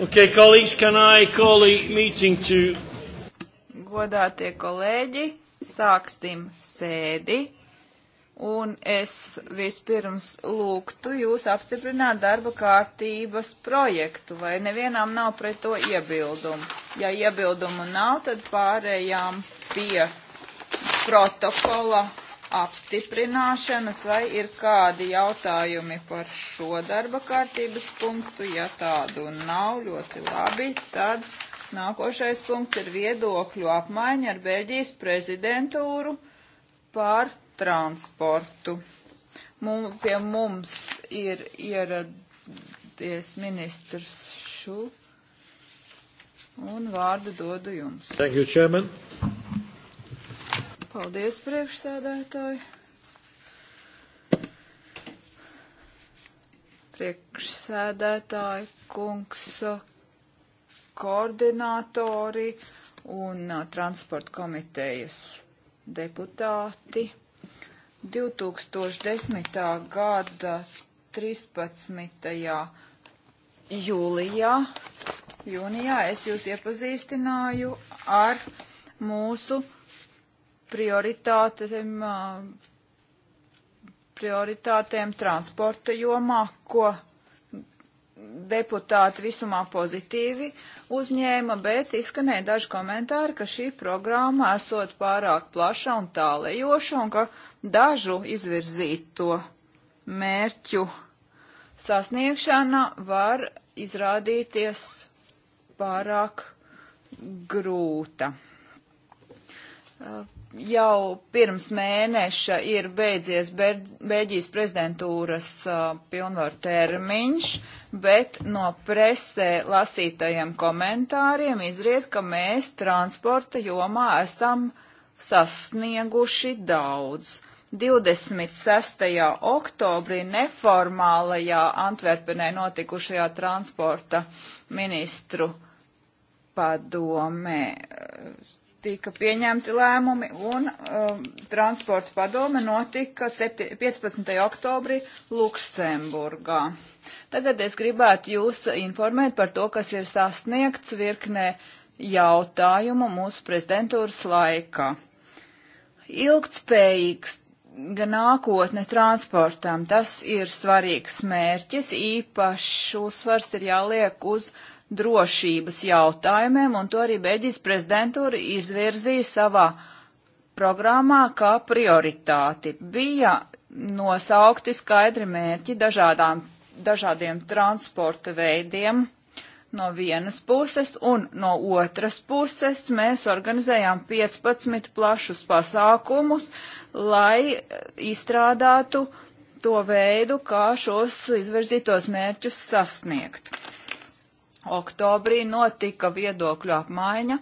Okay, colleagues, can I call the meeting to... Godātie kolēģi, sāksim sēdi. Un es vispirms lūgtu jūs apstiprināt darba kārtības projektu, vai nevienam nav pret to iebildumu. Ja iebildumu nav, tad pārējām pie protokola apstiprināšanas, vai ir kādi jautājumi par šo darba kārtības punktu. Ja tādu nav, ļoti labi, tad nākošais punkts ir viedokļu apmaiņa ar Beļģijas prezidentūru par transportu. Mum, pie mums ir ieradies ministrs Šu, un vārdu dodu jums. Thank you, Chairman. Paldies, priekšsēdētāji. Priekšsēdētāji, kungs, koordinātori un uh, transporta komitejas deputāti. 2010. gada 13. jūlijā, jūnijā es jūs iepazīstināju ar mūsu prioritātēm, prioritātēm transporta jomā, ko deputāti visumā pozitīvi uzņēma, bet izskanēja daži komentāri, ka šī programma esot pārāk plaša un tālējoša un ka dažu izvirzīto mērķu sasniegšana var izrādīties pārāk grūta jau pirms mēneša ir beidzies Beļģijas prezidentūras uh, pilnvaru termiņš, bet no presē lasītajiem komentāriem izriet, ka mēs transporta jomā esam sasnieguši daudz. 26. oktobrī neformālajā Antverpenē notikušajā transporta ministru padomē tika pieņemti lēmumi, un um, transporta padome notika 7, 15. oktobrī Luksemburgā. Tagad es gribētu jūs informēt par to, kas ir sasniegts virknē jautājumu mūsu prezidentūras laikā. Ilgtspējīgs nākotne transportam, tas ir svarīgs mērķis, īpašs uzsvars ir jāliek uz uh, drošības jautājumiem, un to arī Beļģijas prezidentūra izvirzīja savā programmā kā prioritāti. Bija nosaukti skaidri mērķi dažādām, dažādiem transporta veidiem no vienas puses, un no otras puses mēs organizējām 15 plašus pasākumus, lai izstrādātu to veidu, kā šos izvirzītos mērķus sasniegt oktobrī notika viedokļu apmaiņa,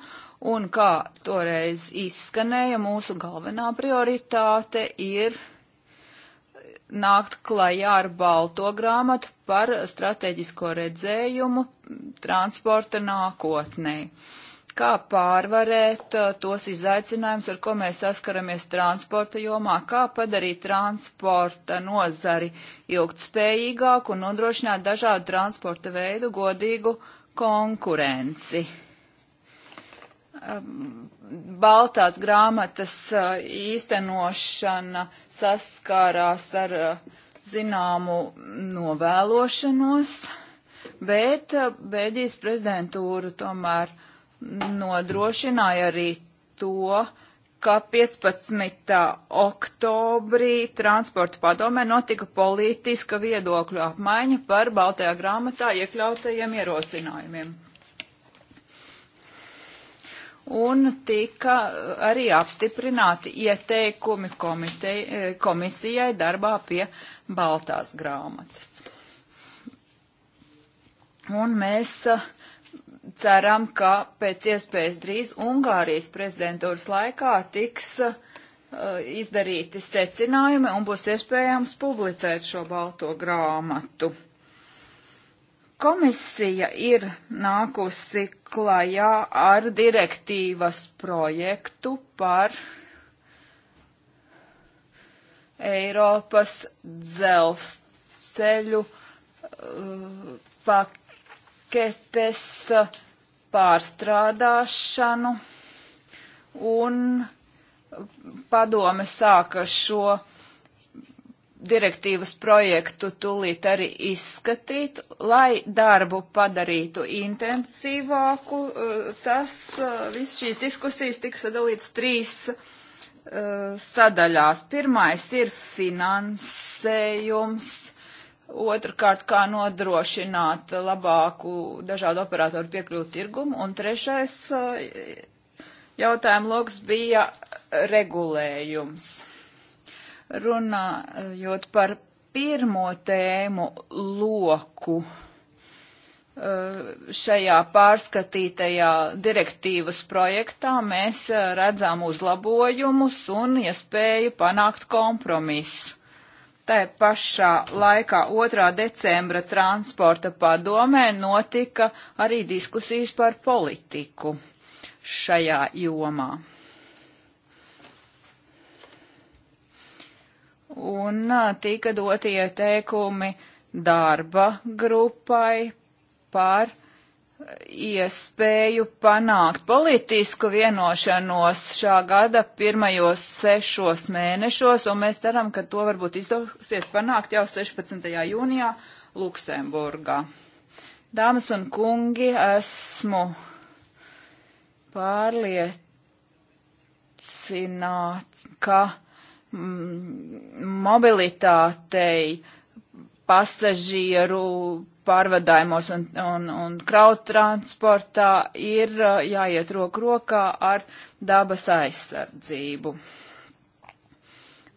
un kā toreiz izskanēja, mūsu galvenā prioritāte ir nākt klajā ar balto grāmatu par strateģisko redzējumu transporta nākotnē. Kā pārvarēt uh, tos izaicinājumus, ar ko mēs saskaramies transporta jomā, kā padarīt transporta nozari ilgtspējīgāku un nodrošināt dažādu transporta veidu godīgu uh, konkurenci. Baltās grāmatas e, īstenošana saskārās ar e, zināmu novēlošanos, bet e, Beļģijas prezidentūra tomēr nodrošināja arī to, ka 15. oktobrī transporta padomē notika politiska viedokļu apmaiņa par Baltajā grāmatā iekļautajiem ierosinājumiem. Un tika arī apstiprināti ieteikumi komitei, komisijai darbā pie Baltās grāmatas. Un mēs uh, ceram, ka pēc iespējas drīz Ungārijas prezidentūras laikā tiks uh, izdarīti secinājumi un būs iespējams publicēt šo balto grāmatu. Komisija ir nākusi klajā ar direktīvas projektu par Eiropas dzelzceļu uh, pakāpienu paketes pārstrādāšanu un padome sāka šo direktīvas projektu tūlīt arī izskatīt, lai darbu padarītu intensīvāku. Eh, tas eh, viss šīs diskusijas tika sadalīts trīs uh, sadaļās. Pirmais ir finansējums otrkārt, kā nodrošināt labāku dažādu operatoru piekļūt tirgumu, un trešais eh, jautājuma loks bija regulējums. Runājot par pirmo tēmu loku eh, šajā pārskatītajā direktīvas projektā mēs eh, redzam uzlabojumus un iespēju panākt kompromisu Tā pašā laikā 2. decembra transporta padomē notika arī diskusijas par politiku šajā jomā. Un tika doti ieteikumi darba grupai par iespēju panākt politisku vienošanos šā gada pirmajos sešos mēnešos, un mēs ceram, ka to varbūt izdosies panākt jau 16. jūnijā Luksemburgā. Dāmas un kungi, esmu pārliecināts, ka mm, mobilitātei pasažieru pārvadājumos un, un, un krauttransportā ir uh, jāiet roku rokā ar dabas aizsardzību.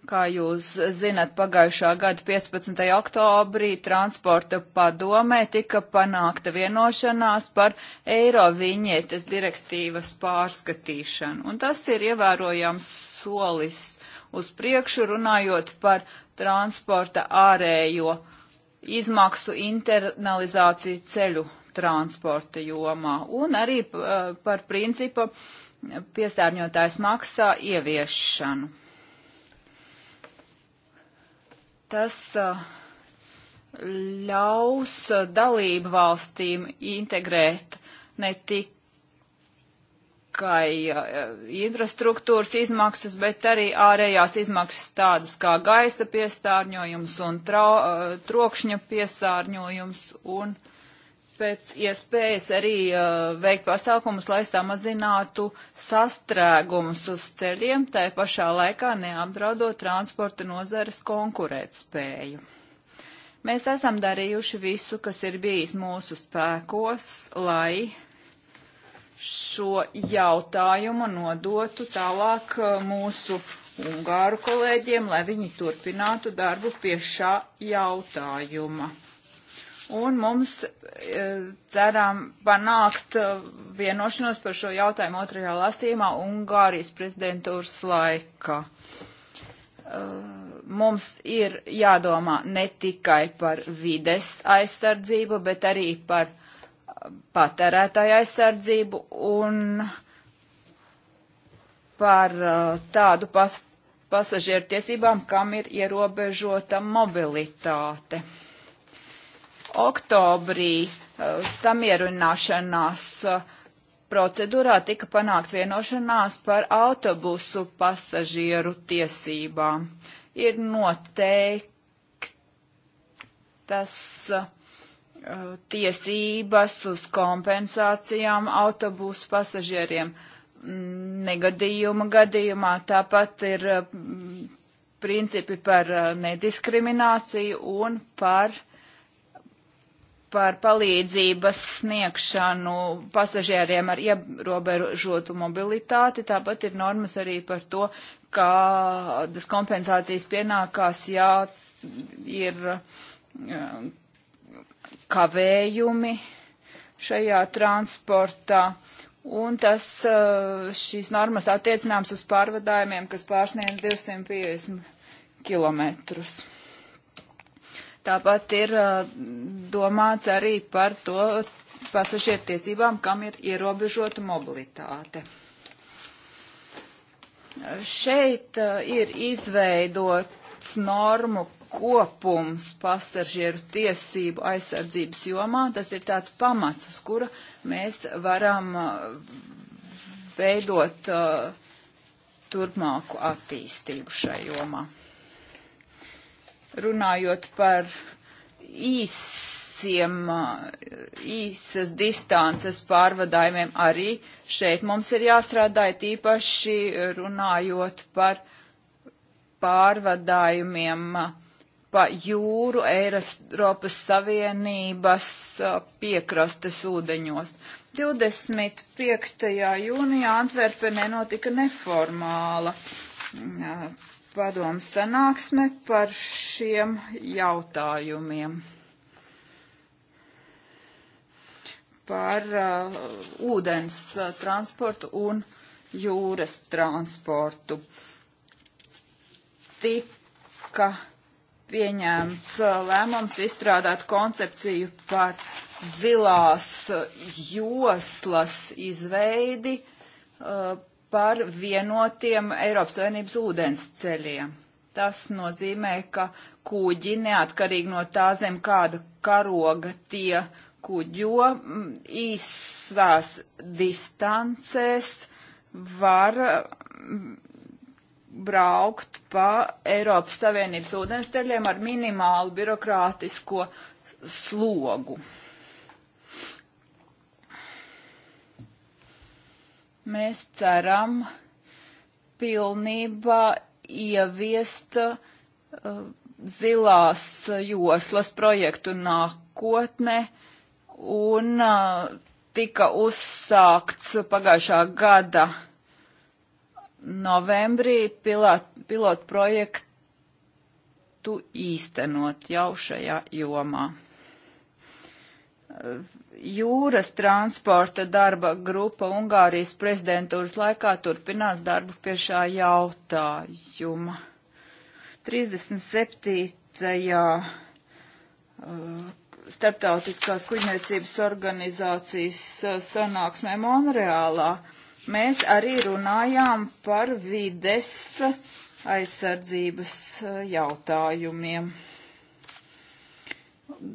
Kā jūs zinat, pagājušā gada 15. oktobrī transporta padomē tika panākta vienošanās par eiro viņietes direktīvas pārskatīšanu. Un tas ir ievērojams solis uz priekšu runājot par transporta ārējo uh, izmaksu internalizāciju ceļu transporta jomā un arī uh, par principu piesārņotājs maksā ieviešanu. Tas uh, ļaus dalību valstīm integrēt ne tik tikai eh, infrastruktūras izmaksas, bet arī ārējās izmaksas tādas kā gaisa piesārņojums un trau, eh, trokšņa piesārņojums un pēc iespējas arī eh, veikt pasākumus, lai samazinātu sastrēgumus uz ceļiem, tai pašā laikā neapdraudot transporta nozares konkurētspēju. Mēs esam darījuši visu, kas ir bijis mūsu spēkos, lai šo jautājumu nodotu tālāk uh, mūsu ungāru kolēģiem, lai viņi turpinātu darbu pie šā jautājuma. Un mums e, ceram panākt uh, vienošanos par šo jautājumu otrajā lasījumā Ungārijas prezidentūras laika. E, mums ir jādomā ne tikai par vides aizsardzību, bet arī par patērētāja aizsardzību un par uh, tādu pas, pasažieru tiesībām, kam ir ierobežota mobilitāte. Oktobrī uh, samierināšanās uh, procedūrā tika panākt vienošanās par autobusu pasažieru tiesībām. Ir noteikti tas uh, tiesības uz kompensācijām autobusu pasažieriem mm, negadījuma gadījumā. Tāpat ir mm, principi par mm, nediskrimināciju un par, par palīdzības sniegšanu pasažieriem ar ierobežotu mobilitāti. Tāpat ir normas arī par to, kādas kompensācijas pienākās, ja ir kavējumi šajā transportā. Un tas, eh, šīs normas attiecināms uz pārvadājumiem, kas pārsniedz 250 kilometrus. Tāpat ir eh, domāts arī par to pasažieru tiesībām, kam ir ierobežota mobilitāte. Šeit eh, ir izveidots normu kopums pasažieru tiesību aizsardzības jomā. Tas ir tāds pamats, uz kura mēs varam uh, veidot uh, turpmāku attīstību šai jomā. Runājot par īsiem, uh, īsas distances pārvadājumiem, arī šeit mums ir jāstrādā, tīpaši runājot par pārvadājumiem uh, pa jūru Eiropas Savienības uh, piekrastes ūdeņos. 25. jūnijā Antverpenē notika neformāla uh, padomu sanāksme par šiem jautājumiem. Par uh, ūdens uh, transportu un jūras transportu. Tika pieņēmts uh, lēmums izstrādāt koncepciju par zilās uh, joslas izveidi uh, par vienotiem Eiropas Savienības ūdens ceļiem. Tas nozīmē, ka kuģi, neatkarīgi no tā zem kāda karoga tie kuģo, īsvās mm, distancēs var mm, braukt pa Eiropas Savienības ūdensteļiem ar minimālu birokrātisko slogu. Mēs ceram pilnībā ieviest uh, zilās joslas projektu nākotne un uh, tika uzsākts pagājušā gada uh, novembrī pilotu projektu īstenot jau šajā jomā. Jūras transporta darba grupa Ungārijas prezidentūras laikā turpinās darbu pie šā jautājuma. 37. Uh, starptautiskās kuģniecības organizācijas uh, sanāksmē Monreālā uh, mēs arī runājām par vides aizsardzības eh, jautājumiem.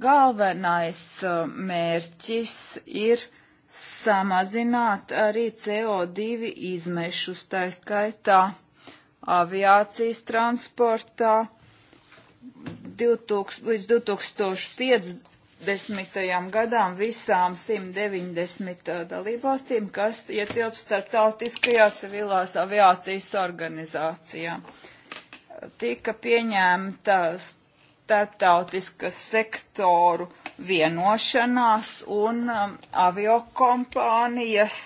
Galvenais eh, mērķis ir samazināt arī CO2 izmešus, tā skaitā aviācijas transportā 2000, līdz 2050 desmitajam gadām visām 190 dalībvalstīm, kas ietilps starptautiskajā civilās aviācijas organizācijā. Tika pieņemta starptautiska sektoru vienošanās un um, aviokompānijas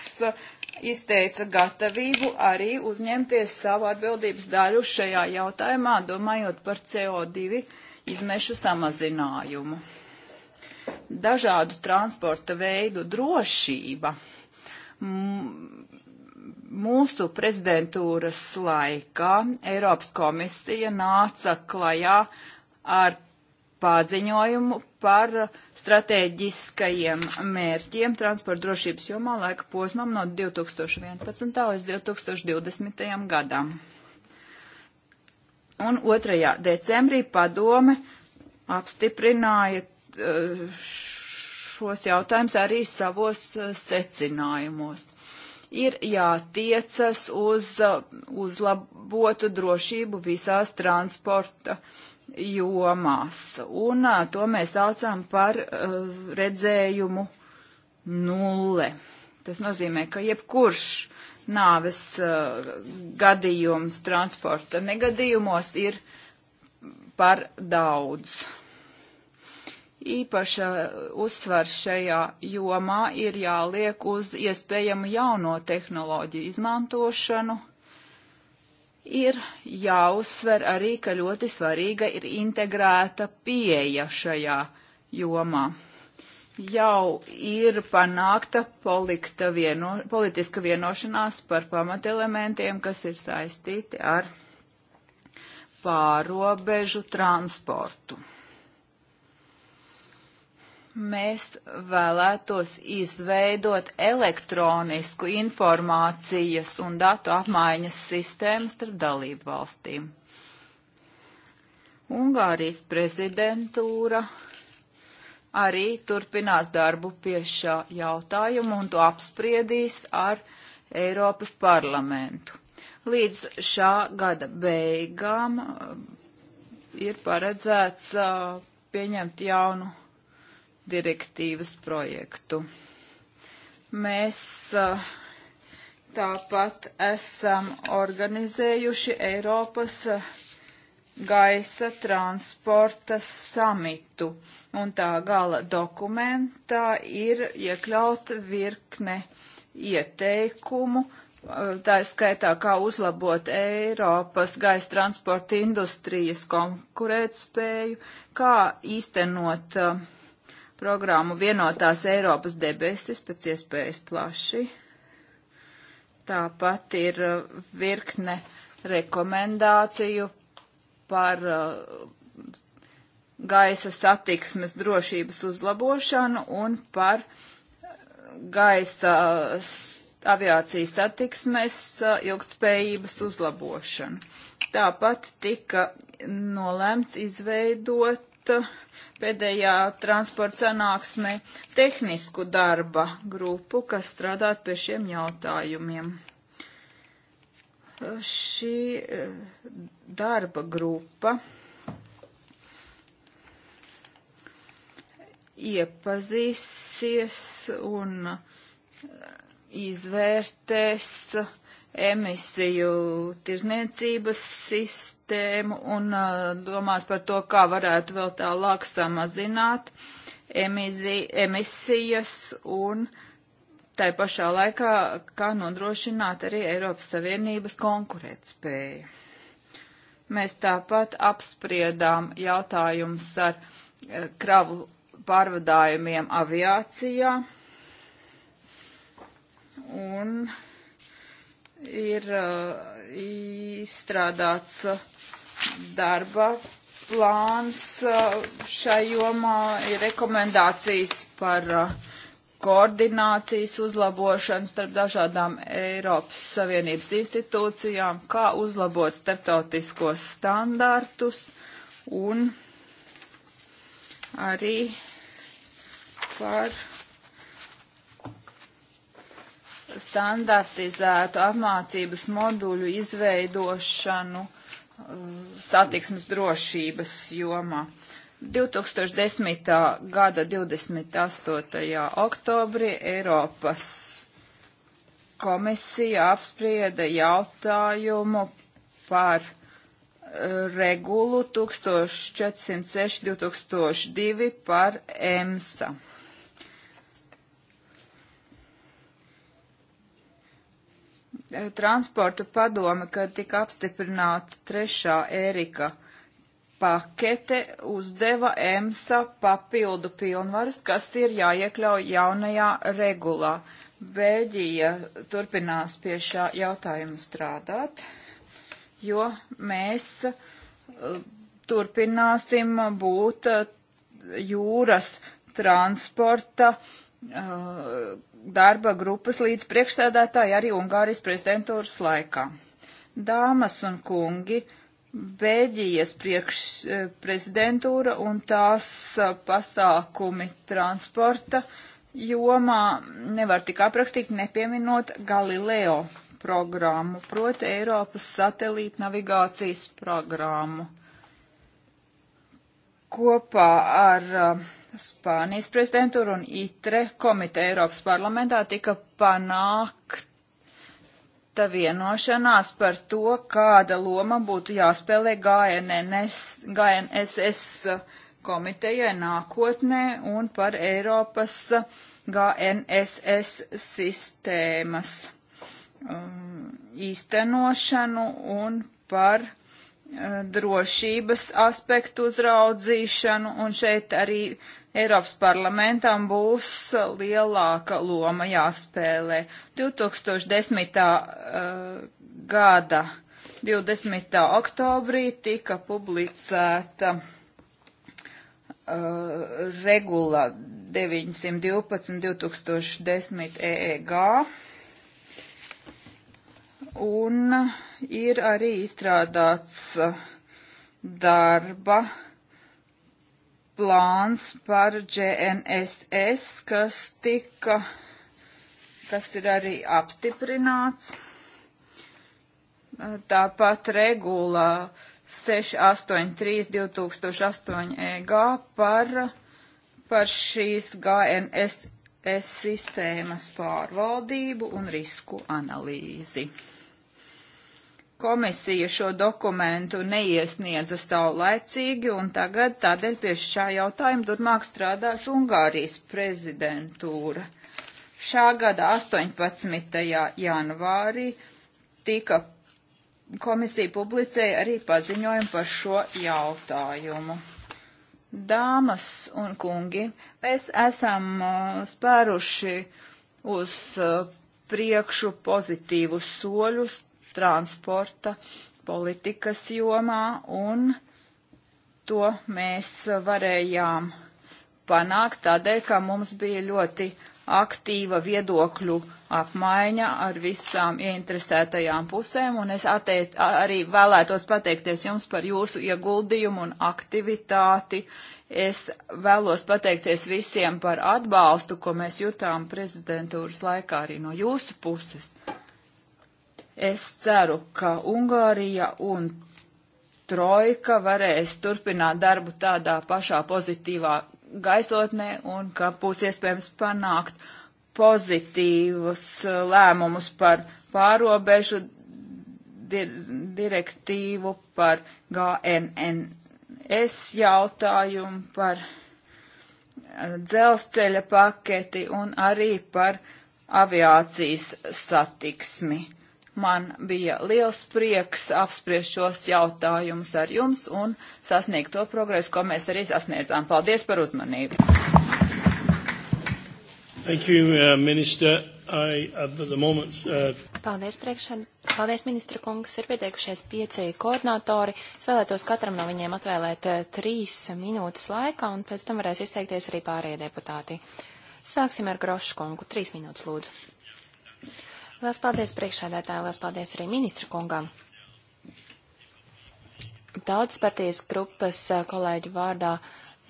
izteica gatavību arī uzņemties savu atbildības daļu šajā jautājumā, domājot par CO2 izmešu samazinājumu dažādu transporta veidu drošība mūsu prezidentūras laikā Eiropas komisija nāca klajā ar paziņojumu par stratēģiskajiem mērķiem transporta drošības jomā laika posmam no 2011. līdz 2020. gadam. Un 2. decembrī padome apstiprināja šos jautājumus arī savos eh, secinājumos. Ir jātiecas uz eh, uzlabotu drošību visās transporta jomās, un eh, to mēs saucam par redzējumu nulle. Tas nozīmē, ka jebkurš nāves uh, gadījums transporta negadījumos ir par daudz. Īpaša uzsvars šajā jomā ir jāliek uz iespējamu jauno tehnoloģiju izmantošanu. Ir jāuzsver arī, ka ļoti svarīga ir integrēta pieeja šajā jomā. Jau ir panākta vieno, politiska vienošanās par pamatelementiem, kas ir saistīti ar pārobežu transportu Mēs vēlētos izveidot elektronisku informācijas un datu apmaiņas sistēmu starp dalību valstīm. Ungārijas prezidentūra arī turpinās darbu pie šā jautājuma un to apspriedīs ar Eiropas parlamentu. Līdz šā gada beigām um, ir paredzēts uh, pieņemt jaunu direktīvas projektu. Mēs uh, tāpat esam organizējuši Eiropas uh, gaisa transporta samitu, un tā gala dokumentā ir iekļauta virkne ieteikumu, uh, tā skaitā, kā uzlabot Eiropas gaisa transporta industrijas konkurētspēju, kā īstenot uh, programmu vienotās Eiropas debesis pēc iespējas plaši. Tāpat ir uh, virkne rekomendāciju par uh, gaisa satiksmes drošības uzlabošanu un par uh, gaisa aviācijas satiksmes ilgtspējības uzlabošanu. Tāpat tika nolēmts izveidot uh, pēdējā transporta sanāksmē tehnisku darba grupu, kas strādāt pie šiem jautājumiem. Šī eh, darba grupa iepazīsies un eh, izvērtēs uh, emisiju tirzniecības sistēmu un uh, domās par to, kā varētu vēl tālāk samazināt emizi, emisijas un tai pašā laikā, kā nodrošināt arī Eiropas Savienības konkurētspēju. Mēs tāpat apspriedām jautājumus ar e, kravu pārvadājumiem aviācijā. Un ir uh, izstrādāts uh, darba plāns uh, šai jomā, ir rekomendācijas par koordinācijas uzlabošanu starp dažādām Eiropas Savienības institūcijām, kā uzlabot starptautiskos standartus un arī par standartizētu apmācības moduļu izveidošanu uh, satiksmes drošības jomā. 2010. gada 28. oktobrī Eiropas komisija apsprieda jautājumu par uh, regulu 1406-2002 par EMSA. Eh, transporta padome, kad tika apstiprināts trešā ērika pakete, uzdeva EMSA papildu pilnvaras, kas ir jāiekļauj jaunajā regulā. Bēļģija turpinās pie šā jautājuma strādāt, jo mēs eh, turpināsim būt eh, jūras transporta uh, darba grupas līdz priekšsēdētāji arī Ungārijas prezidentūras laikā. Dāmas un kungi, Bēģijas priekšprezidentūra eh, un tās eh, pasākumi transporta jomā nevar tik aprakstīt nepieminot Galileo programmu, proti Eiropas satelīta navigācijas programmu. Kopā ar uh, Spānijas prezidentūru un ITRE komiteja Eiropas parlamentā tika panākta vienošanās par to, kāda loma būtu jāspēlē GNNS, GNSS komitejai nākotnē un par Eiropas GNSS sistēmas um, īstenošanu un par drošības aspektu uzraudzīšanu, un šeit arī Eiropas parlamentam būs lielāka loma jāspēlē. 2010. Eh, gada 20. oktobrī tika publicēta uh, regula 912-2010 EEG, un uh, ir arī izstrādāts eh, darba plāns par GNSS, kas tika, kas ir arī apstiprināts. Eh, tāpat regulā 683 2008 EG par, par šīs GNSS sistēmas pārvaldību un risku analīzi. Komisija šo dokumentu neiesniedza saulēcīgi, un tagad tādēļ pie šā jautājuma turmāk strādās Ungārijas prezidentūra. Šā gada 18. janvārī tika komisija publicēja arī paziņojumu par šo jautājumu. Dāmas un kungi, mēs esam uh, spēruši uz uh, priekšu pozitīvus soļus transporta politikas jomā, un to mēs varējām panākt tādēļ, ka mums bija ļoti aktīva viedokļu apmaiņa ar visām ieinteresētajām pusēm, un es atteic, arī vēlētos pateikties jums par jūsu ieguldījumu un aktivitāti. Es vēlos pateikties visiem par atbalstu, ko mēs jutām prezidentūras laikā arī no jūsu puses. Es ceru, ka Ungārija un Trojka varēs turpināt darbu tādā pašā pozitīvā gaisotnē un ka būs iespējams panākt pozitīvus uh, lēmumus par pārobežu di direktīvu, par GNNS jautājumu, par uh, dzelzceļa paketi un arī par aviācijas satiksmi. Man bija liels prieks apspriest šos jautājumus ar jums un sasniegt to progresu, ko mēs arī sasniedzām. Paldies par uzmanību. Thank you, uh, minister. I, at the moment, uh... Paldies, priekšsēd. Paldies, ministra kungs. Ir pieteikušies pieci koordinatori. Es vēlētos katram no viņiem atvēlēt uh, trīs minūtes laika, un pēc tam varēs izteikties arī pārējie deputāti. Sāksim ar Grošu kungu. Trīs minūtes, lūdzu. Lielas paldies priekšsēdētājai, lielas paldies arī ministra kungam. Tautas partijas grupas eh, kolēģu vārdā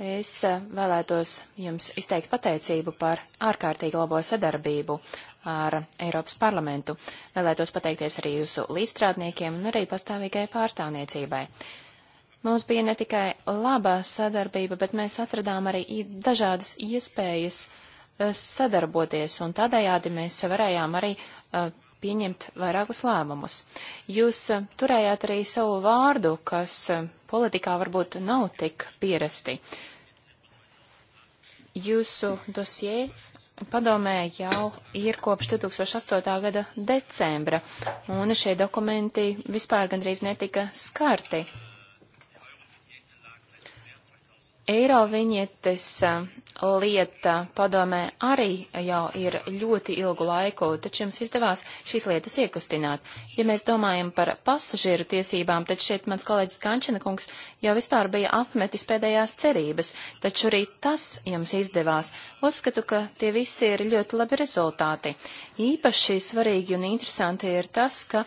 es eh, vēlētos jums izteikt pateicību par ārkārtīgi labo sadarbību ar Eiropas parlamentu. Vēlētos pateikties arī jūsu līdzstrādniekiem un arī pastāvīgai pārstāvniecībai. Mums bija ne tikai labā sadarbība, bet mēs atradām arī dažādas iespējas eh, sadarboties, un tādējādi mēs varējām arī uh, Uh, pieņemt vairākus lēmumus. Jūs uh, turējāt arī savu vārdu, kas uh, politikā varbūt nav tik pierasti. Jūsu dosie padomē jau ir kopš 2008. gada decembra, un šie dokumenti vispār gandrīz netika skarti. Eiroviņietes eh, lieta padomē arī jau ir ļoti ilgu laiku, taču jums izdevās šīs lietas iekustināt. Ja mēs domājam par pasažieru tiesībām, tad šeit mans kolēģis Kančina kungs jau vispār bija atmetis pēdējās cerības, taču arī tas jums izdevās. Uzskatu, ka tie visi ir ļoti labi rezultāti. Īpaši svarīgi un interesanti ir tas, ka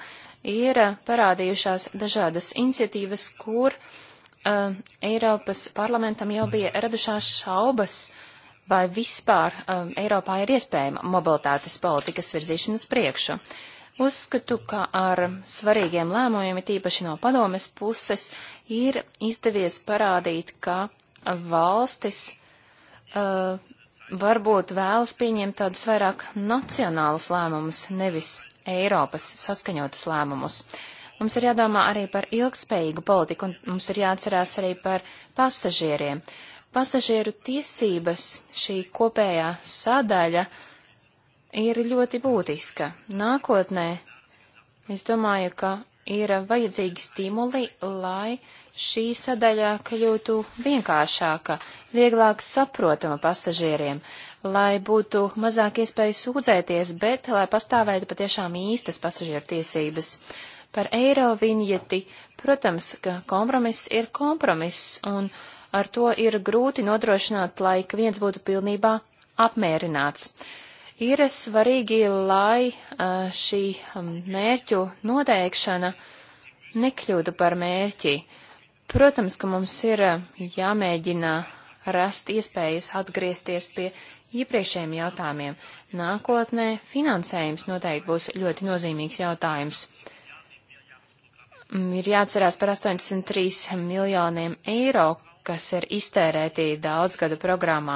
ir parādījušās dažādas iniciatīvas, kur uh, uh, Eiropas parlamentam jau bija radušās šaubas, vai vispār uh, Eiropā ir iespējama mobilitātes politikas virzīšanas priekšu. Uzskatu, ka ar svarīgiem lēmumiem, tīpaši no padomes puses, ir izdevies parādīt, ka valstis uh, varbūt vēlas pieņemt tādus vairāk nacionālus lēmumus, nevis Eiropas saskaņotus lēmumus. Uh, Mums ir jādomā arī par ilgspējīgu politiku, un mums ir jāatcerās arī par pasažieriem. Pasažieru tiesības šī kopējā sadaļa ir ļoti būtiska. Nākotnē es domāju, ka ir vajadzīgi stimuli, lai šī sadaļa kļūtu vienkāršāka, vieglāk saprotama pasažieriem, lai būtu mazāk iespēju sūdzēties, bet lai pastāvētu patiešām īstas pasažieru tiesības. Par eiro viņieti, protams, ka kompromiss ir kompromiss, un ar to ir grūti nodrošināt, lai ik viens būtu pilnībā apmierināts. Ir svarīgi, lai šī hm, mērķu noteikšana nekļūtu par mērķi. Protams, ka mums ir jāmēģina rast iespējas atgriezties pie iepriekšējiem jautājumiem. Nākotnē finansējums noteikti būs ļoti nozīmīgs jautājums. Mm, ir jāatcerās par 83 miljoniem eiro, kas ir iztērēti daudzgadu programmā.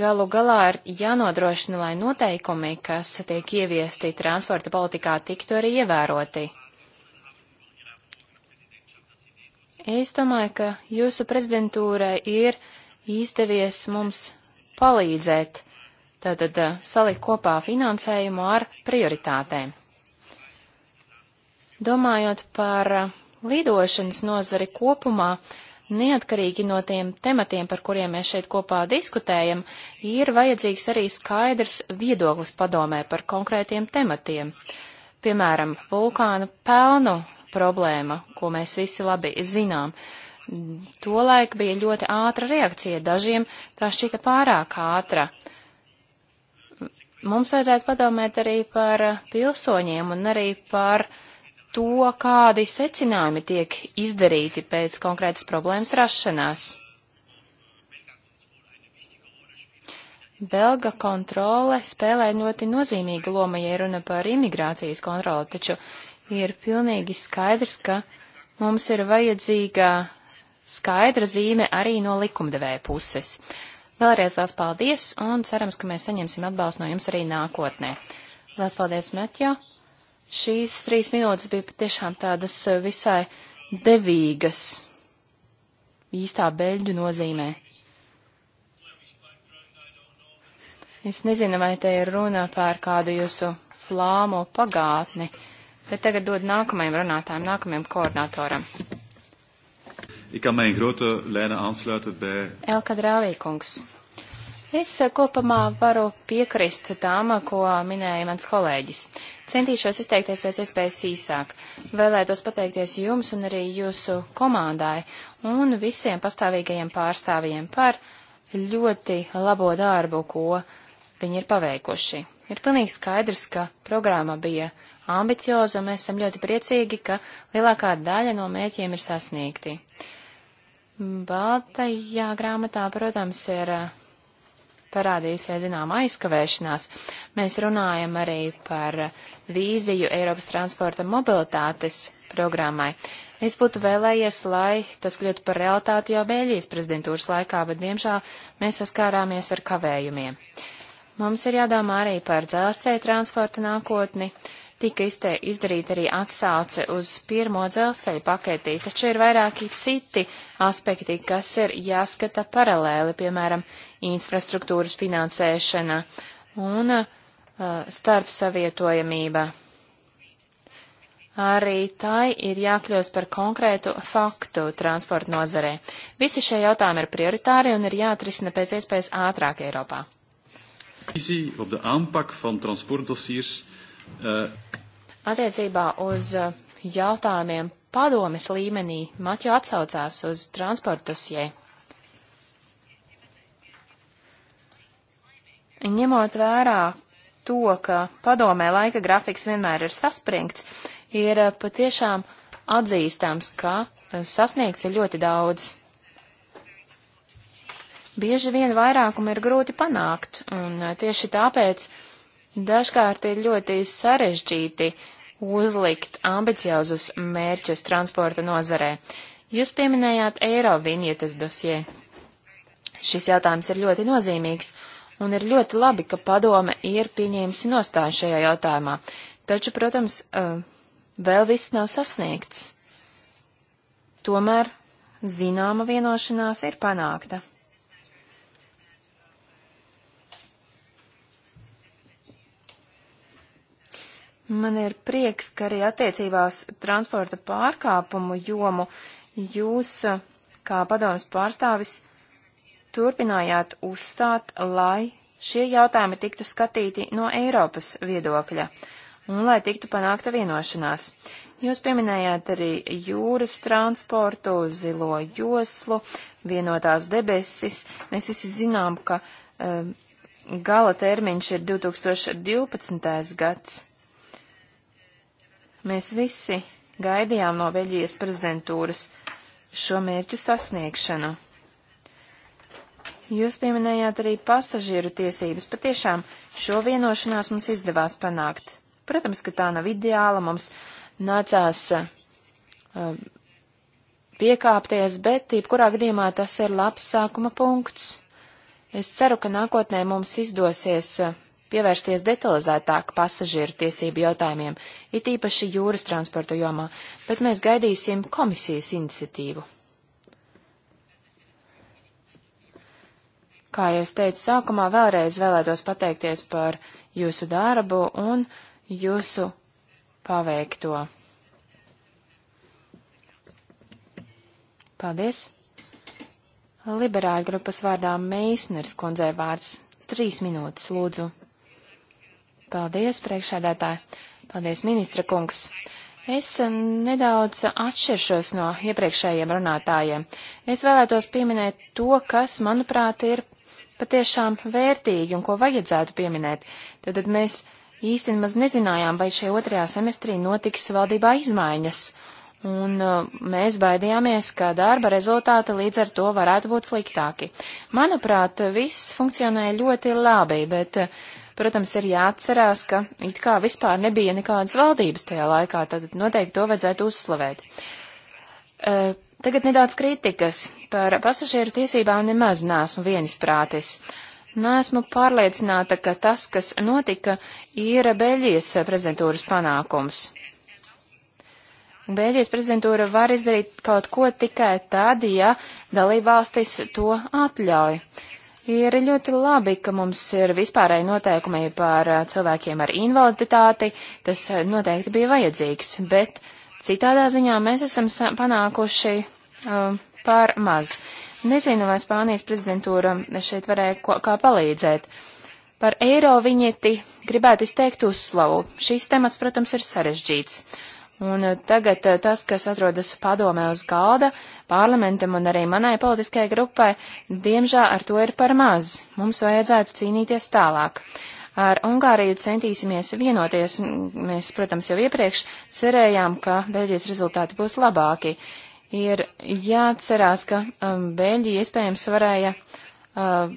Galu galā ir jānodrošina, lai noteikumi, kas tiek ieviesti transporta politikā, tiktu arī ievēroti. Es domāju, ka jūsu prezidentūrai ir izdevies mums palīdzēt, tātad uh, salikt kopā finansējumu ar prioritātēm. Domājot par eh, lidošanas nozari kopumā, neatkarīgi no tiem tematiem, par kuriem mēs šeit kopā diskutējam, ir vajadzīgs arī skaidrs viedoklis padomē par konkrētiem tematiem. Piemēram, vulkānu pelnu problēma, ko mēs visi labi zinām. Tolaik bija ļoti ātra reakcija, dažiem tā šķita pārāk ātra. Mums vajadzētu padomēt arī par pilsoņiem un arī par uh, to, kādi secinājumi tiek izdarīti pēc konkrētas problēmas rašanās. Belga kontrole spēlē ļoti nozīmīgu lomu, ja runa par imigrācijas kontroli, taču ir pilnīgi skaidrs, ka mums ir vajadzīga skaidra zīme arī no likumdevēja puses. Vēlreiz liels paldies un cerams, ka mēs saņemsim atbalstu no jums arī nākotnē. Liels paldies, Metjo! Šīs trīs minūtes bija patiešām tādas eh, visai devīgas, īstā beļģu nozīmē. Es nezinu, vai te ir runa par kādu jūsu flāmo pagātni, bet tagad dod nākamajam runātājam, nākamajam koordinatoram. Ik kan mijn grote lijnen aansluiten bij. Elka Drāvīkungs. Es eh, kopumā varu piekrist tām, ko minēja mans kolēģis. Centīšos izteikties pēc iespējas īsāk. Vēlētos pateikties jums un arī jūsu komandai un visiem pastāvīgajiem pārstāvjiem par ļoti labo darbu, ko viņi ir paveikuši. Ir pilnīgi skaidrs, ka programma bija ambicioza, un mēs esam ļoti priecīgi, ka lielākā daļa no mēķiem ir sasniegti. Baltajā grāmatā, protams, ir uh, parādījusies zinām aizkavēšanās. Mēs runājam arī par vīziju Eiropas transporta mobilitātes programmai. Es būtu vēlējies, lai tas kļūtu par realitāti jau Bēļijas prezidentūras laikā, bet diemžēl mēs saskārāmies ar kavējumiem. Mums ir jādomā arī par dzelzceļa transporta nākotni. Tika izte, izdarīta arī atsauce uz pirmo dzelzceļa paketī, taču ir vairāki citi aspekti, kas ir jāskata paralēli, piemēram, infrastruktūras finansēšana un uh, Uh, starp savietojamība. Arī tai ir jākļūst par konkrētu faktu transporta nozarē. Visi šie jautājumi ir prioritāri un ir jāatrisina pēc iespējas ātrāk Eiropā. Uh, Attiecībā uz uh, jautājumiem padomes līmenī Maķo atsaucās uz transporta dosie. Ņemot vērā, to, ka padomē laika grafiks vienmēr ir saspringts, ir eh, patiešām atzīstams, ka eh, sasniegts ir ļoti daudz. Bieži vien vairākumu ir grūti panākt, un eh, tieši tāpēc dažkārt ir ļoti sarežģīti uzlikt ambiciozus mērķus transporta nozarē. Jūs pieminējāt eiro vinietas dosie. Šis jautājums ir ļoti nozīmīgs, un ir ļoti labi, ka padome ir pieņēmusi nostāju šajā jautājumā. Taču, protams, vēl viss nav sasniegts. Tomēr zināma vienošanās ir panākta. Man ir prieks, ka arī attiecībās transporta pārkāpumu jomu jūs, kā padomas pārstāvis, turpinājāt uzstāt, lai šie jautājumi tiktu skatīti no Eiropas viedokļa un lai tiktu panākta vienošanās. Jūs pieminējāt arī jūras transportu, zilo joslu, vienotās debesis. Mēs visi zinām, ka um, gala termiņš ir 2012. gads. Mēs visi gaidījām no Beļģijas prezidentūras šo mērķu sasniegšanu. Jūs pieminējāt arī pasažieru tiesības. Patiešām šo vienošanās mums izdevās panākt. Protams, ka tā nav ideāla, mums nācās uh, piekāpties, bet jebkurā gadījumā tas ir labs sākuma punkts. Es ceru, ka nākotnē mums izdosies uh, pievērsties detalizētāk pasažieru tiesību jautājumiem, it īpaši jūras transporta jomā, bet mēs gaidīsim komisijas iniciatīvu. Kā jau es teicu sākumā, vēlreiz vēlētos pateikties par jūsu darbu un jūsu paveikto. Paldies! Liberāļu grupas vārdā Meisners kundzei vārds. Trīs minūtes, lūdzu. Paldies, priekšādātāji. Paldies, ministra kungs. Es um, nedaudz atšķiršos no iepriekšējiem runātājiem. Es vēlētos pieminēt to, kas, manuprāt, ir patiešām vērtīgi un ko vajadzētu pieminēt, tad, tad mēs īstenībā maz nezinājām, vai šajā otrajā semestrī notiks valdībā izmaiņas. Un uh, mēs baidījāmies, ka darba rezultāti līdz ar to varētu būt sliktāki. Manuprāt, viss funkcionēja ļoti labi, bet, uh, protams, ir jāatcerās, ka it kā vispār nebija nekādas valdības tajā laikā, tad noteikti to vajadzētu uzslavēt. Uh, Tagad nedaudz kritikas. Par pasažieru tiesībām nemaz neesmu vienisprātis. Neesmu pārliecināta, ka tas, kas notika, ir Beļģijas prezidentūras panākums. Beļģijas prezidentūra var izdarīt kaut ko tikai tad, ja dalībvalstis to atļauj. Ir ļoti labi, ka mums ir vispārēji noteikumi par cilvēkiem ar invaliditāti, tas noteikti bija vajadzīgs, bet Citādā ziņā mēs esam panākuši uh, um, pār maz. Nezinu, vai Spānijas prezidentūra šeit varēja ko, kā palīdzēt. Par eiro viņieti gribētu izteikt uzslavu. Šīs temats, protams, ir sarežģīts. Un uh, tagad uh, tas, kas atrodas padomē uz galda, parlamentam un arī manai politiskajai grupai, diemžēl ar to ir par maz. Mums vajadzētu cīnīties tālāk. Uh, Ar Ungāriju centīsimies vienoties, mēs, protams, jau iepriekš cerējām, ka Beļģijas rezultāti būs labāki. Ir jāatcerās, ka um, Beļģija iespējams varēja uh,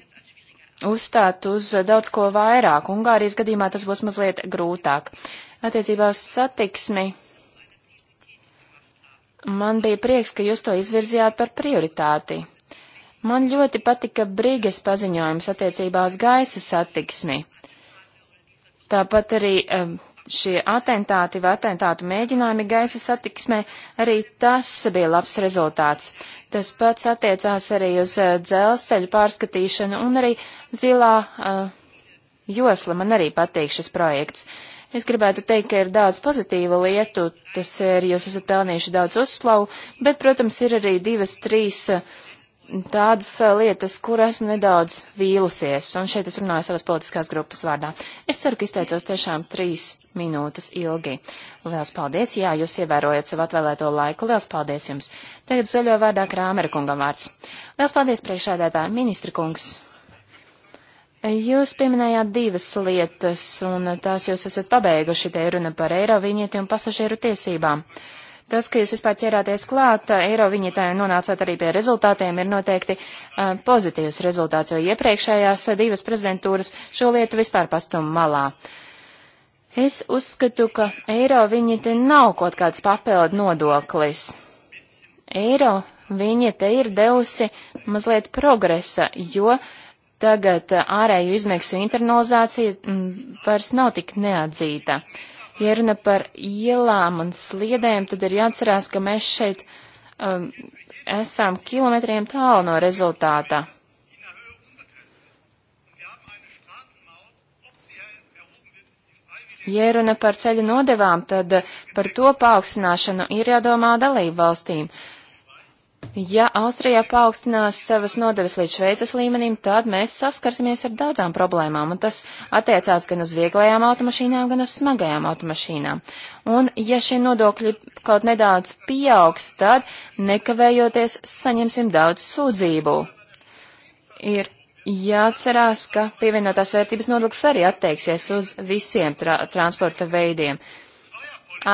uzstāt uz daudz ko vairāk. Ungārijas gadījumā tas būs mazliet grūtāk. Attiecībā uz satiksmi man bija prieks, ka jūs to izvirzījāt par prioritāti. Man ļoti patika Brīges paziņojums attiecībā uz gaisa satiksmi. Tāpat arī šie atentāti vai atentātu mēģinājumi gaisa satiksmē, arī tas bija labs rezultāts. Tas pats attiecās arī uz eh, dzelzceļu pārskatīšanu un arī zilā uh, josla. Man arī patīk šis projekts. Es gribētu teikt, ka ir daudz pozitīvu lietu, tas ir, jūs esat pelnījuši daudz uzslavu, bet, protams, ir arī divas, trīs uh, tādas lietas, kur esmu nedaudz vīlusies, un šeit es runāju savas politiskās grupas vārdā. Es ceru, ka izteicos tiešām trīs minūtes ilgi. Liels paldies, jā, jūs ievērojat savu atvēlēto laiku, liels paldies jums. Tagad zaļo vārdā Krāmera kungam vārds. Liels paldies, priekšādētāji, ministra kungs. Jūs pieminējāt divas lietas, un tās jūs esat pabeiguši, te runa par eiro viņieti un pasažieru tiesībām. Uh, Tas, ka jūs vispār ķerāties klāt eh, eiro viņietai un nonācāt arī pie rezultātiem, ir noteikti uh, pozitīvs rezultāts, jo iepriekšējās eh, divas prezidentūras šo lietu vispār pastum malā. Es uzskatu, ka eiro viņiete nav kaut kāds papildu nodoklis. Eiro viņiete ir devusi mazliet progresa, jo tagad ārēju izmaksu internalizācija mm, vairs nav tik neatzīta. Uh, Ja runa par ielām un sliedēm, tad ir jāatcerās, ka mēs šeit um, esam kilometriem tālu no rezultāta. Ja runa par ceļu nodevām, tad par to paaugstināšanu ir jādomā dalību valstīm. Uh, Ja Austrijā paaugstinās savas nodevas līdz Šveices līmenim, tad mēs saskarsimies ar daudzām problēmām, un tas attiecās gan uz vieglajām automašīnām, gan uz smagajām automašīnām. Un ja šie nodokļi kaut nedaudz pieaugs, tad nekavējoties saņemsim daudz sūdzību. Ir jāatcerās, ka pievienotās vērtības nodoklis arī attieksies uz visiem tra transporta veidiem.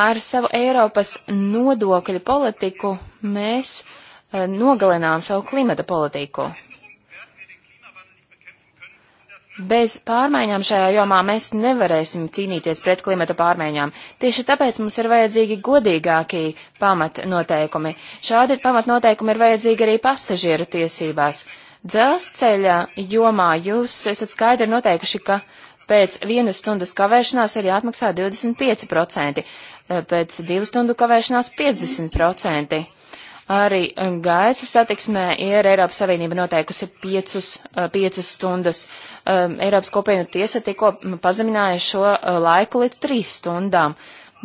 Ar savu Eiropas nodokļu politiku mēs Eh, nogalinām savu klimata politiku. Bez pārmaiņām šajā jomā mēs nevarēsim cīnīties pret klimata pārmaiņām. Tieši tāpēc mums ir vajadzīgi godīgākie pamatnoteikumi. Šādi pamatnoteikumi ir vajadzīgi arī pasažieru tiesībās. Dzelzceļa jomā jūs esat skaidri noteikuši, ka pēc vienas stundas kavēšanās ir jāatmaksā 25%, eh, pēc divu stundu kavēšanās 50%. Arī eh, gaisa satiksmē ir Eiropas Savienība noteikusi piecus, eh, piecas stundas. Ehm, Eiropas kopienu tiesa tikko pazemināja šo eh, laiku līdz trīs stundām,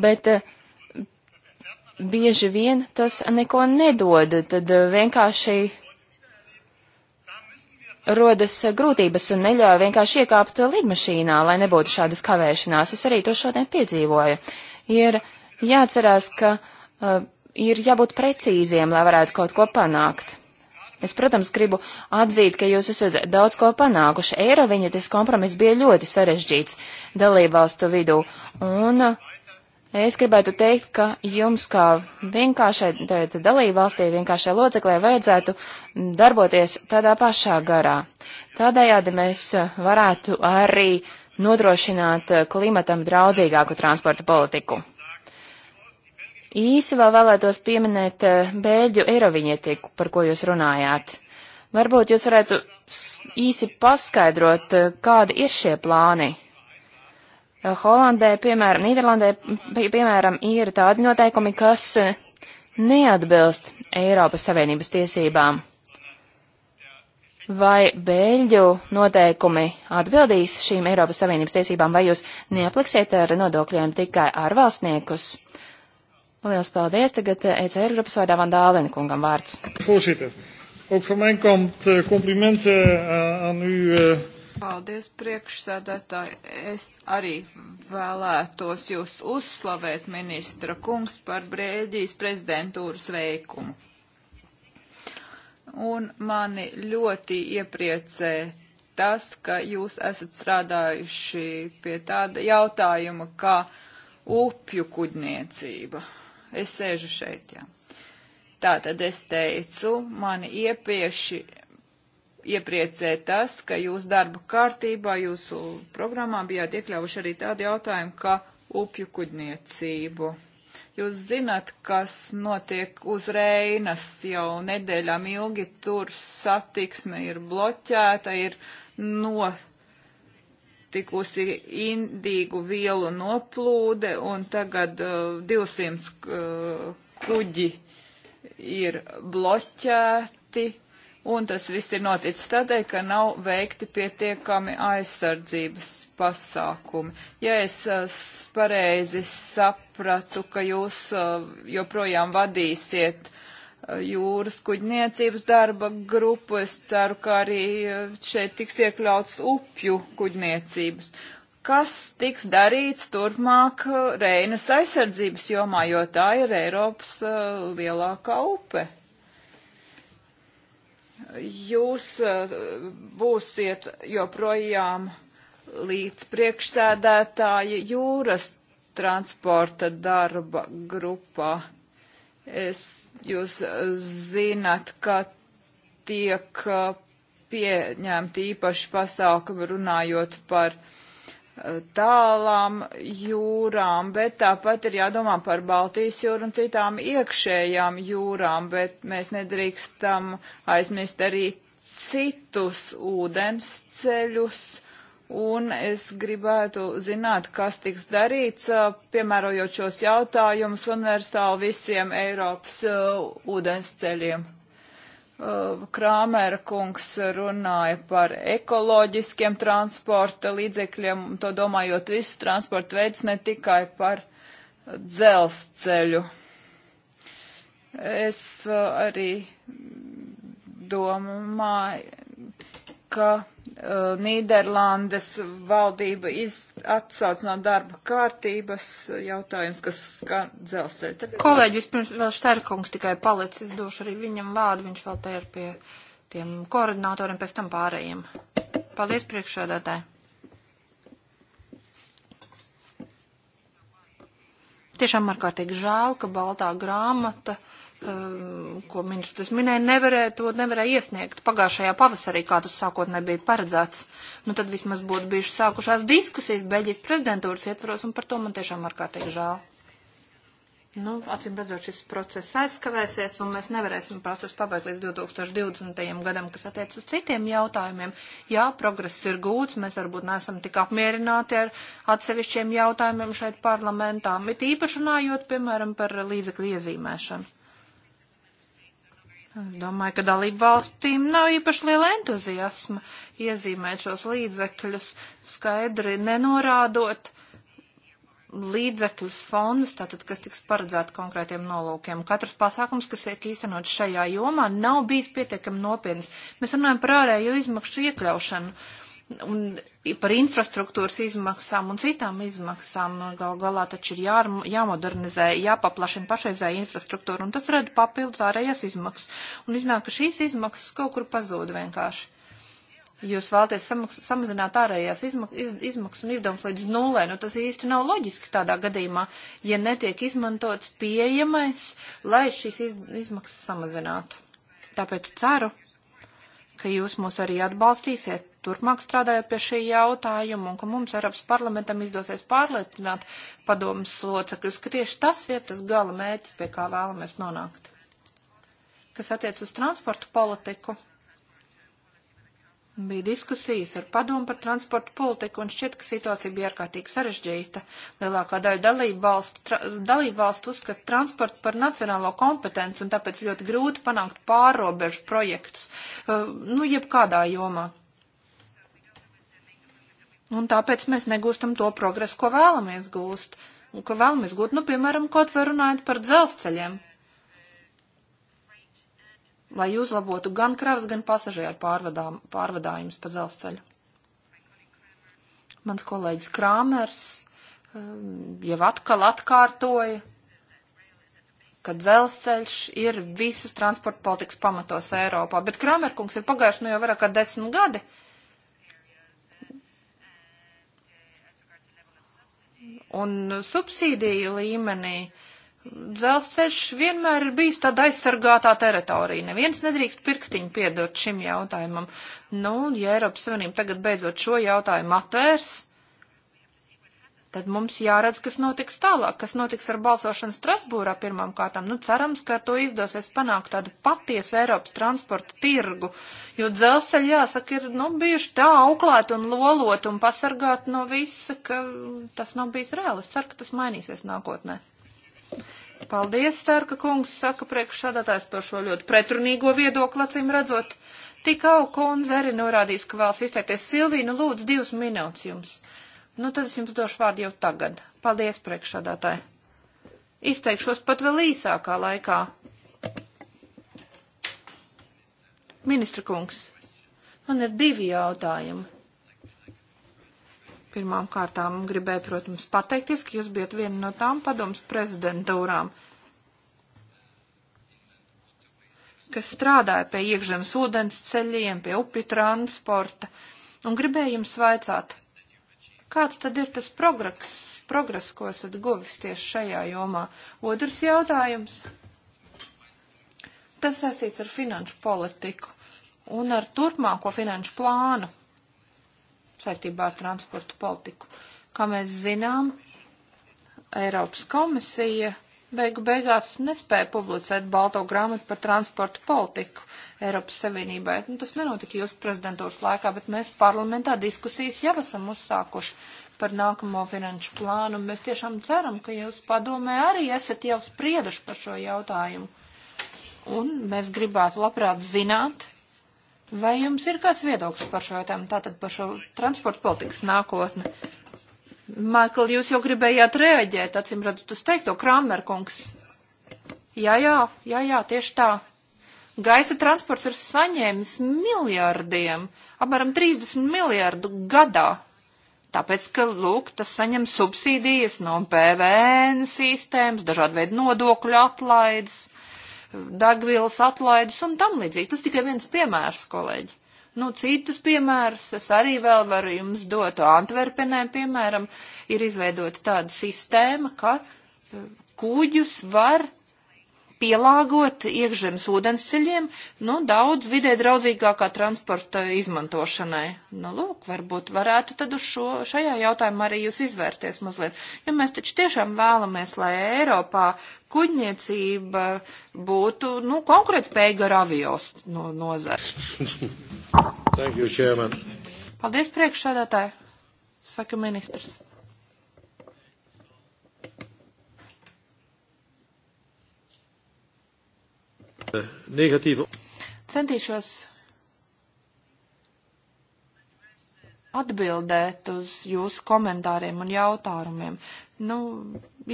bet bieži vien tas neko nedod, tad vienkārši rodas grūtības un neļauj vienkārši iekāpt lidmašīnā, lai nebūtu šādas kavēšanās. Es arī to šodien piedzīvoju. Ir jāatcerās, ka uh, ir jābūt precīziem, lai varētu kaut ko panākt. Es, protams, gribu atzīt, ka jūs esat daudz ko panākuši. Eiroviņetes kompromiss bija ļoti sarežģīts dalībvalstu vidū, un es gribētu teikt, ka jums kā vienkāršai dalībvalstī, vienkāršai loceklē vajadzētu darboties tādā pašā garā. Tādējādi mēs varētu arī nodrošināt klimatam draudzīgāku transporta politiku. Īsi vēl vēlētos pieminēt eh, bēļu eiroviņietiku, par ko jūs runājāt. Varbūt jūs varētu īsi paskaidrot, eh, kādi ir šie plāni. Eh, Holandē, piemēram, Nīderlandē, piemēram, ir tādi noteikumi, kas neatbilst Eiropas Savienības tiesībām. Vai Bēļu noteikumi atbildīs šīm Eiropas Savienības tiesībām, vai jūs neapliksiet ar nodokļiem tikai ārvalstniekus? Ar Lielas paldies. Tagad ECR eh, e grupas vārdā Vandālēna kungam vārds. Klausīties. Ook van mijn kant eh, complimenten eh, aan u. Paldies, priekšsēdētāji. Es arī vēlētos jūs uzslavēt, ministra kungs, par Brēģijas prezidentūras veikumu. Un mani ļoti iepriecē tas, ka jūs esat strādājuši pie tāda jautājuma kā upju kuģniecība. Es sēžu šeit, jā. Tātad es teicu, mani iepieši iepriecē tas, ka jūs darba kārtībā, jūsu programmā bijāt iekļāvuši arī tādu jautājumu, kā upju kuģniecību. Jūs zināt, kas notiek uz Reinas jau nedēļām ilgi, tur satiksme ir bloķēta, ir no notikusi indīgu vielu noplūde, un tagad uh, 200 uh, kuģi ir bloķēti, un tas viss ir noticis tādēļ, ka nav veikti pietiekami aizsardzības pasākumi. Ja es uh, pareizi sapratu, ka jūs uh, joprojām vadīsiet uh, Uh, jūras kuģniecības darba grupu. Es ceru, ka arī uh, šeit tiks iekļauts upju kuģniecības. Kas tiks darīts turpmāk uh, Reinas aizsardzības jomā, jo tā ir Eiropas uh, lielākā upe? Jūs uh, būsiet joprojām līdz priekšsēdētāji jūras transporta darba grupā. Es Jūs eh, zināt, ka tiek eh, pieņemti īpaši pasākumi runājot par eh, tālām jūrām, bet tāpat ir jādomā par Baltijas jūru un citām iekšējām jūrām, bet mēs nedrīkstam aizmirst arī citus ūdens ceļus un es gribētu zināt, kas tiks darīts, piemērojot šos jautājumus universāli visiem Eiropas ūdensceļiem. Krāmēra kungs runāja par ekoloģiskiem transporta līdzekļiem, to domājot visus transporta veids, ne tikai par dzelzceļu. Es arī domāju, ka Uh, Nīderlandes valdība atsauc no darba kārtības jautājums, kas skan dzelzceļu. Kolēģi, vispirms vēl Šterkungs tikai palicis, es došu arī viņam vārdu, viņš vēl te ir pie tiem koordinatoriem, pēc tam pārējiem. Paldies priekšsēdētāji. Tiešām ārkārtīgi žēl, ka baltā grāmata. Uh, um, ko ministrs minēja, nevarēja to nevarēja iesniegt pagājušajā pavasarī, kā tas sākotnēji bija paredzēts. Nu, tad vismaz būtu bijušas sākušās diskusijas Beļģijas prezidentūras ietvaros, un par to man tiešām ārkārtīgi žēl. Nu, acīm redzot, šis process aizskavēsies, un mēs nevarēsim procesu pabeigt līdz 2020. gadam, kas attiec uz citiem jautājumiem. Jā, progress ir gūts, mēs varbūt neesam tik apmierināti ar atsevišķiem jautājumiem šeit parlamentā, bet īpaši runājot, piemēram, par līdzekļu iezīmēšanu. Es domāju, ka dalību valstīm nav īpaši liela entuziasma iezīmēt šos līdzekļus, skaidri nenorādot līdzekļus fondus, tātad, kas tiks paredzēti konkrētiem nolūkiem. Katrs pasākums, kas tiek īstenots šajā jomā, nav bijis pietiekami nopietns. Mēs runājam par ārējo izmaksu iekļaušanu, un par infrastruktūras izmaksām un citām izmaksām uh, gal galā taču ir jā, jāmodernizē, jāpaplašina pašreizēja infrastruktūra, un tas rada papildus ārējās izmaksas. Un iznāk, ka šīs izmaksas kaut kur pazūd vienkārši. Jūs vēlaties samaks, samazināt ārējās izmaksas iz, izmaks un izdevumus līdz nulē, nu tas īsti nav loģiski tādā gadījumā, ja netiek izmantots pieejamais, lai šīs iz, izmaksas samazinātu. Tāpēc ceru, ka jūs mūs arī atbalstīsiet turpmāk strādājot pie šī jautājuma un ka mums Eiropas parlamentam izdosies pārliecināt padomas locekļus, ka tieši tas ir tas gala mērķis, pie kā vēlamies nonākt. Kas attiec uz transportu politiku, bija diskusijas ar padomu par transportu politiku un šķiet, ka situācija bija ārkārtīgi sarežģīta. Lielākā daļa dalību valstu, tra, dalību valstu uzskata transportu par nacionālo kompetenci un tāpēc ļoti grūti panākt pārobežu projektus, uh, nu, jebkādā jomā. Un tāpēc mēs negūstam to progresu, ko vēlamies gūst. Un ko vēlamies gūt, nu, piemēram, kaut vai runājot par dzelzceļiem. Lai uzlabotu gan kravas, gan pasažieru pārvadājumus pa dzelzceļu. Mans kolēģis Krāmers um, jau atkal atkārtoja, ka dzelzceļš ir visas transporta politikas pamatos Eiropā. Bet Kramerkungs ir pagājuši nu jau vairāk kā desmit gadi. Uh, un subsīdiju līmenī. Dzelzceļš vienmēr ir bijis tāda aizsargātā teritorija. Neviens nedrīkst pirkstiņu piedot šim jautājumam. Nu, ja Eiropas Savienība tagad beidzot šo jautājumu atvērs, Tad mums jāredz, kas notiks tālāk, kas notiks ar balsošanu Strasbūrā pirmām kārtām. Nu, cerams, ka ar to izdosies panākt tādu patiesu Eiropas transporta tirgu, jo dzelzceļi, jāsaka, ir, nu, bijuši tā auklēt un lolot un pasargāt no visa, ka tas nav bijis reāli. Es ceru, ka tas mainīsies nākotnē. Paldies, Stārka kungs, saka priekšsādātājs par šo ļoti pretrunīgo viedokli, acīm redzot. Tikau kundze arī norādījis, ka vēlas izteikties Silvīnu, lūdzu, divas minūtes jums. Nu, tad es jums došu vārdu jau tagad. Paldies, priekšsādātāji. Izteikšos pat vēl īsākā laikā. Ministra kungs, man ir divi jautājumi. Pirmām kārtām gribēju, protams, pateikties, ka jūs bijat viena no tām padomas prezidentūrām, kas strādāja pie iekšzemes ūdens ceļiem, pie upju transporta, un gribēju jums vaicāt, Kāds tad ir tas progress, progress ko esat guvis tieši šajā jomā? Otrs jautājums. Tas saistīts ar finanšu politiku un ar turpmāko finanšu plānu saistībā ar transportu politiku. Kā mēs zinām, Eiropas komisija beigu beigās nespēja publicēt balto grāmatu par transportu politiku Eiropas Savienībai. Nu, tas nenotika jūsu prezidentūras laikā, bet mēs parlamentā diskusijas jau esam uzsākuši par nākamo finanšu plānu. Mēs tiešām ceram, ka jūs padomē arī esat jau sprieduši par šo jautājumu. Un mēs gribētu labprāt zināt, vai jums ir kāds viedoklis par šo jautājumu, tātad par šo transporta politikas nākotni. Maikl, jūs jau gribējāt reaģēt, acīm redzot, uz teikto Kramerkungs. Jā, jā, jā, jā, tieši tā. Gaisa transports ir saņēmis miljārdiem, apmēram 30 miljārdu gadā. Tāpēc, ka, lūk, tas saņem subsīdijas no PVN sistēmas, dažādu veidu nodokļu atlaides, degvielas atlaides un tam līdzīgi. Tas tikai viens piemērs, kolēģi. Nu, citus piemērus es arī vēl varu jums dot. Antverpenē, piemēram, ir izveidota tāda sistēma, ka kuģus var pielāgot iekšzemes ūdensceļiem, nu, daudz vidē draudzīgākā transporta izmantošanai. Nu, lūk, varbūt varētu tad uz šo, šajā jautājumā arī jūs izvērties mazliet, jo mēs taču tiešām vēlamies, lai Eiropā kuģniecība būtu, nu, konkurētspējīga ar avios no, nozari. Thank you, Chairman. Paldies, priekšsēdētāji, saka ministrs. Negatīva. Centīšos atbildēt uz jūsu komentāriem un jautājumiem. Nu,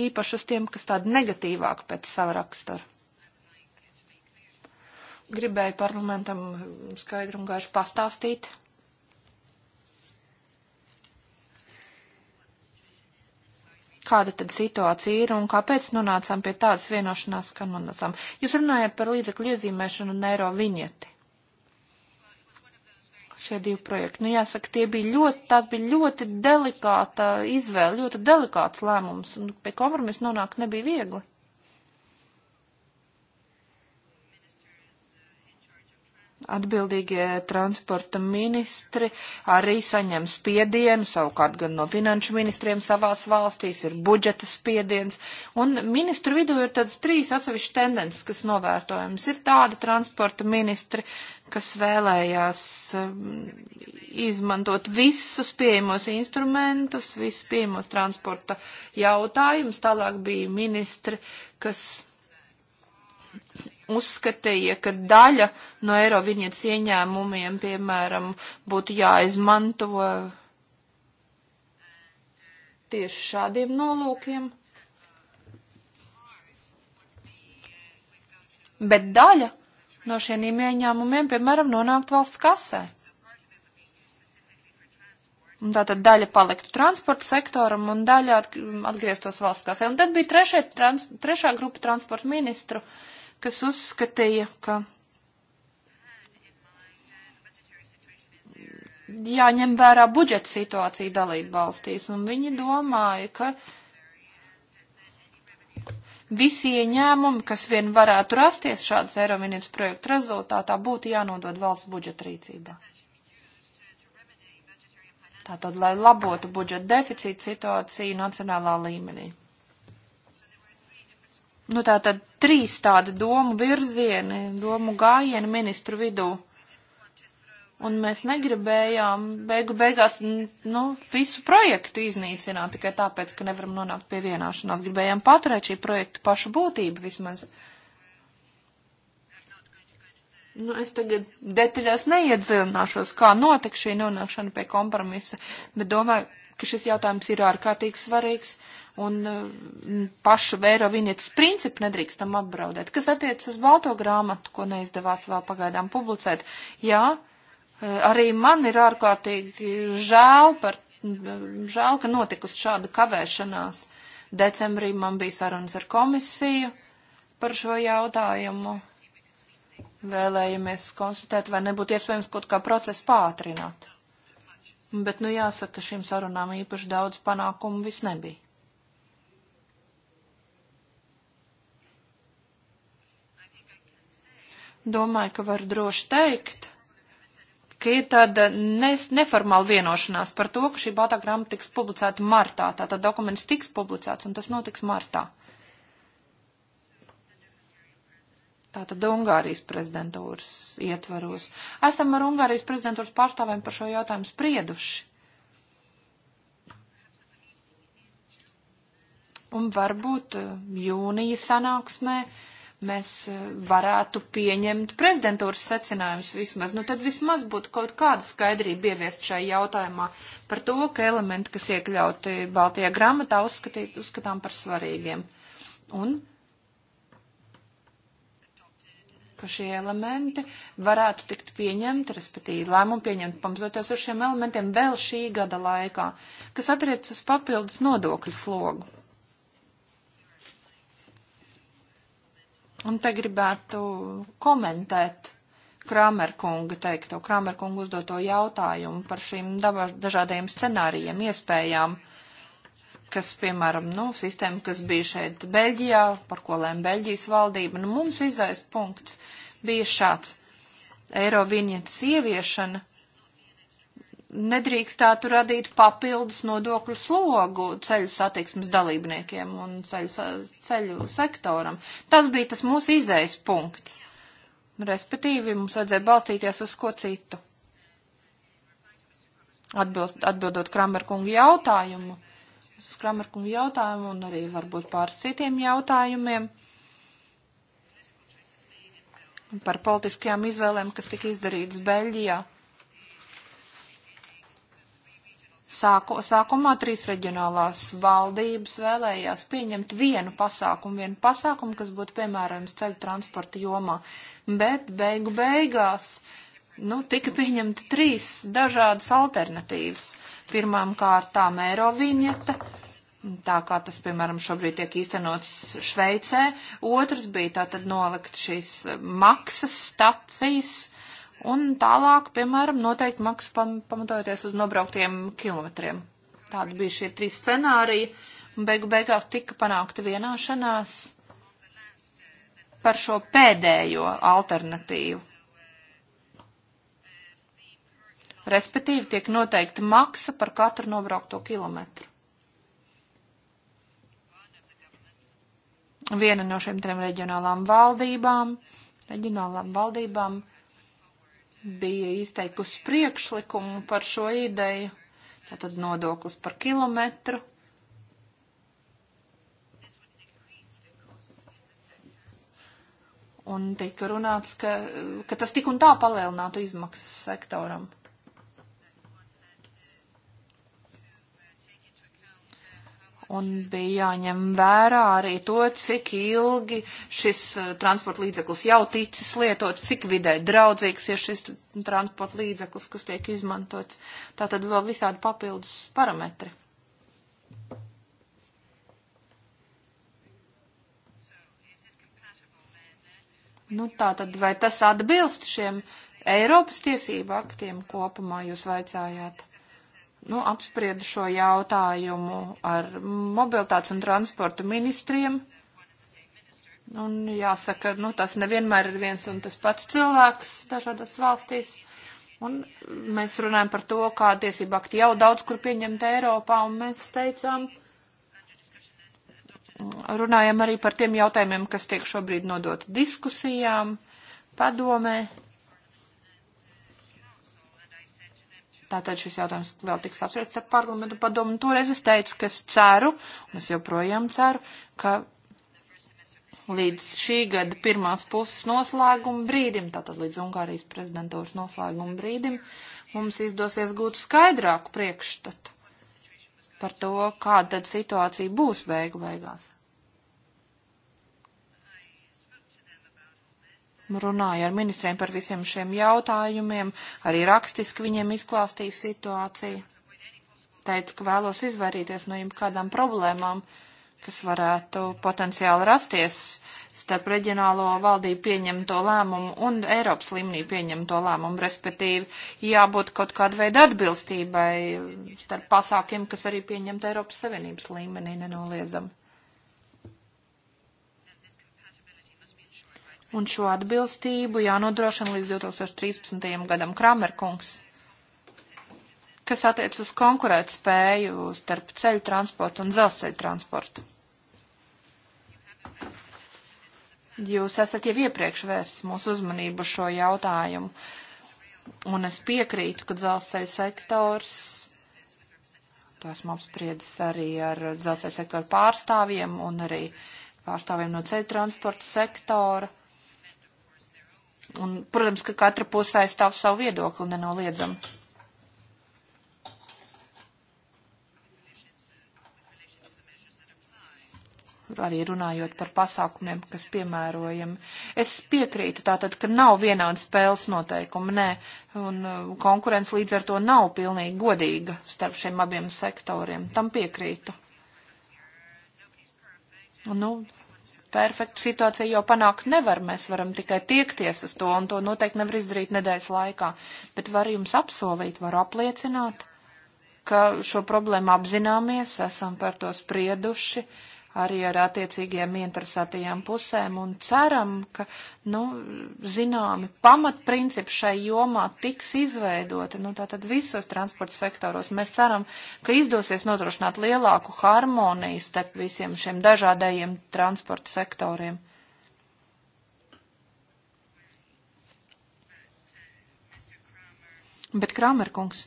īpaši uz tiem, kas tādi negatīvāk pēc sava rakstura. Gribēju parlamentam skaidru un gaišu pastāstīt, kāda tad situācija ir un kāpēc nonācām pie tādas vienošanās, kā nonācām. Jūs runājat par līdzekļu iezīmēšanu un eiro viņeti. Šie divi projekti. Nu, jāsaka, tie bija ļoti, tās bija ļoti delikāta izvēle, ļoti delikāts lēmums, un pie kompromisa nonākt nebija viegli. atbildīgie transporta ministri arī saņem spiedienu, savukārt gan no finanšu ministriem savās valstīs ir budžeta spiediens, un ministru vidū ir tāds trīs atsevišķi tendences, kas novērtojams. Ir tādi transporta ministri, kas vēlējās um, izmantot visus pieejamos instrumentus, visus pieejamos transporta jautājumus, tālāk bija ministri, kas uzskatīja, ka daļa no eiro viņietas ieņēmumiem, piemēram, būtu jāizmanto tieši šādiem nolūkiem. Bet daļa no šiem ieņēmumiem, piemēram, nonākt valsts kasē. Un tā tad daļa paliktu transporta sektoram un daļa atgrieztos valsts kasē. Un tad bija trešie, trans, trešā grupa transporta ministru. Uh, kas uzskatīja, ka jāņem vērā budžeta situācija dalību valstīs, un viņi domāja, ka visi ieņēmumi, kas vien varētu rasties šādas Eirovinietas projekta rezultātā, būtu jānodod valsts budžeta rīcībā. Tātad, lai labotu budžeta deficīta situāciju nacionālā līmenī. Nu tā tad trīs tādi domu virzieni, domu gājieni ministru vidū. Un mēs negribējām beigu beigās, nu, visu projektu iznīcināt tikai tāpēc, ka nevaram nonākt pie vienāšanās. Gribējām paturēt šī projekta pašu būtību vismaz. Nu, es tagad detaļās neiedzināšos, kā notika šī nonākšana pie kompromisa, bet domāju, ka šis jautājums ir ārkārtīgi svarīgs. Uh, un mm, pašu vēro vienietas principu nedrīkstam apbraudēt. Kas attiec uz balto grāmatu, ko neizdevās vēl pagaidām publicēt, jā, eh, arī man ir ārkārtīgi žēl par, mm, žēl, ka notikusi šāda kavēšanās. Decembrī man bija sarunas ar komisiju par šo jautājumu. Vēlējamies konstatēt, vai nebūtu iespējams kaut kā procesu pātrināt. Bet, nu, jāsaka, šīm sarunām īpaši daudz panākumu vis nebija. domāju, ka var droši teikt, ka ir tāda nes, neformāla vienošanās par to, ka šī baltā grāmata tiks publicēta martā. Tātad dokuments tiks publicēts un tas notiks martā. Tātad Ungārijas prezidentūras ietvaros. Esam ar Ungārijas prezidentūras pārstāvēm par šo jautājumu sprieduši. Un varbūt eh, jūnija sanāksmē uh, mēs e, varētu pieņemt prezidentūras secinājumus vismaz. Nu, tad vismaz būtu kaut kāda skaidrība ieviest šai jautājumā par to, ka elementi, kas iekļauti Baltijā grāmatā, uzskatīt, uzskatām par svarīgiem. Un ka šie elementi varētu tikt pieņemti, respektīvi lēmumu pieņemt pamatoties uz šiem elementiem vēl šī gada laikā, kas attiec uz papildus nodokļu slogu. Un te gribētu komentēt Kramerkunga teikto, Kramerkunga uzdoto jautājumu par šīm dažādajiem scenārijiem, iespējām, kas, piemēram, nu, sistēma, kas bija šeit Beļģijā, par ko lēma Beļģijas valdība. Nu, mums izaist punkts bija šāds. Eirovinietas ieviešana nedrīkstētu radīt papildus nodokļu slogu ceļu satiksmes dalībniekiem un ceļu, ceļu sektoram. Tas bija tas mūsu izējas punkts. Respektīvi, mums vajadzēja balstīties uz ko citu. Atbilst, atbildot Kramerkungu jautājumu, uz Kramerkungu jautājumu un arī varbūt pāris citiem jautājumiem par politiskajām izvēlēm, kas tika izdarītas Beļģijā. Sāku, sākumā trīs reģionālās valdības vēlējās pieņemt vienu pasākumu, vienu pasākumu, kas būtu piemērojams ceļu transporta jomā, bet beigu beigās, nu, tika pieņemta trīs dažādas alternatīvas. Pirmām kārtām Eirovīņeta, tā kā tas, piemēram, šobrīd tiek īstenots Šveicē, otrs bija tātad nolikt šīs maksas stacijas, Un tālāk, piemēram, noteikti maksu pam pamatojoties uz nobrauktiem kilometriem. Tādi bija šie trīs scenāriji. Beigu beigās tika panākta vienāšanās par šo pēdējo alternatīvu. Respektīvi, tiek noteikta maksa par katru nobraukto kilometru. Viena no šiem trim reģionālām valdībām, reģionālām valdībām bija izteikusi priekšlikumu par šo ideju, tātad nodoklis par kilometru. Un tika runāts, ka, ka tas tik un tā palielinātu izmaksas sektoram. Un bija jāņem vērā arī to, cik ilgi šis uh, transporta līdzeklis jau ticis lietots, cik vidē draudzīgs ir šis transporta līdzeklis, kas tiek izmantots. Tā tad vēl visādi papildus parametri. Nu, tā tad vai tas atbilst šiem Eiropas tiesību aktiem kopumā, jūs vaicājāt? nu, apspriedu šo jautājumu ar mobilitātes un transporta ministriem. Un jāsaka, nu, tas nevienmēr ir viens un tas pats cilvēks dažādās valstīs. Un mēs runājam par to, kā tiesība akti jau daudz kur pieņemta Eiropā, un mēs teicām, runājam arī par tiem jautājumiem, kas tiek šobrīd nodoti diskusijām, padomē. Tātad šis jautājums vēl tiks apspriests ar parlamentu padomu. Toreiz es teicu, ka es ceru, un es joprojām ceru, ka līdz šī gada pirmās puses noslēguma brīdim, tātad līdz Ungārijas prezidentūras noslēguma brīdim, mums izdosies gūt skaidrāku priekšstatu par to, kāda tad situācija būs beigu beigās. runāju ar ministriem par visiem šiem jautājumiem, arī rakstiski viņiem izklāstīju situāciju. Teicu, ka vēlos izvairīties no jebkādām problēmām, kas varētu potenciāli rasties starp reģionālo valdību pieņemto lēmumu un Eiropas līmenī pieņemto lēmumu, respektīvi jābūt kaut kāda veida atbilstībai starp pasākiem, kas arī pieņemta Eiropas Savienības līmenī nenoliedzami. un šo atbilstību jānodrošina līdz 2013. gadam Kramerkungs, kas attiec uz konkurēt spēju starp ceļu transportu un dzelzceļu transportu. Jūs esat jau iepriekš vērsis mūsu uzmanību šo jautājumu, un es piekrītu, ka dzelzceļa sektors To esmu apspriedis arī ar dzelzceļa sektoru pārstāvjiem un arī pārstāvjiem no ceļu transporta sektora. Un, protams, ka katra pusē aizstāv savu viedokli nenoliedzami. Arī runājot par pasākumiem, kas piemērojami. Es piekrītu tātad, ka nav vienāda spēles noteikuma, nē, un uh, konkurence līdz ar to nav pilnīgi godīga starp šiem abiem sektoriem. Tam piekrītu. Un, nu, perfektu situāciju jau panākt nevar. Mēs varam tikai tiekties uz to, un to noteikti nevar izdarīt nedēļas laikā. Bet var jums apsolīt, var apliecināt, ka šo problēmu apzināmies, esam par to sprieduši arī ar attiecīgiem interesētajām pusēm un ceram, ka, nu, zināmi pamatprincipi šai jomā tiks izveidoti, nu, tātad visos transporta sektoros. Mēs ceram, ka izdosies nodrošināt lielāku harmoniju starp visiem šiem dažādajiem transporta sektoriem. Bet Kramerkungs.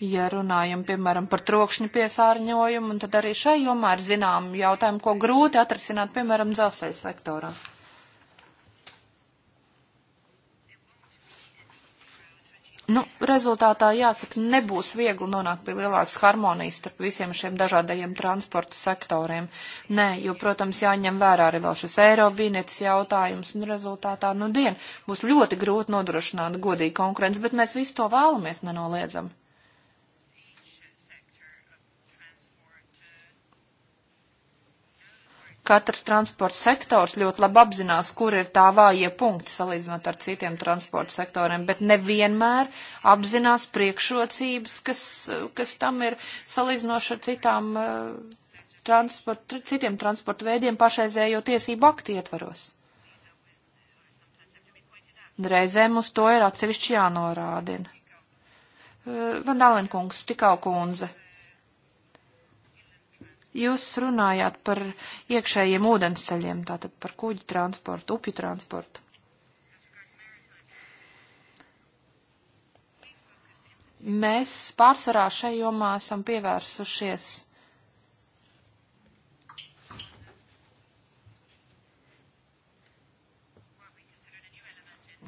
Ja runājam, piemēram, par trokšņu piesārņojumu, tad arī šai jomā ir zinām jautājumi, ko grūti atrisināt, piemēram, dzelzceļa sektorā. Nu, rezultātā, jāsaka, nebūs viegli nonākt pie lielākas harmonijas starp visiem šiem dažādajiem transporta sektoriem. Nē, jo, protams, jāņem vērā arī vēl šis eirovīnietis jautājums, un rezultātā, nu, dien, būs ļoti grūti nodrošināt godīgu konkurenci, bet mēs visu to vēlamies nenoliedzami. katrs transporta sektors ļoti labi apzinās, kur ir tā vājie punkti salīdzinot ar citiem transporta sektoriem, bet nevienmēr apzinās priekšrocības, kas, kas tam ir salīdzinoši ar citām, eh, transport, citiem transporta veidiem pašreizējo tiesību aktu ietvaros. Reizēm uz to ir atsevišķi jānorādina. Eh, Vandālinkungs, tikau kundze. Jūs runājāt par iekšējiem ūdensceļiem, tātad par kuģu transportu, upju transportu. Mēs pārsvarā šai jomā esam pievērsušies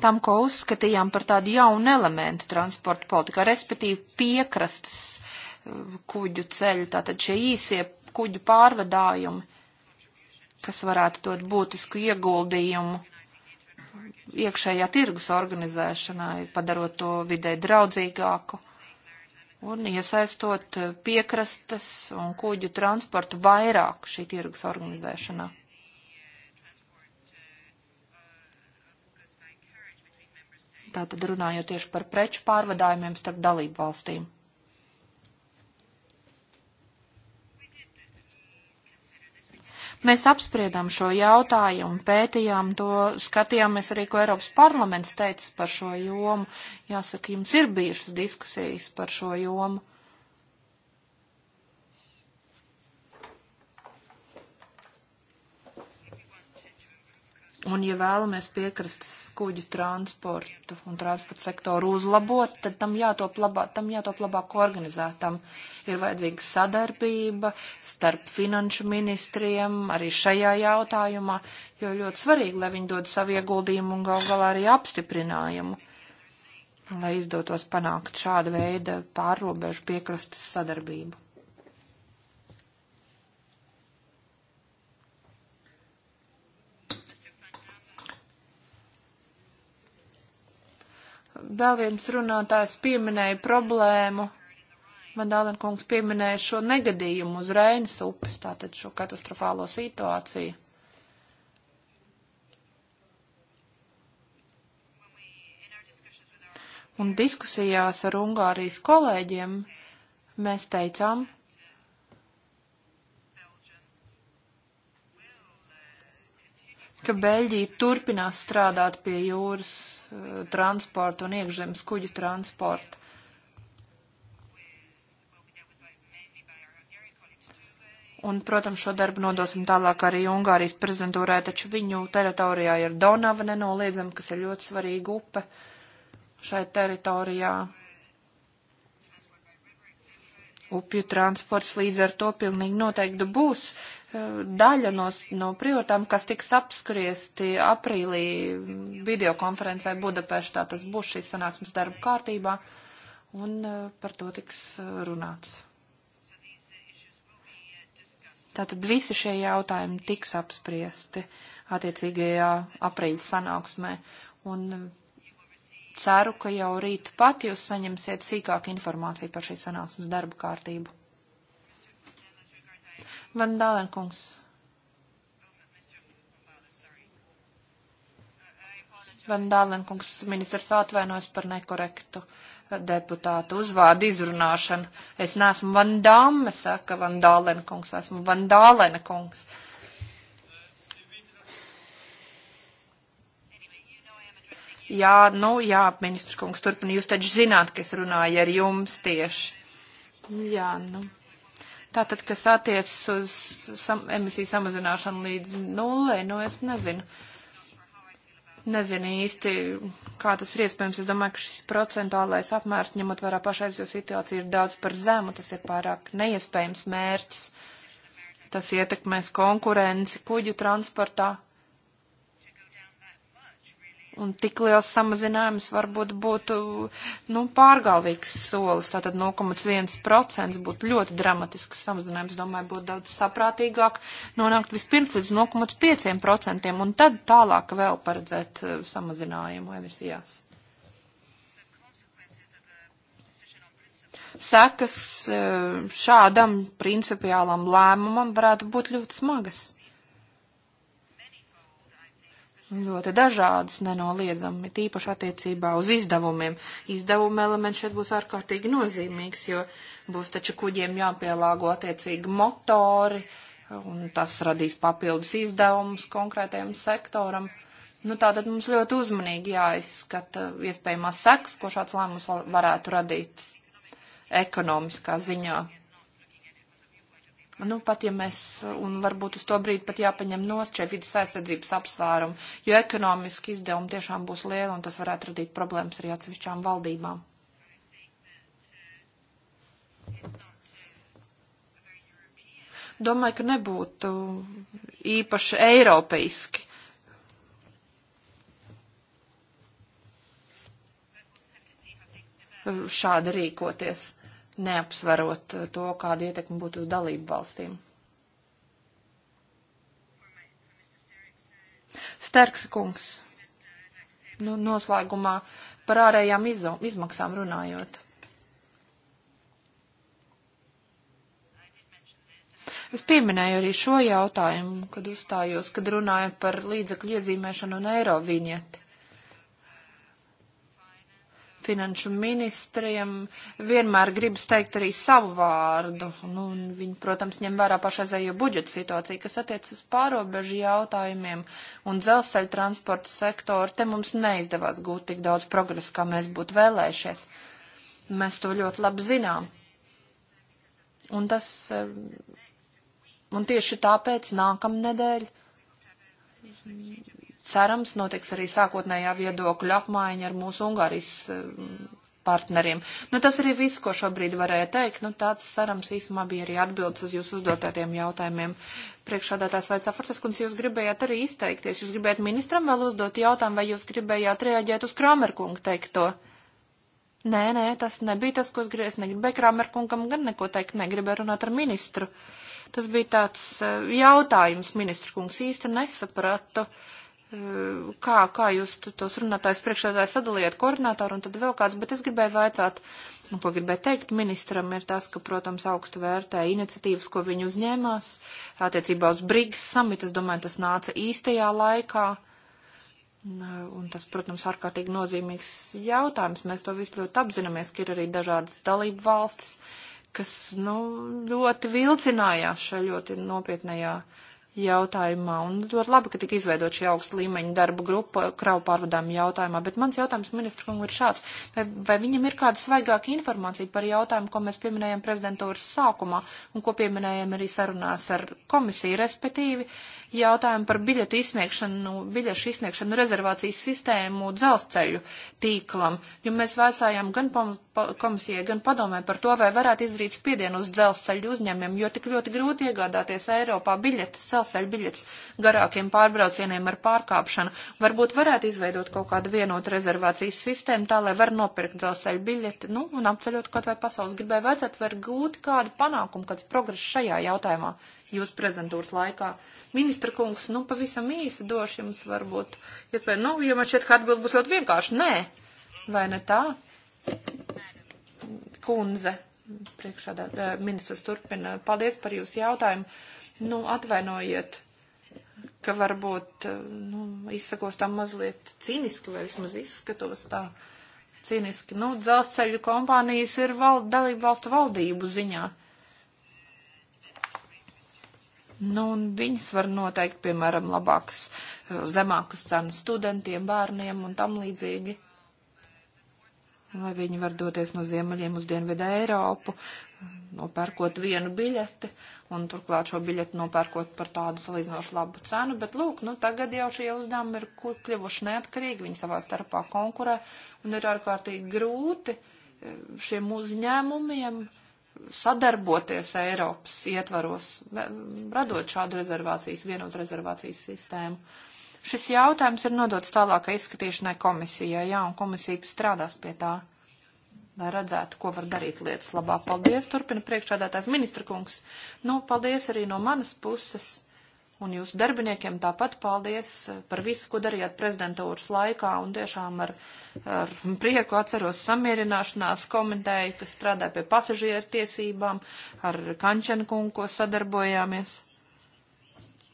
tam, ko uzskatījām par tādu jaunu elementu transporta politikā, respektīvi piekrastes uh, kuģu ceļu, tātad šie īsie kuģu pārvadājumi, kas varētu dot būtisku ieguldījumu iekšējā tirgus organizēšanai, padarot to vidē draudzīgāku un iesaistot piekrastes un kuģu transportu vairāk šī tirgus organizēšanā. Tātad runājot tieši par preču pārvadājumiem starp dalību valstīm. Mēs apspriedām šo jautājumu, pētījām to, skatījāmies arī, ko Eiropas parlaments teica par šo jomu. Jāsaka, jums ir bijušas diskusijas par šo jomu. Un, ja vēlamies piekrastes kuģu transportu un transporta sektoru uzlabot, tad tam jātop, labā, tam jātop labāk organizētam. Ir vajadzīga sadarbība starp finanšu ministriem arī šajā jautājumā, jo ļoti svarīgi, lai viņi dod savu ieguldījumu un gal galā arī apstiprinājumu, lai izdotos panākt šāda veida pārrobežu piekrastes sadarbību. vēl viens runātājs pieminēja problēmu. Man Dālen kungs pieminēja šo negadījumu uz Reinas upes, tātad šo katastrofālo situāciju. Un diskusijās ar Ungārijas kolēģiem mēs teicām, ka Beļģija turpinās strādāt pie jūras eh, transporta un iekšzemes kuģu transporta. Un, protams, šo darbu nodosim tālāk arī Ungārijas prezidentūrai, taču viņu teritorijā ir Donava nenoliedzama, kas ir ļoti svarīga upe šai teritorijā. Upju transports līdz ar to pilnīgi noteikti būs daļa no, no prioritām, kas tiks apskriesti aprīlī videokonferencē Budapeštā. Tas būs šīs sanāksmes darba kārtībā, un e, par to tiks e, runāts. Tātad visi šie jautājumi tiks apspriesti attiecīgajā aprīļa sanāksmē, un e, ceru, ka jau rīt pat jūs saņemsiet sīkāku informāciju par šīs sanāksmes darba kārtību. Van Dālenkungs. Van Dālenkungs ministrs atvainojas par nekorektu deputātu uzvārdu izrunāšanu. Es neesmu Van Dāme, saka Van Dālenkungs, esmu Van Dālenkungs. Jā, nu jā, ministra kungs, turpin, jūs taču zināt, ka es runāju ar jums tieši. Jā, nu. Tātad, kas attiecas uz sam emisiju samazināšanu līdz nullei, nu es nezinu. Nezinu īsti, kā tas ir iespējams. Es domāju, ka šis procentuālais apmērs, ņemot vērā pašreiz, jo situācija ir daudz par zemu, tas ir pārāk neiespējams mērķis. Tas ietekmēs konkurenci kuģu transportā Un tik liels samazinājums varbūt būtu, nu, pārgalvīgs solis, tātad 0,1% būtu ļoti dramatisks samazinājums, domāju, būtu daudz saprātīgāk nonākt vispirms līdz 0,5% un tad tālāk vēl paredzēt eh, samazinājumu emisijās. Sekas eh, šādam principiālam lēmumam varētu būt ļoti smagas ļoti dažādas, nenoliedzami, tīpaši attiecībā uz izdevumiem. Izdevuma elements šeit būs ārkārtīgi nozīmīgs, jo būs taču kuģiem jāpielāgo attiecīgi motori, un tas radīs papildus izdevumus konkrētajam sektoram. Nu, tātad mums ļoti uzmanīgi jāizskata iespējamās sekas, ko šāds lēmums varētu radīt ekonomiskā ziņā Nu, pat ja mēs, un varbūt uz to brīdi pat jāpaņem nost šie vidas aizsardzības apsvērumi, jo ekonomiski izdevumi tiešām būs lieli un tas varētu radīt problēmas arī atsevišķām valdībām. Domāju, ka nebūtu īpaši eiropeiski šādi rīkoties neapsvarot eh, to, kāda ietekme būtu uz dalību valstīm. Sterks kungs, nu, noslēgumā par ārējām izo, izmaksām runājot. Es pieminēju arī šo jautājumu, kad uzstājos, kad runāju par līdzekļu iezīmēšanu un eiro viņieti finanšu ministriem vienmēr gribas teikt arī savu vārdu. Nu, viņi, protams, ņem vērā pašreizējo budžeta situāciju, kas attiec uz pārobežu jautājumiem un dzelzceļa transporta sektoru. Te mums neizdevās gūt tik daudz progresu, kā mēs būtu vēlējušies. Mēs to ļoti labi zinām. Un tas, eh, un tieši tāpēc nākamnedēļ cerams, notiks arī sākotnējā viedokļa apmaiņa ar mūsu Ungārijas eh, partneriem. Nu, tas arī viss, ko šobrīd varēja teikt. Nu, tāds sarams īsumā bija arī atbildes uz jūsu uzdotētiem jautājumiem. Priekšādātājs Vaicā Forteskundz, jūs gribējāt arī izteikties. Jūs gribējāt ministram vēl uzdot jautājumu, vai jūs gribējāt reaģēt uz Kramerkunga teikto? Nē, nē, tas nebija tas, ko es gribēju. Es negribēju Kramerkungam gan neko teikt, negribēju runāt ar ministru. Tas bija tāds eh, jautājums, ministru kungs īsti nesapratu. Uh, kā, kā jūs tos runātājs priekšādājs sadalījāt koordinātoru un tad vēl kāds, bet es gribēju vaicāt, nu, ko gribēju teikt ministram, ir tas, ka, protams, augstu vērtē iniciatīvas, ko viņi uzņēmās attiecībā uz Brigs samit, es domāju, tas nāca īstajā laikā. Un tas, protams, ārkārtīgi nozīmīgs jautājums. Mēs to visu ļoti apzināmies, ka ir arī dažādas dalību valstis, kas, nu, ļoti vilcinājās šajā ļoti nopietnējā uh, jautājumā. Un ļoti labi, ka tika izveidot šī augsta līmeņa darba grupa kravu pārvadājumu jautājumā. Bet mans jautājums ministru kungu ir šāds. Vai, vai viņam ir kāda svaigāka informācija par jautājumu, ko mēs pieminējam prezidentūras sākumā un ko pieminējam arī sarunās ar komisiju, respektīvi jautājumu par biļetu izsniegšanu, biļešu izsniegšanu rezervācijas sistēmu dzelzceļu tīklam, jo mēs vēsājām gan pamatu komisijai, gan padomē par to, vai varētu izdarīt spiedienu uz dzelzceļu uzņēmiem, jo tik ļoti grūti iegādāties Eiropā biļetes, dzelzceļu biļetes garākiem pārbraucieniem ar pārkāpšanu. Varbūt varētu izveidot kaut kādu vienotu rezervācijas sistēmu, tā lai var nopirkt dzelzceļu biļeti, nu, un apceļot kaut vai pasaules gribēju vajadzētu, var gūt kādu panākumu, kāds progress šajā jautājumā jūsu prezentūras laikā. Ministra kungs, nu, pavisam īsi došu jums varbūt, ja, nu, jo man šķiet, ka atbild būs ļoti vienkārši. Nē, vai ne tā? Kundze, priekšādā eh, ministrs turpina. Paldies par jūsu jautājumu. Nu, atvainojiet, ka varbūt eh, nu, izsakos tā mazliet cīniski, vai vismaz izskatos tā cīniski. Nu, dzelzceļu kompānijas ir val, dalību valstu valdību ziņā. Nu, un viņas var noteikt, piemēram, labākas, eh, zemākas cenas studentiem, bērniem un tam līdzīgi lai viņi var doties no ziemeļiem uz dienvidu Eiropu, nopērkot vienu biļeti, un turklāt šo biļeti nopērkot par tādu salīdzinoši labu cenu, bet lūk, nu tagad jau šie uzdevumi ir kļuvuši neatkarīgi, viņi savā starpā konkurē, un ir ārkārtīgi grūti eh, šiem uzņēmumiem sadarboties Eiropas ietvaros, radot šādu rezervācijas, vienotu rezervācijas sistēmu. Šis jautājums ir nodots tālākai izskatīšanai komisijai, jā, un komisija strādās pie tā, lai redzētu, ko var darīt lietas labā. Paldies, turpina priekšādātājs ministra kungs. Nu, paldies arī no manas puses. Un jūsu darbiniekiem tāpat paldies eh, par visu, ko darījāt prezidentūras laikā, un tiešām ar, ar prieku atceros samierināšanās komiteju, kas strādāja pie pasažieru tiesībām, ar Kančenkungu, ko sadarbojāmies.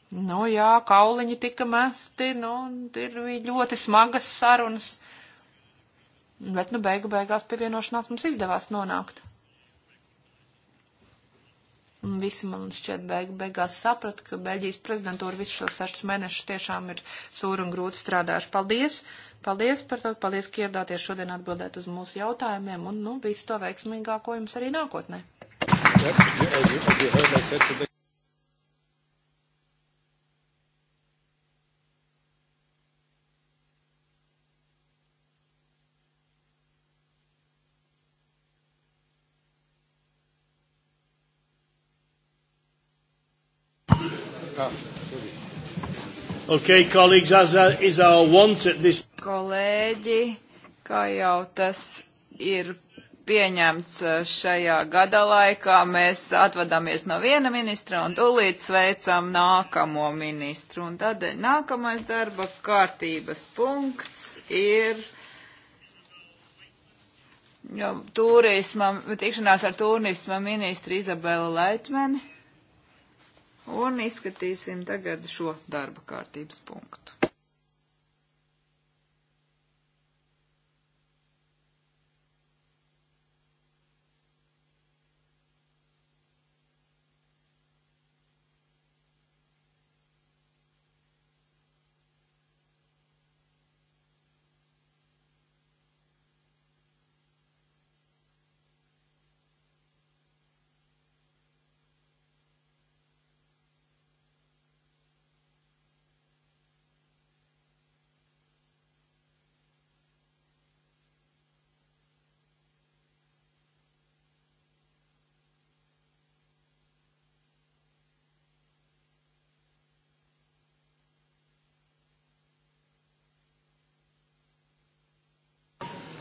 Nu jā, kauliņi tika mesti, nu, ir ļoti smagas sarunas. Bet, nu, beigu beigās pievienošanās mums izdevās nonākt. Un visi, man šķiet, beig, beigās saprata, ka Beļģijas prezidentūra visu šos sešus mēnešus tiešām ir sūri un grūti strādājuši. Paldies! Paldies par to, paldies, ka ieradāties šodien atbildēt uz mūsu jautājumiem un, nu, visu to veiksmīgāko jums arī nākotnē. Yep, yeah, yeah, yeah, yeah, yeah, yeah, yeah, yeah. Okay, colleagues, as uh, is our want at this... Kolēģi, kā jau tas ir pieņemts uh, šajā gada laikā, mēs atvadāmies no viena ministra un tūlīt sveicam nākamo ministru. Un tad nākamais darba kārtības punkts ir jo, turisma, tikšanās ar turisma ministru Izabelu Leitmeni. Un izskatīsim tagad šo darba kārtības punktu.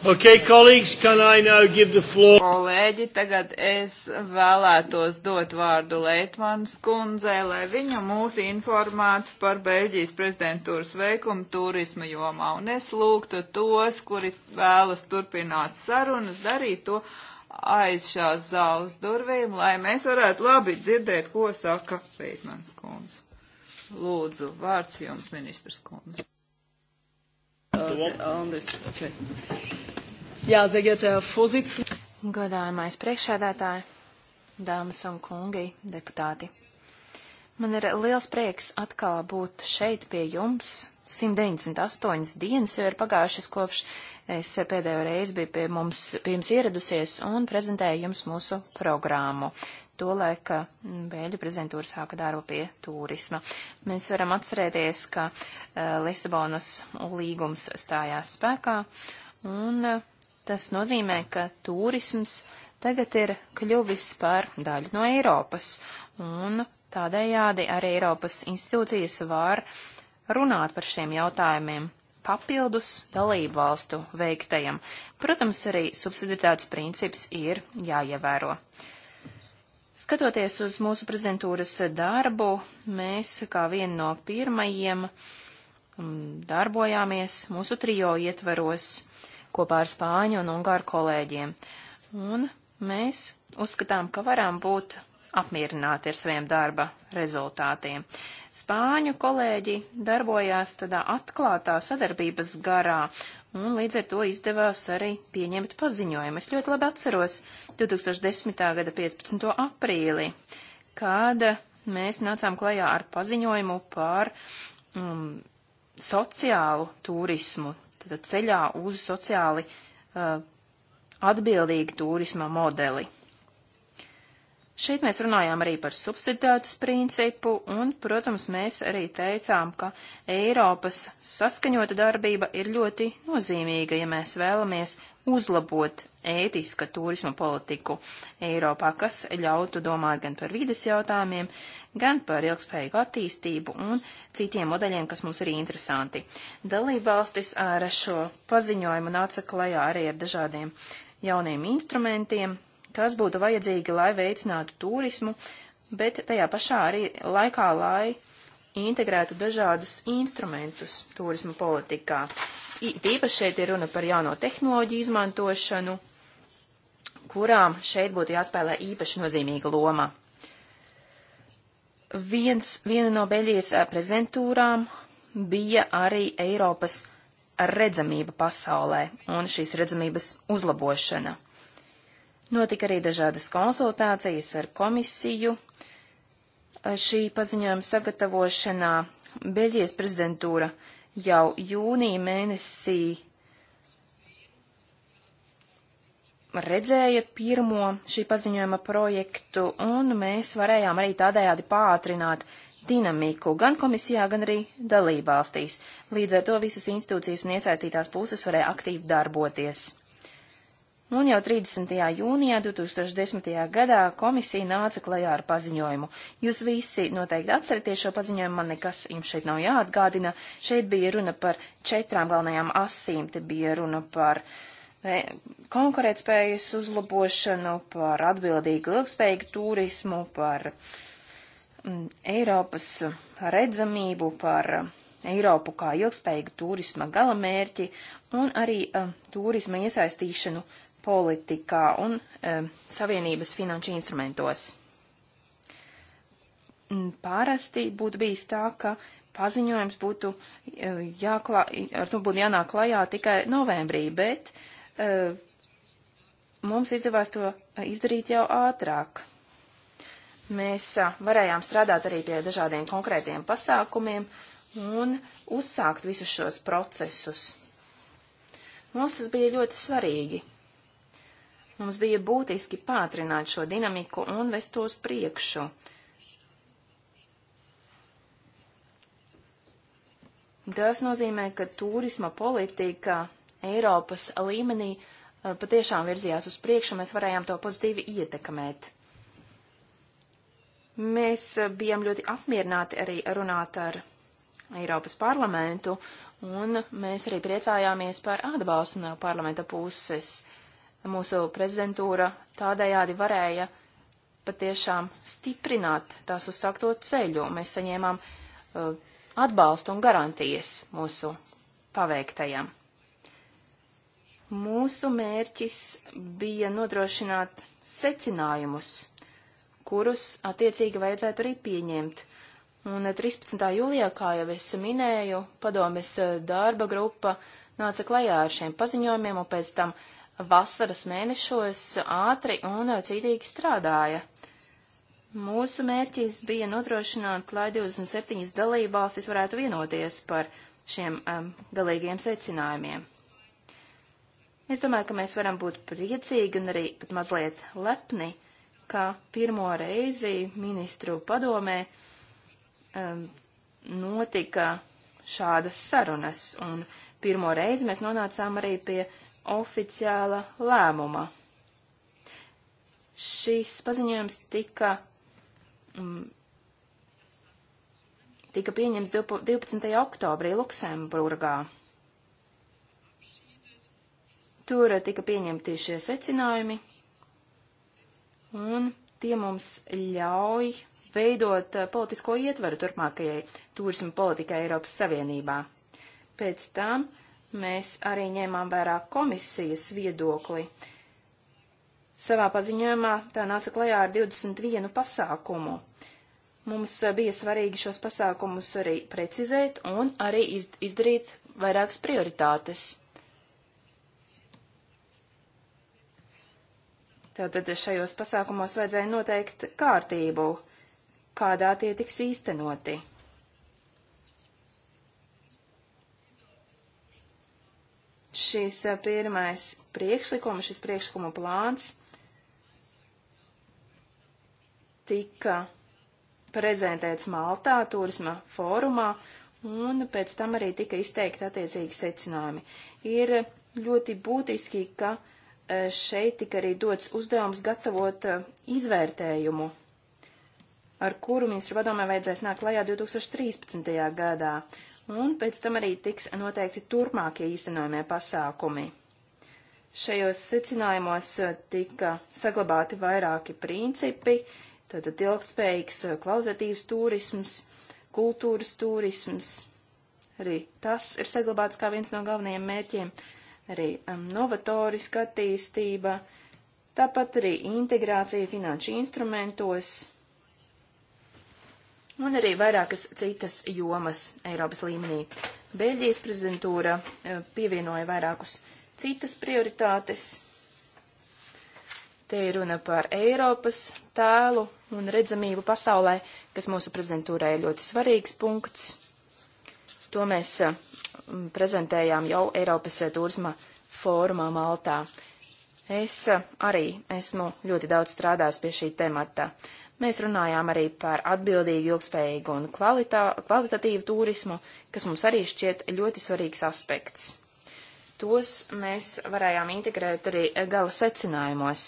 Okay, colleagues, can I now give the floor? Kolēģi, tagad es vēlētos dot vārdu Leitmanas kundzei, lai viņa mūs informētu par Beļģijas prezidentūras veikumu turisma jomā. Un es lūgtu tos, kuri vēlas turpināt sarunas, darīt to aiz šās zāles durvīm, lai mēs varētu labi dzirdēt, ko saka Leitmanas kundze. Lūdzu, vārds jums, ministrs kundze uh, on this. Okay. Jā, sehr geehrter Herr Vorsitzender. Godājumais priekšsēdētāji, dāmas un kungi, deputāti. Man ir liels prieks atkal būt šeit pie jums. 198 dienas jau ir pagājušas kopš es pēdējo reizi biju pie, mums, pie jums ieradusies un prezentēju jums mūsu programmu to laika Bēļu prezidentūra sāka darbu pie turisma. Mēs varam atcerēties, ka e, Lisabonas līgums stājās spēkā, un e, tas nozīmē, ka turisms tagad ir kļuvis par daļu no Eiropas, un tādējādi arī Eiropas institūcijas var runāt par šiem jautājumiem papildus dalību valstu veiktajam. Protams, arī subsidiaritātes princips ir jāievēro. Skatoties uz mūsu prezidentūras darbu, mēs kā viena no pirmajiem mm, darbojāmies mūsu trijo ietvaros kopā ar spāņu un ungāru kolēģiem. Un mēs uzskatām, ka varam būt apmierināti ar saviem darba rezultātiem. Spāņu kolēģi darbojās tādā atklātā sadarbības garā un līdz ar to izdevās arī pieņemt paziņojumu. Es ļoti labi atceros 2010. gada 15. aprīlī, kad mēs nācām klajā ar paziņojumu par um, sociālu turismu, tad ceļā uz sociāli uh, atbildīgu turisma modeli. Šeit mēs runājām arī par subsidētas principu, un, protams, mēs arī teicām, ka Eiropas saskaņota darbība ir ļoti nozīmīga, ja mēs vēlamies uzlabot ētiska turisma politiku Eiropā, kas ļautu domāt gan par vides jautājumiem, gan par ilgspējīgu attīstību un citiem modeļiem, kas mums ir interesanti. Dalībvalstis ar šo paziņojumu nāca klajā arī ar dažādiem jauniem instrumentiem, kas būtu vajadzīgi, lai veicinātu turismu, bet tajā pašā arī laikā, lai integrētu dažādus instrumentus turisma politikā. Tīpaši šeit ir runa par jauno tehnoloģiju izmantošanu, kurām šeit būtu jāspēlē īpaši nozīmīga loma. Viens, viena no Beļģijas prezidentūrām bija arī Eiropas redzamība pasaulē un šīs redzamības uzlabošana. Notika arī dažādas konsultācijas ar komisiju. Šī paziņojuma sagatavošanā Beļģijas prezidentūra jau jūnija mēnesī redzēja pirmo šī paziņojuma projektu, un mēs varējām arī tādējādi pātrināt dinamiku gan komisijā, gan arī dalībvalstīs. Līdz ar to visas institūcijas un iesaistītās puses varēja aktīvi darboties. Un jau 30. jūnijā 2010. gadā komisija nāca klajā ar paziņojumu. Jūs visi noteikti atceraties šo paziņojumu, man nekas jums šeit nav jāatgādina. Šeit bija runa par četrām galvenajām asīm, te bija runa par e, konkurētspējas uzlabošanu, par atbildīgu ilgspējīgu turismu, par mm, Eiropas redzamību, par e, Eiropu kā ilgspējīgu turisma galamērķi un arī uh, turisma iesaistīšanu politikā un um, savienības finanšu instrumentos. Mm, Parasti būtu bijis tā, ka paziņojums būtu eh, jāklā, ar to būtu jānāk klajā tikai novembrī, bet uh, mums izdevās to izdarīt jau ātrāk. Mēs uh, varējām strādāt arī pie dažādiem konkrētiem pasākumiem un uzsākt visus šos procesus. Mums tas bija ļoti svarīgi, Mums bija būtiski pātrināt šo dinamiku un vest tos priekšu. Tas nozīmē, ka turisma politika Eiropas līmenī eh, patiešām virzījās uz priekšu, mēs varējām to pozitīvi ietekmēt. Mēs eh, bijām ļoti apmierināti arī runāt ar Eiropas parlamentu, un mēs arī priecājāmies par atbalstu no parlamenta puses. Uh, mūsu prezidentūra tādējādi varēja patiešām stiprināt tās uzsākto ceļu. Mēs saņēmām uh, atbalstu un garantijas mūsu paveiktajam. Mūsu mērķis bija nodrošināt secinājumus, kurus attiecīgi vajadzētu arī pieņemt. Un 13. Uh, jūlijā, kā jau es minēju, padomes uh, darba grupa nāca klajā ar šiem paziņojumiem, un pēc tam uh, vasaras mēnešos ātri un cītīgi strādāja. Mūsu mērķis bija nodrošināt, lai 27 dalībvalstis varētu vienoties par šiem um, galīgiem secinājumiem. Es domāju, ka mēs varam būt priecīgi un arī pat mazliet lepni, ka pirmo reizi ministru padomē um, notika šādas sarunas, un pirmo reizi mēs nonācām arī pie oficiāla lēmuma. Šis paziņojums tika, mm, tika pieņems 12. oktobrī Luksemburgā. Tur tika pieņemti šie secinājumi, un tie mums ļauj veidot eh, politisko ietveru turpmākajai turismu politikai Eiropas Savienībā. Pēc tam uh, Mēs arī ņēmām vērā komisijas viedokli. Savā paziņojumā tā nāca klajā ar 21 pasākumu. Mums bija svarīgi šos pasākumus arī precizēt un arī izdarīt vairākas prioritātes. Tātad šajos pasākumos vajadzēja noteikt kārtību, kādā tie tiks īstenoti. šis eh, pirmais priekšlikums, šis priekšlikuma plāns tika prezentēts Maltā turisma fórumā, un pēc tam arī tika izteikti attiecīgi secinājumi. Ir ļoti būtiski, ka eh, šeit tika arī dots uzdevums gatavot eh, izvērtējumu, ar kuru ministru padomē vajadzēs nākt klajā 2013. gadā un pēc tam arī tiks noteikti turpmākie īstenojumie pasākumi. Šajos secinājumos eh, tika saglabāti vairāki principi, tātad ilgspējīgs eh, kvalitatīvs turisms, kultūras turisms, arī tas ir saglabāts kā viens no galvenajiem mērķiem, arī um, novatoriska attīstība, tāpat arī integrācija finanšu instrumentos, un arī vairākas citas jomas Eiropas līmenī. Beļģijas prezidentūra eh, pievienoja vairākus citas prioritātes. Te ir runa par Eiropas tēlu un redzamību pasaulē, kas mūsu prezidentūrai ir ļoti svarīgs punkts. To mēs eh, prezentējām jau Eiropas eh, turisma fórumā Maltā. Es arī esmu ļoti daudz strādājis pie šī temata. Mēs runājām arī par atbildīgu, ilgspējīgu un kvalitā, kvalitatīvu turismu, kas mums arī šķiet ļoti svarīgs aspekts. Tos mēs varējām integrēt arī gala secinājumos.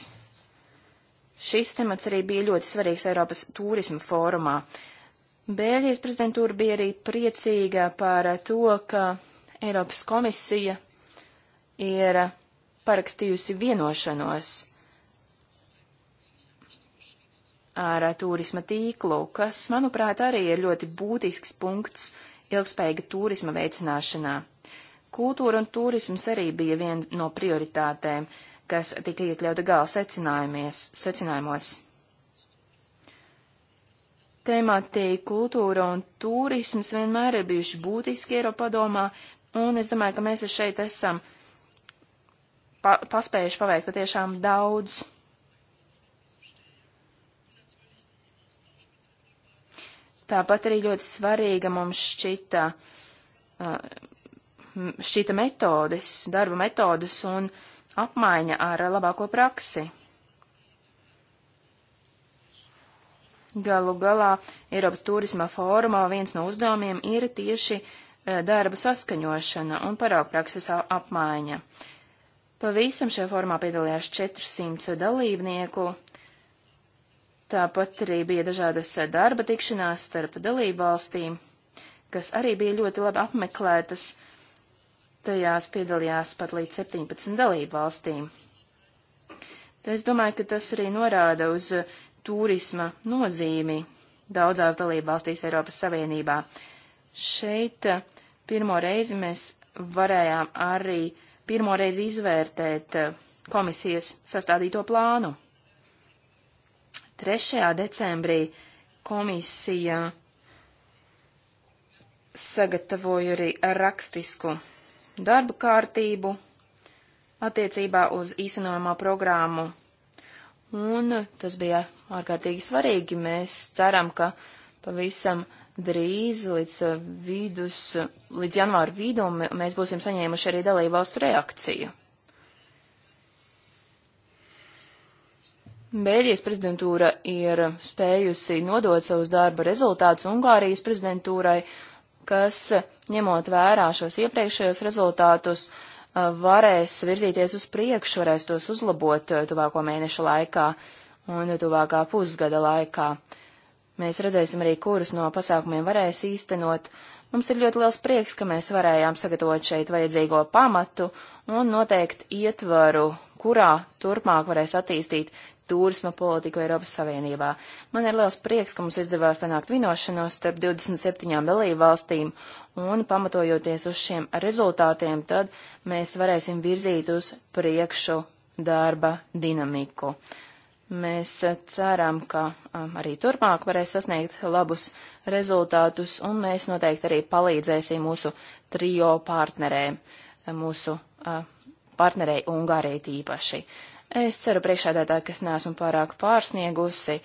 Šis temats arī bija ļoti svarīgs Eiropas turisma fórumā. Bēļģijas prezidentūra bija arī priecīga par to, ka Eiropas komisija ir parakstījusi vienošanos ar turisma tīklu, kas, manuprāt, arī ir ļoti būtisks punkts ilgspējīga turisma veicināšanā. Kultūra un turisms arī bija viena no prioritātēm, kas tika iekļauta gala secinājumos. Temati kultūra un turisms vienmēr ir bijuši būtiski Eiropadomā, un es domāju, ka mēs šeit esam pa paspējuši paveikt patiešām daudz Tāpat arī ļoti svarīga mums šķita, uh, šķita metodes, darba metodes un apmaiņa ar labāko praksi. Galu galā Eiropas turisma fórumā viens no uzdevumiem ir tieši uh, darba saskaņošana un paraugprakses apmaiņa. Pavisam šajā formā piedalījās 400 dalībnieku, Tāpat arī bija dažādas darba tikšanās starp dalībvalstīm, kas arī bija ļoti labi apmeklētas. Tajās piedalījās pat līdz 17 dalībvalstīm. Es domāju, ka tas arī norāda uz turisma nozīmi daudzās dalībvalstīs Eiropas Savienībā. Šeit eh, pirmo reizi mēs varējām arī pirmo reizi izvērtēt eh, komisijas sastādīto plānu. 3. decembrī komisija sagatavoja arī rakstisku darba kārtību attiecībā uz īstenojumā programmu. Un tas bija ārkārtīgi svarīgi. Mēs ceram, ka pavisam drīz līdz uh, vidus, līdz janvāru vidum mēs būsim saņēmuši arī dalībvalstu reakciju. Bēļijas prezidentūra ir spējusi nodot savus darba rezultātus Ungārijas prezidentūrai, kas, ņemot vērā šos iepriekšējos rezultātus, varēs virzīties uz priekšu, varēs tos uzlabot tuvāko mēnešu laikā un tuvākā pusgada laikā. Mēs redzēsim arī, kurus no pasākumiem varēs īstenot. Mums ir ļoti liels prieks, ka mēs varējām sagatavot šeit vajadzīgo pamatu un noteikt ietvaru, kurā turpmāk varēs attīstīt turisma politiku Eiropas Savienībā. Man ir liels prieks, ka mums izdevās panākt vienošanos starp 27 dalību valstīm, un pamatojoties uz šiem rezultātiem, tad mēs varēsim virzīt uz priekšu darba dinamiku. Mēs ceram, ka um, arī turpmāk varēs sasniegt labus rezultātus, un mēs noteikti arī palīdzēsim mūsu trio partnerēm, mūsu partnerei Ungārija tīpaši. Es ceru priekšādētāji, ka es neesmu pārāk pārsniegusi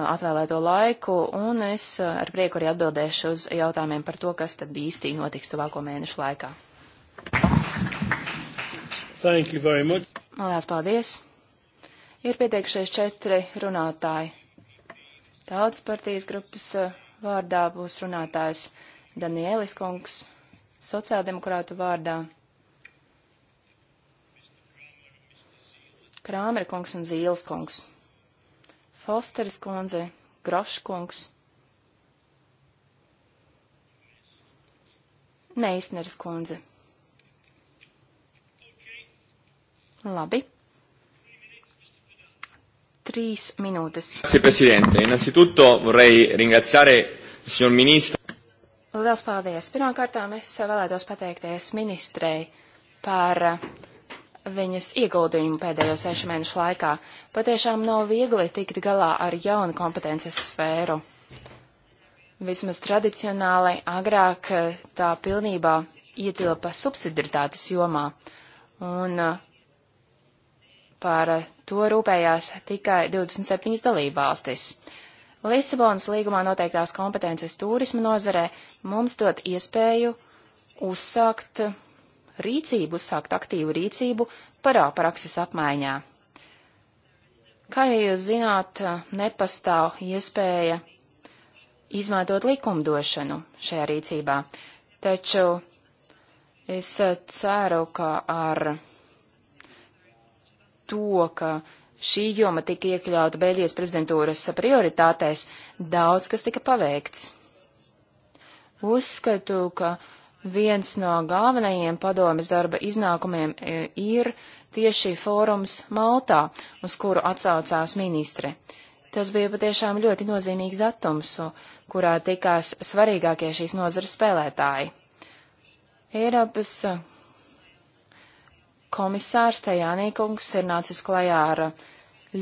atvēlēto laiku, un es ar prieku arī atbildēšu uz jautājumiem par to, kas tad īstī notiks tuvāko mēnešu laikā. Thank you very much. Lielas paldies. Ir pieteikušies četri runātāji. Tautas partijas grupas vārdā būs runātājs Danielis Kungs, sociāldemokrātu vārdā Krāmera kungs un Zīles kungs. Fosteris kundze, Grošs kungs. Meisneris kundze. Labi. Trīs minūtes. Grazie, Presidente. Innanzitutto vorrei ringraziare il signor Ministro. Liels paldies. Pirmkārtām es vēlētos pateikties ministrei par uh, viņas ieguldījumu pēdējo sešu mēnešu laikā. Patiešām nav viegli tikt galā ar jaunu kompetences sfēru. Vismaz tradicionāli agrāk eh, tā pilnībā ietilpa subsidiritātes jomā, un eh, par to rūpējās tikai 27 dalībvalstis. Lisabonas līgumā noteiktās kompetences turisma nozarē mums dot iespēju uzsākt rīcību, uzsākt aktīvu rīcību parā prakses apmaiņā. Kā ja jūs zināt, nepastāv iespēja izmantot likumdošanu šajā rīcībā, taču es ceru, ka ar to, ka šī joma tika iekļauta Beļģijas prezidentūras prioritātēs, daudz kas tika paveikts. Uzskatu, ka uh, Viens no galvenajiem padomes darba iznākumiem e, ir tieši fórums Maltā, uz kuru atsaucās ministre. Tas bija patiešām ļoti nozīmīgs datums, kurā tikās svarīgākie šīs nozares spēlētāji. Eiropas e, komisārs Tajānīkungs ir nācis klajā ar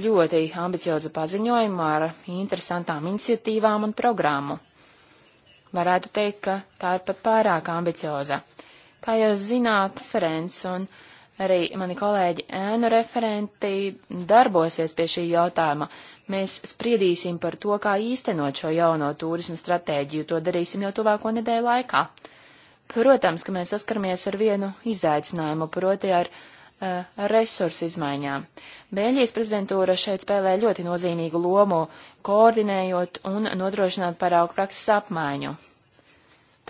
ļoti ambiciozu paziņojumu ar interesantām iniciatīvām un programmu. Varētu teikt, ka tā ir pat pārāk ambicioza. Kā jūs zināt, Ferens un arī mani kolēģi ēnu referenti darbosies pie šī jautājuma. Mēs spriedīsim par to, kā īstenot šo jauno turismu stratēģiju. To darīsim jau tuvāko nedēļu laikā. Protams, ka mēs saskaramies ar vienu izaicinājumu, proti ar uh, Eh, resursu izmaiņām. Bēļģijas prezidentūra šeit spēlē ļoti nozīmīgu lomu, koordinējot un nodrošināt paraugu prakses apmaiņu.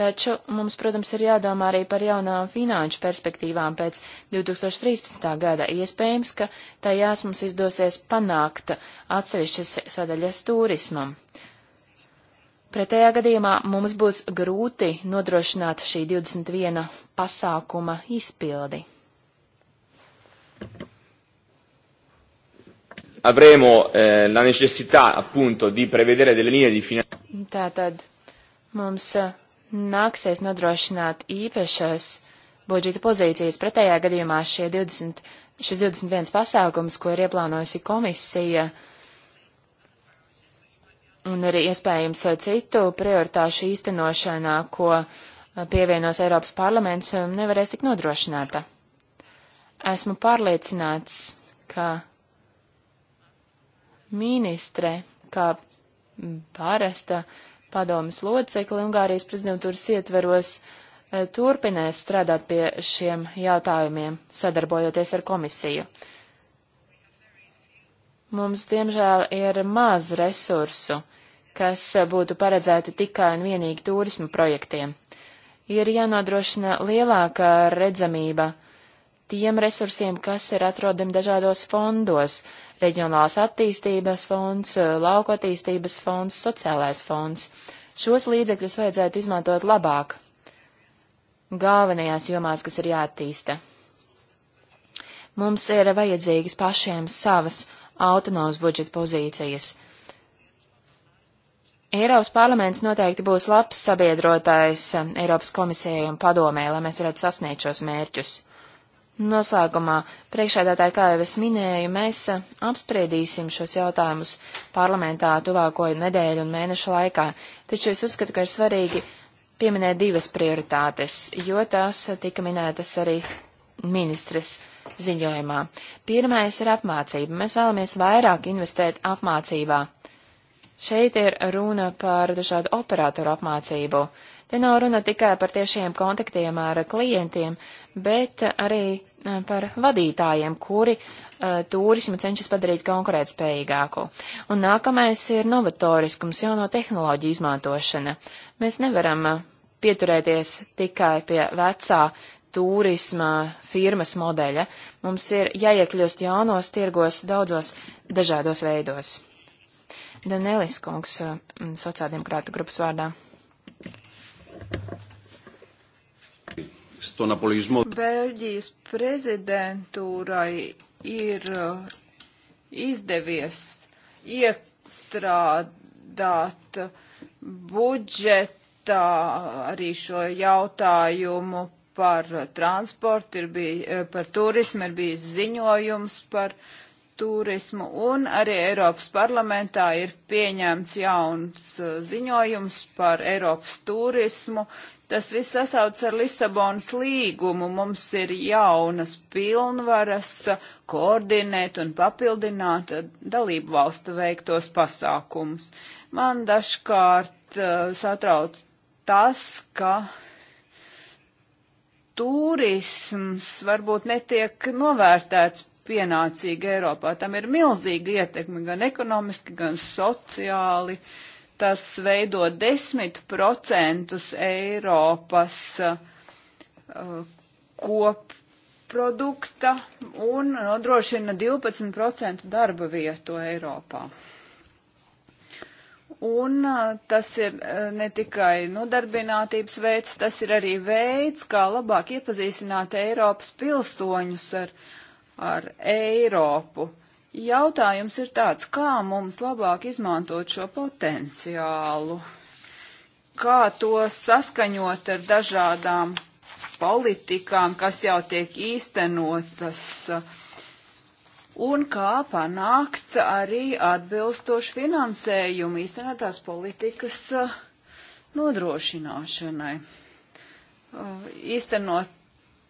Taču mums, protams, ir jādomā arī par jaunām finanšu perspektīvām pēc 2013. gada. Iespējams, ka tajās mums izdosies panākt atsevišķas sadaļas turismam. Pretējā gadījumā mums būs grūti nodrošināt šī 21 pasākuma izpildi. Avremo eh, la necessità appunto di prevedere delle linee di finanziamento. Tātad mums eh, nāksies nodrošināt īpašas budžeta pozīcijas. Pretējā gadījumā šie 20, šis 21 pasākums, ko ir ieplānojusi komisija, un arī iespējams eh, citu prioritāšu īstenošanā, ko eh, pievienos Eiropas parlaments, nevarēs tik nodrošināta. Esmu pārliecināts, ka ministre, kā pārasta padomas locekli Ungārijas prezidentūras ietveros, e, turpinās strādāt pie šiem jautājumiem, sadarbojoties ar komisiju. Mums, diemžēl, ir maz resursu, kas būtu paredzēti tikai un vienīgi turismu projektiem. Ir jānodrošina lielāka redzamība tiem resursiem, kas ir atrodami dažādos fondos - reģionālās attīstības fonds, eh, lauku attīstības fonds, sociālais fonds. Šos līdzekļus vajadzētu izmantot labāk galvenajās jomās, kas ir jāattīsta. Mums ir vajadzīgas pašiem savas autonomas budžeta pozīcijas. Eiropas parlaments noteikti būs labs sabiedrotājs eh, Eiropas komisijai un padomē, lai mēs varētu sasniegt šos mērķus. Noslēgumā, priekšādātāji, kā jau es minēju, mēs eh, apspriedīsim šos jautājumus parlamentā tuvāko nedēļu un mēnešu laikā, taču es uzskatu, ka ir svarīgi pieminēt divas prioritātes, jo tās eh, tika minētas arī ministres ziņojumā. Pirmais ir apmācība. Mēs vēlamies vairāk investēt apmācībā. Šeit ir runa par dažādu operatoru apmācību. Uh, Te nav runa tikai par tiešiem kontaktiem ar klientiem, bet arī eh, par vadītājiem, kuri uh, turismu cenšas padarīt konkurētspējīgāku. Un nākamais ir novatoriskums, jauno tehnoloģiju izmantošana. Mēs nevaram uh, pieturēties tikai pie vecā turisma firmas modeļa. Mums ir jāiekļūst jaunos tirgos daudzos dažādos veidos. Danelis Kungs, uh, sociāldemokrātu grupas vārdā. Στον απολογισμό... Βέλγijas prezidentūrai ir uh, izdevies iestrādāt budžetā arī šo jautājumu par transportu, ir bij, par turismu, ir bijis ziņojums par uh, turismu, un arī Eiropas parlamentā ir pieņemts jauns uh, ziņojums par Eiropas turismu. Tas viss sasauc ar Lisabonas līgumu. Mums ir jaunas pilnvaras uh, koordinēt un papildināt uh, dalību valstu veiktos pasākumus. Man dažkārt uh, satrauc tas, ka turisms varbūt netiek novērtēts pienācīga Eiropā. Tam ir milzīga ietekme gan ekonomiski, gan sociāli. Tas veido 10% Eiropas uh, kopprodukta un nodrošina 12% darba vietu Eiropā un uh, tas ir uh, ne tikai nodarbinātības veids, tas ir arī veids, kā labāk iepazīstināt Eiropas pilsoņus ar ar Eiropu. Jautājums ir tāds, kā mums labāk izmantot šo potenciālu, kā to saskaņot ar dažādām politikām, kas jau tiek īstenotas, un kā panākt arī atbilstošu finansējumu īstenotās politikas uh, nodrošināšanai. Uh, īstenot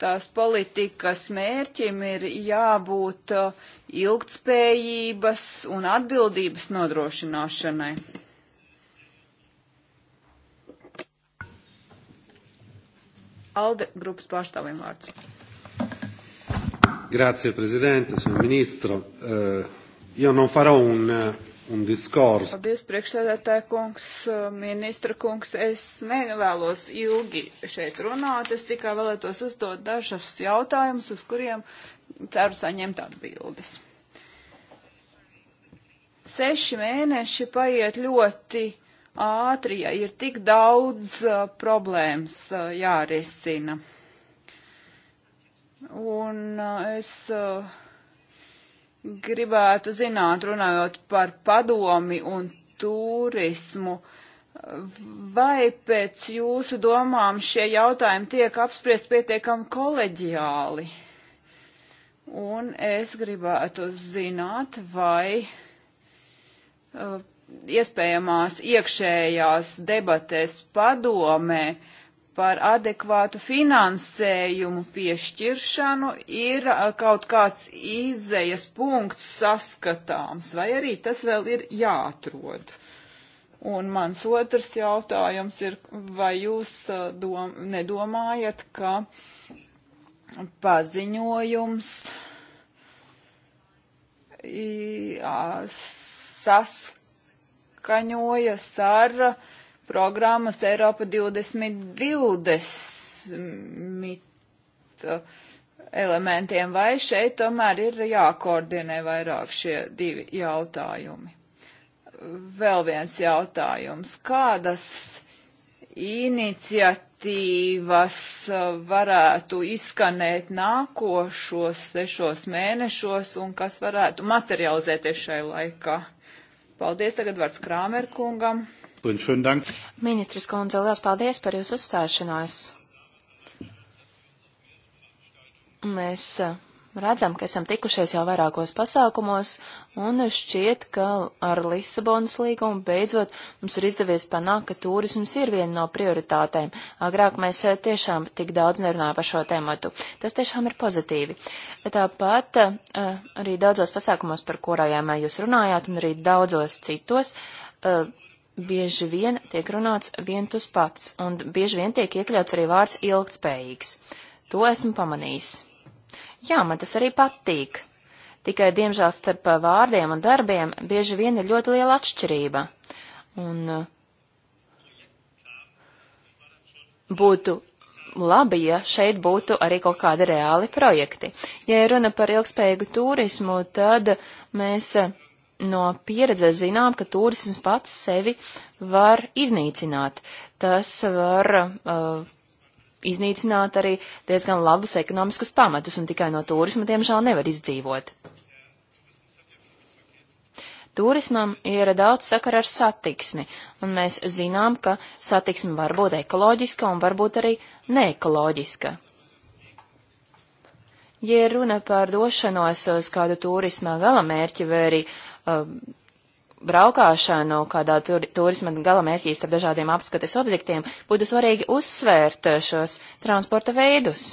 tās politikas mērķim ir jābūt uh, ilgtspējības un atbildības nodrošināšanai. Alde grupas pārstāvim vārds. Grazie, Presidente, signor Ministro. Uh, io non farò un uh, un diskorsi. Paldies, priekšsēdētāja kungs, ministra kungs. Es nevēlos ilgi šeit runāt, es tikai vēlētos uzdot dažus jautājumus, uz kuriem ceru saņemt atbildes. Seši mēneši paiet ļoti ātri, ja ir tik daudz uh, problēmas uh, jārisina. Un uh, es. Uh, gribētu zināt, runājot par padomi un turismu, vai pēc jūsu domām šie jautājumi tiek apspriest pietiekami koleģiāli? Un es gribētu zināt, vai uh, iespējamās iekšējās debatēs padomē uh, par adekvātu finansējumu piešķiršanu ir kaut kāds izējas punkts saskatāms, vai arī tas vēl ir jāatrod. Un mans otrs jautājums ir, vai jūs dom nedomājat, ka paziņojums jā, saskaņojas ar uh, programmas Eiropa 2020 elementiem, vai šeit tomēr ir jākoordinē vairāk šie divi jautājumi. Vēl viens jautājums. Kādas iniciatīvas varētu izskanēt nākošos sešos mēnešos un kas varētu materializēties šai laikā? Paldies tagad vārds Krāmerkungam. kungam. Ministrs kundze, liels paldies par jūsu uzstāšanos. Mēs eh, redzam, ka esam tikušies jau vairākos pasākumos, un šķiet, ka ar Lisabonas līgumu beidzot mums ir izdevies panākt, ka turisms ir viena no prioritātēm. Agrāk mēs eh, tiešām tik daudz nerunājām par šo tēmatu. Tas tiešām ir pozitīvi. Tāpat eh, arī daudzos pasākumos, par kurajām jūs runājāt, un arī daudzos citos, bieži vien tiek runāts vien tas pats, un bieži vien tiek iekļauts arī vārds ilgtspējīgs. To esmu pamanījis. Jā, man tas arī patīk. Tikai, diemžēl, starp vārdiem un darbiem bieži vien ir ļoti liela atšķirība. Un uh, būtu labi, ja šeit būtu arī kaut kādi reāli projekti. Ja runa par ilgspējīgu turismu, tad mēs uh, no pieredzes zinām, ka turisms pats sevi var iznīcināt. Tas var uh, iznīcināt arī diezgan labus ekonomiskus pamatus, un tikai no turisma, diemžēl, nevar izdzīvot. Turismam ir daudz sakara ar satiksmi, un mēs zinām, ka satiksme var būt ekoloģiska un varbūt arī neekoloģiska. Ja runa par došanos uz kādu turisma galamērķi vai arī uh, um, braukāšanu kādā tur, turisma galamērķī starp dažādiem apskates objektiem, būtu svarīgi uzsvērt šos transporta veidus.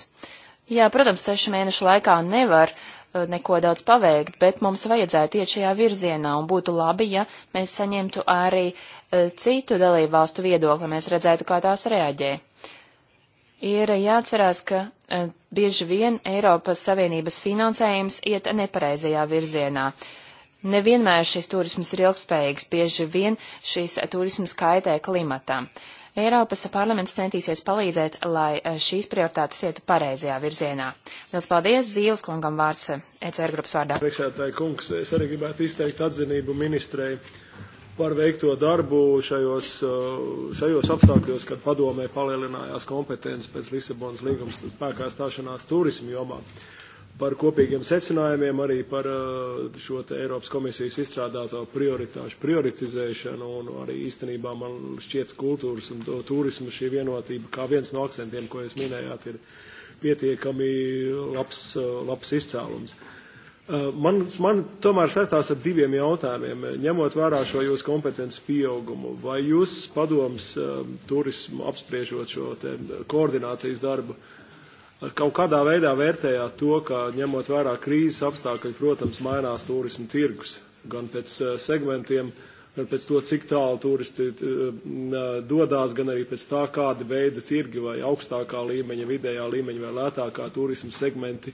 Jā, protams, sešu mēnešu laikā nevar uh, neko daudz paveikt, bet mums vajadzētu iet šajā virzienā un būtu labi, ja mēs saņemtu arī uh, citu dalību valstu viedokli, mēs redzētu, kā tās reaģē. Ir jāatcerās, ka uh, bieži vien Eiropas Savienības finansējums iet nepareizajā virzienā. Uh, Nevienmēr šis turisms ir ilgspējīgs, bieži vien šis eh, turisms kaitē klimatam. Eiropas parlaments centīsies palīdzēt, lai eh, šīs prioritātes ietu pareizajā virzienā. Lielas paldies Zīles kungam vārds ECR eh, e grupas vārdā. Priekšētāji kungs, es arī gribētu izteikt atzinību ministrei par veikto darbu šajos, šajos apstākļos, kad padomē palielinājās kompetence pēc Lisabonas līgums spēkā stāšanās turismu jomā. Jo par kopīgiem secinājumiem, arī par eh, šo Eiropas komisijas izstrādāto prioritāšu prioritizēšanu, un arī īstenībā man šķiet kultūras un turismu šī vienotība, kā viens no akcentiem, ko jūs minējāt, ir pietiekami labs, eh, labs izcēlums. Eh, man, man tomēr saistās ar diviem jautājumiem, ņemot vērā šo jūsu kompetenci pieaugumu. Vai jūs padoms turismu apspriežot šo koordinācijas darbu? Kaut kādā veidā vērtējāt to, ka ņemot vērā krīzes apstākļi, protams, mainās turismu tirgus gan pēc eh, segmentiem, gan pēc to, cik tālu turisti eh, dodās, gan arī pēc tā, kāda veida tirgi vai augstākā līmeņa, vidējā līmeņa vai lētākā turismu segmenti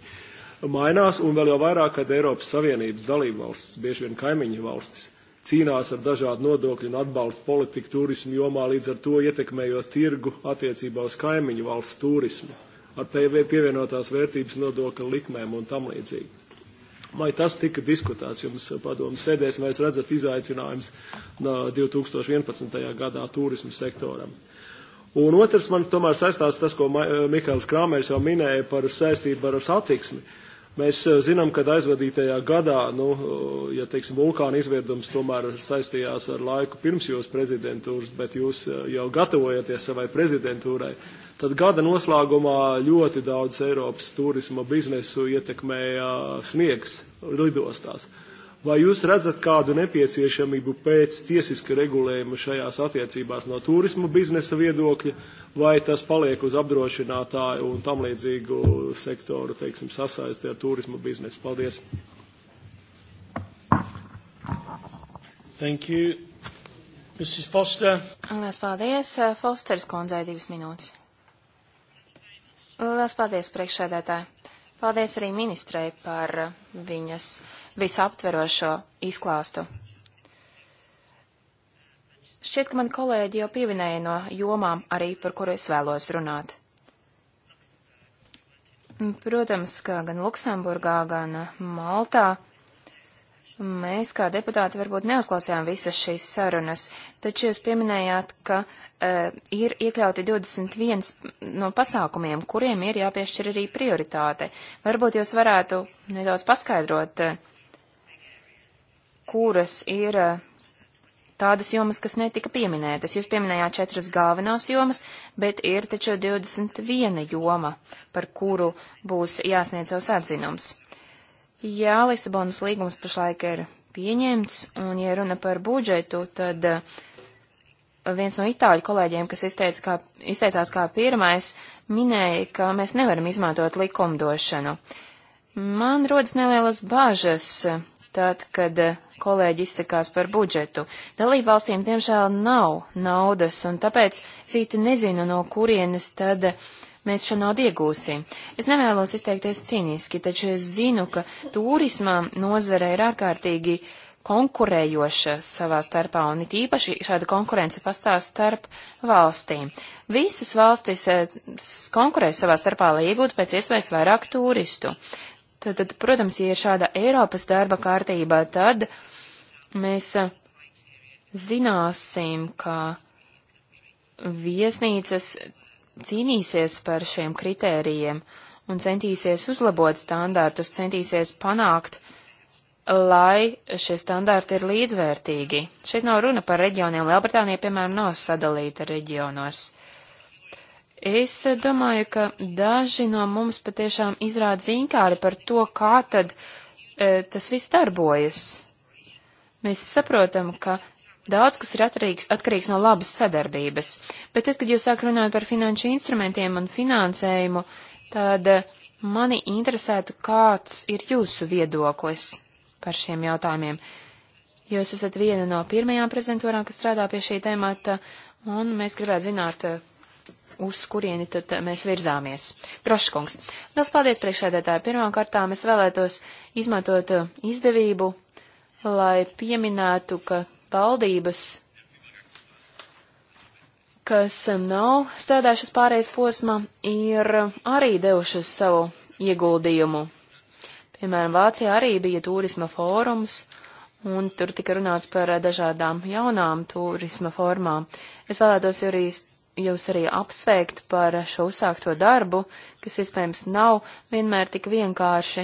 mainās, un vēl jau vairāk, kad Eiropas Savienības dalība valsts, bieži vien kaimiņu valstis, cīnās ar dažādu nodokļu un atbalstu politiku turismu jomā, līdz ar to ietekmējot tirgu attiecībā uz kaimiņu valsts turismu ar TV pievienotās vērtības nodokļa likmēm un tam līdzīgi. Vai tas tika diskutēts jums eh, padomu sēdēs, vai es redzat izaicinājums 2011. gadā turismu sektoram? Un otrs man tomēr saistās tas, ko eh, Mihāls Krāmērs jau minēja par saistību ar satiksmi. Uh, Mēs eh, zinām, ka aizvadītajā gadā, nu, eh, ja teiksim, vulkāna izvirdums tomēr saistījās ar laiku pirms jūsu prezidentūras, bet jūs eh, jau gatavojaties savai prezidentūrai, tad gada noslēgumā ļoti daudz Eiropas turisma biznesu ietekmēja sniegs lidostās. Uh, Vai jūs redzat kādu nepieciešamību pēc tiesiska regulējuma šajās attiecībās no turismu biznesa viedokļa, vai tas paliek uz apdrošinātāju un tam līdzīgu sektoru, teiksim, sasaisti ar turismu biznesu? Paldies! Thank you. Mrs. Foster. Lielas paldies. Eh, Fosters kundzei divas minūtes. Lielas paldies, priekšsēdētāji. Paldies arī ministrei par eh, viņas visaptverošo izklāstu. Šķiet, ka mani kolēģi jau pieminēja no jomām arī, par kur es vēlos runāt. Protams, ka gan Luksemburgā, gan Maltā mēs kā deputāti varbūt neuzklausījām visas šīs sarunas, taču jūs pieminējāt, ka e, ir iekļauti 21 no pasākumiem, kuriem ir jāpiešķir arī prioritāte. Varbūt jūs varētu nedaudz paskaidrot. E, kuras ir eh, tādas jomas, kas netika pieminētas. Jūs pieminējāt četras galvenās jomas, bet ir taču 21 joma, par kuru būs jāsniedz savs atzinums. Jā, Lisabonas līgums pašlaik ir pieņemts, un ja runa par budžetu, tad eh, viens no itāļu kolēģiem, kas izteica kā, izteicās kā pirmais, minēja, ka mēs nevaram izmantot likumdošanu. Man rodas nelielas bāžas, eh, tad, kad kolēģi izsakās par budžetu. Dalībvalstīm, diemžēl, nav naudas, un tāpēc cīti nezinu, no kurienes tad mēs šo naudu iegūsim. Es nevēlos izteikties cīniski, taču es zinu, ka turismā nozare ir ārkārtīgi konkurējoša savā starpā, un it īpaši šāda konkurence pastāv starp valstīm. Visas valstis eh, konkurē savā starpā, lai iegūtu pēc iespējas vairāk turistu. Tad, tad, protams, ja ir šāda Eiropas darba kārtība, tad mēs eh, zināsim, ka viesnīcas cīnīsies par šiem kritērijiem un centīsies uzlabot standārtus, centīsies panākt, lai šie standārti ir līdzvērtīgi. Šeit nav runa par reģioniem. Lielbritānija, piemēram, nav sadalīta reģionos. Uh, Es domāju, ka daži no mums patiešām izrāda zinkāri par to, kā tad e, tas viss darbojas. Mēs saprotam, ka daudz kas ir atkarīgs, atkarīgs no labas sadarbības, bet tad, kad jūs sāk runāt par finanšu instrumentiem un finansējumu, tad e, mani interesētu, kāds ir jūsu viedoklis par šiem jautājumiem. Jūs esat viena no pirmajām prezentūrām, kas strādā pie šī temata, un mēs gribētu zināt, e, uz kurieni tad mēs virzāmies. Groškungs, liels paldies priekšsēdētāji. Pirmām kārtām es vēlētos izmantot uh, izdevību, lai pieminētu, ka valdības, kas um, nav strādājušas pārējais posma, ir uh, arī devušas savu ieguldījumu. Piemēram, Vācijā arī bija turisma fórums, un tur tika runāts par uh, dažādām jaunām turisma formām. Es vēlētos arī jūs arī apsveikt par šo uzsākto darbu, kas iespējams nav vienmēr tik vienkārši.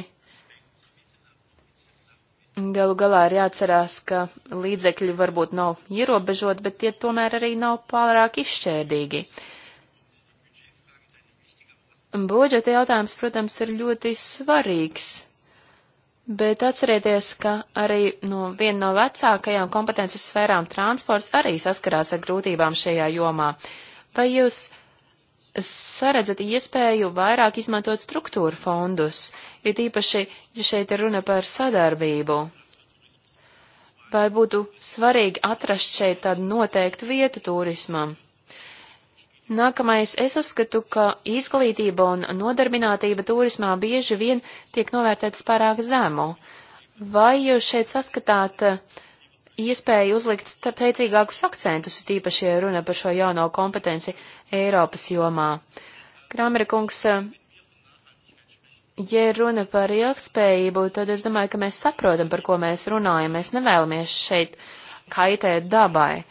Galu galā ir jāatcerās, ka līdzekļi varbūt nav ierobežot, bet tie tomēr arī nav pārāk izšķērdīgi. Budžeta jautājums, protams, ir ļoti svarīgs, bet atcerieties, ka arī no viena no vecākajām kompetences sfērām transports arī saskarās ar grūtībām šajā jomā. Uh, Vai jūs saredzat iespēju vairāk izmantot struktūru fondus, ir tīpaši, ja šeit ir runa par sadarbību? Vai būtu svarīgi atrast šeit tādu noteiktu vietu turismam? Nākamais, es uzskatu, ka izglītība un nodarbinātība turismā bieži vien tiek novērtētas pārāk zemu. Vai jūs šeit saskatāt uh, iespēja uzlikt spēcīgākus akcentus, tīpaši, ja runa par šo jauno kompetenci Eiropas jomā. Kramera kungs, ja runa par ilgspējību, tad es domāju, ka mēs saprotam, par ko mēs runājam. Mēs nevēlamies šeit kaitēt dabai.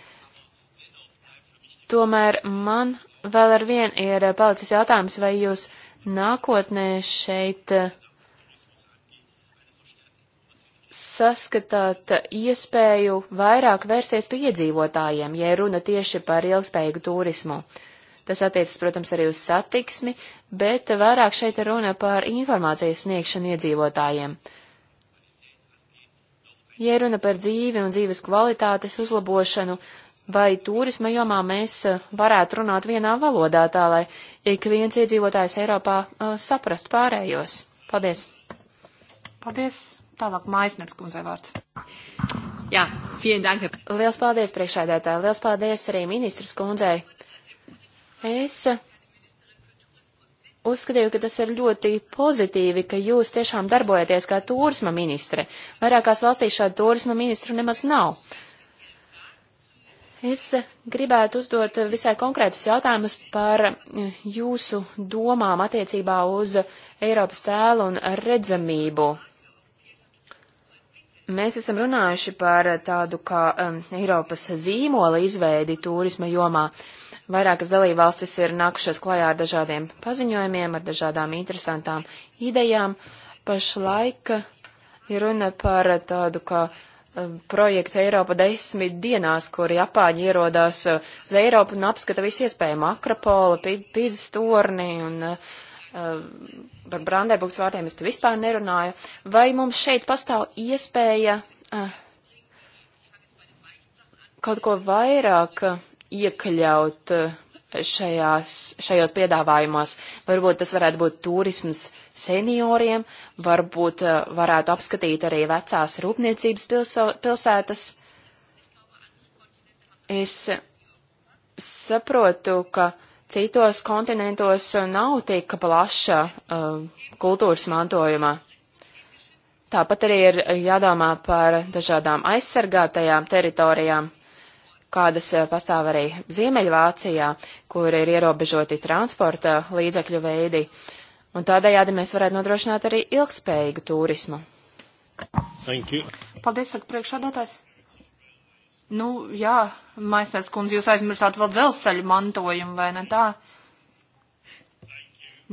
Tomēr man vēl ar vien ir palicis jautājums, vai jūs nākotnē šeit uh, saskatāt iespēju vairāk vērsties pie iedzīvotājiem, ja runa tieši par ilgspējīgu turismu? Tas attiecas, protams, arī uz satiksmi, bet vairāk šeit ir runa par informācijas sniegšanu iedzīvotājiem. Ja runa par dzīvi un dzīves kvalitātes uzlabošanu, vai turisma jomā mēs varētu runāt vienā valodā tā, lai ik viens iedzīvotājs Eiropā uh, saprastu pārējos? Paldies! Paldies! Tālāk Maisnets kundzei vārds. Jā, vielen dank. Liels paldies priekšēdētāji, liels paldies arī ministras kundzei. Es eh, uzskatīju, ka tas ir ļoti pozitīvi, ka jūs tiešām darbojaties kā turisma ministre. Vairākās valstīs šādu turisma ministru nemaz nav. Es eh, gribētu uzdot visai konkrētus jautājumus par eh, jūsu domām attiecībā uz Eiropas tēlu un redzamību Mēs esam runājuši par tādu kā um, Eiropas zīmola izveidi turisma jomā. Vairākas dalībvalstis ir nākušas klajā ar dažādiem paziņojumiem, ar dažādām interesantām idejām. Pašlaik ir runa par tādu kā um, projektu Eiropa desmit dienās, kur Japāņi ierodās uh, uz Eiropu un apskata visu iespējamo Akropola, Pīzes torni un uh, par Brandēbuks vārdiem es te vispār nerunāju, vai mums šeit pastāv iespēja uh, kaut ko vairāk uh, iekļaut uh, šajās, šajos piedāvājumos. Varbūt tas varētu būt turisms senioriem, varbūt eh, varētu apskatīt arī vecās rūpniecības pilso, pilsētas. Es saprotu, ka uh, Citos kontinentos nav tik plaša uh, kultūras mantojuma. Tāpat arī ir jādomā par dažādām aizsargātajām teritorijām, kādas uh, pastāv arī Ziemeļvācijā, kur ir ierobežoti transporta līdzekļu veidi, un tādējādi mēs varētu nodrošināt arī ilgspējīgu turismu. Paldies, saka priekšādātājs. Nu, jā, maisnēs kundze, jūs aizmirsāt vēl dzelzceļu mantojumu, vai ne tā?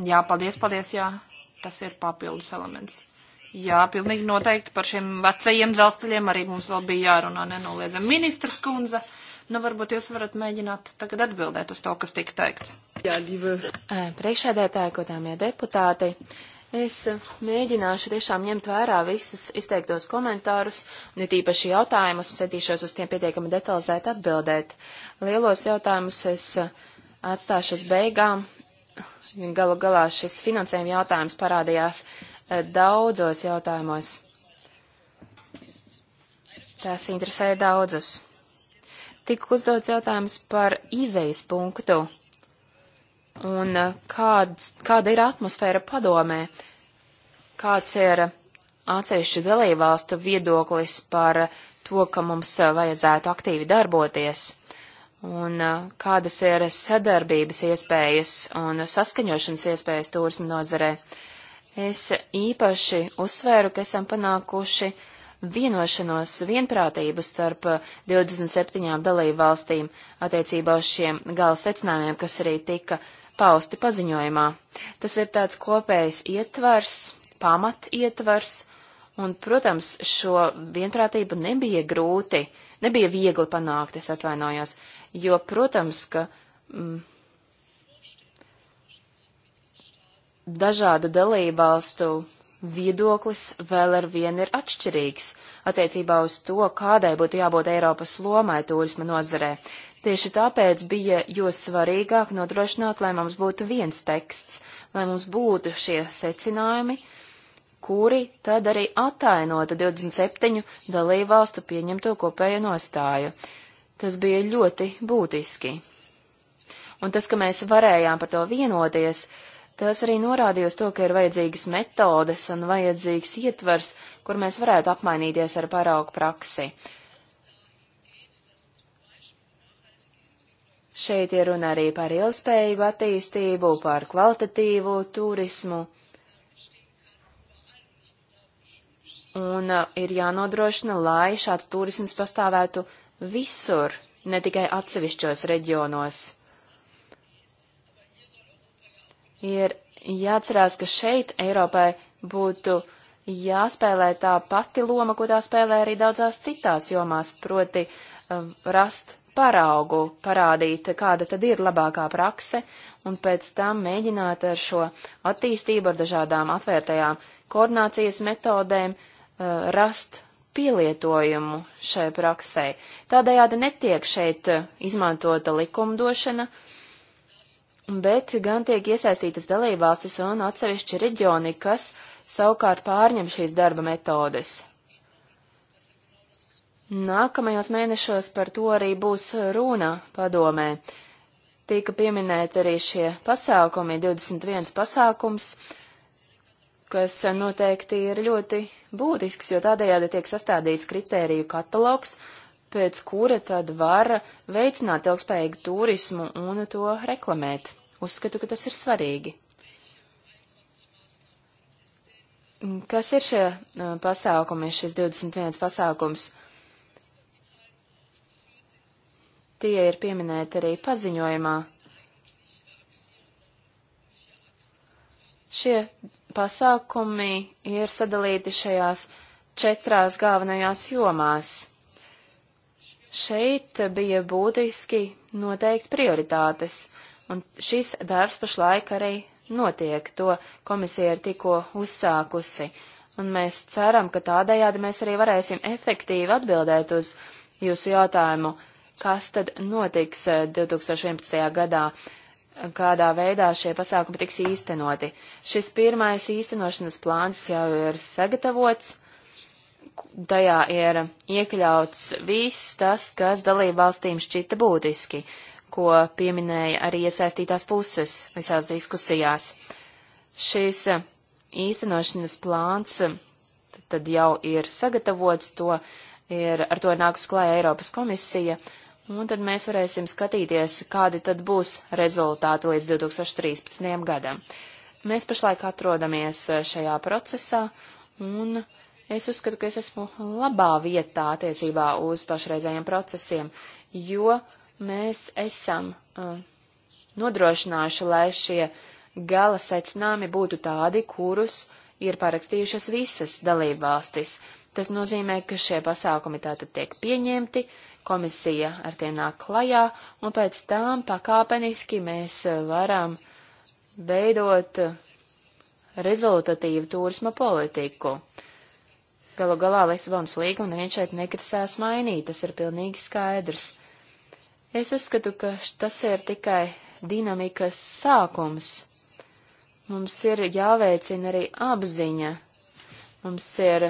Jā, paldies, paldies, jā. Tas ir papildus elements. Jā, pilnīgi noteikti par šiem vecajiem dzelzceļiem arī mums vēl bija jārunā nenoliedzami. Ministrs kundze, nu varbūt jūs varat mēģināt tagad atbildēt uz to, kas tika teikts. Jā, divi. Priekšēdētāji, godāmie deputāti. Uh, Es mēģināšu tiešām ņemt vērā visus izteiktos komentārus, un it īpaši jautājumus centīšos uz tiem pietiekami detalizēti atbildēt. Lielos jautājumus es atstāšu uz beigām. Galu galā šis finansējuma jautājums parādījās eh, daudzos jautājumos. Tās interesēja daudzus. Tik uzdots jautājums par izejas punktu un eh, kāds, kāda ir atmosfēra padomē, kāds ir atsevišķu dalībvalstu viedoklis par to, ka mums eh, vajadzētu aktīvi darboties, un eh, kādas ir sadarbības iespējas un saskaņošanas iespējas turismu nozarē. Es īpaši uzsvēru, ka esam panākuši vienošanos vienprātību starp 27 dalībvalstīm attiecībā uz šiem gala secinājumiem, kas arī tika uh, pausti paziņojumā. Tas ir tāds kopējs ietvars, pamat ietvars, un, protams, šo vienprātību nebija grūti, nebija viegli panākt, es atvainojos, jo, protams, ka. Mm, Dažādu dalībvalstu viedoklis vēl ar vienu ir atšķirīgs attiecībā uz to, kādai būtu jābūt Eiropas lomai turisma nozarē. Tieši tāpēc bija jo svarīgāk nodrošināt, lai mums būtu viens teksts, lai mums būtu šie secinājumi, kuri tad arī atainota 27 dalībvalstu pieņemto kopējo nostāju. Tas bija ļoti būtiski. Un tas, ka mēs varējām par to vienoties, tas arī norādīja uz to, ka ir vajadzīgas metodes un vajadzīgs ietvers, kur mēs varētu apmainīties ar paraugu praksi. Šeit ir runa arī par ilgspējīgu attīstību, par kvalitatīvu turismu. Un uh, ir jānodrošina, lai šāds turisms pastāvētu visur, ne tikai atsevišķos reģionos. Ir jāatcerās, ka šeit Eiropai būtu jāspēlē tā pati loma, ko tā spēlē arī daudzās citās jomās, proti um, rast paraugu parādīt, kāda tad ir labākā prakse, un pēc tam mēģināt ar šo attīstību, ar dažādām atvērtajām koordinācijas metodēm uh, rast pielietojumu šai praksē. Tādējādi netiek šeit uh, izmantota likumdošana, bet gan tiek iesaistītas dalībvalstis un atsevišķi reģioni, kas savukārt pārņem šīs darba metodes. Nākamajos mēnešos par to arī būs runa padomē. Tika pieminēti arī šie pasākumi, 21 pasākums, kas noteikti ir ļoti būtisks, jo tādējādi tiek sastādīts kritēriju katalogs, pēc kura tad var veicināt ilgspējīgu turismu un to reklamēt. Uzskatu, ka tas ir svarīgi. Kas ir šie uh, pasākumi, šis 21 pasākums? Tie ir pieminēti arī paziņojumā. Šie pasākumi ir sadalīti šajās četrās galvenajās jomās. Šeit bija būtiski noteikti prioritātes, un šis darbs pašlaik arī notiek, to komisija ir tikko uzsākusi, un mēs ceram, ka tādējādi mēs arī varēsim efektīvi atbildēt uz jūsu jautājumu kas tad notiks 2011. Eh, gadā, kādā veidā šie pasākumi tiks īstenoti. Šis pirmais īstenošanas plāns jau ir sagatavots, tajā ir iekļauts viss tas, kas dalību valstīm šķita būtiski, ko pieminēja arī iesaistītās puses visās diskusijās. Šis eh, īstenošanas plāns eh, tad jau ir sagatavots, to ir, ar to ir nākus klāja Eiropas komisija, Un tad mēs varēsim skatīties, kādi tad būs rezultāti līdz 2013. gadam. Mēs pašlaik atrodamies eh, šajā procesā, un es uzskatu, ka es esmu labā vietā attiecībā uz pašreizējiem procesiem, jo mēs esam uh, nodrošinājuši, lai šie gala secinājumi būtu tādi, kurus ir parakstījušas visas dalībvalstis. Tas nozīmē, ka šie pasākumi tātad tiek pieņemti, komisija ar tiem nāk klajā, un pēc tam pakāpeniski mēs eh, varam veidot eh, rezultatīvu turisma politiku. Galu galā Lisabonas līguma neviens šeit negrasās mainīt, tas ir pilnīgi skaidrs. Es uzskatu, ka tas ir tikai dinamikas sākums. Mums ir jāveicina arī apziņa. Mums ir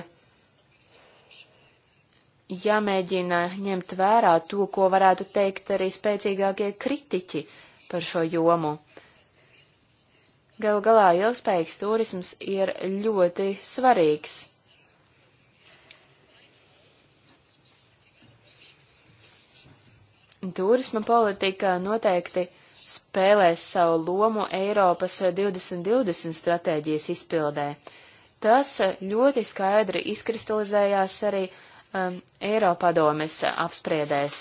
jāmēģina ņemt vērā to, ko varētu teikt arī spēcīgākie kritiķi par šo jomu. Galu galā ilgspējīgs turisms ir ļoti svarīgs. Turisma politika noteikti spēlēs savu lomu Eiropas 2020 stratēģijas izpildē. Tas ļoti skaidri izkristalizējās arī um, Eiropadomes apspriedēs.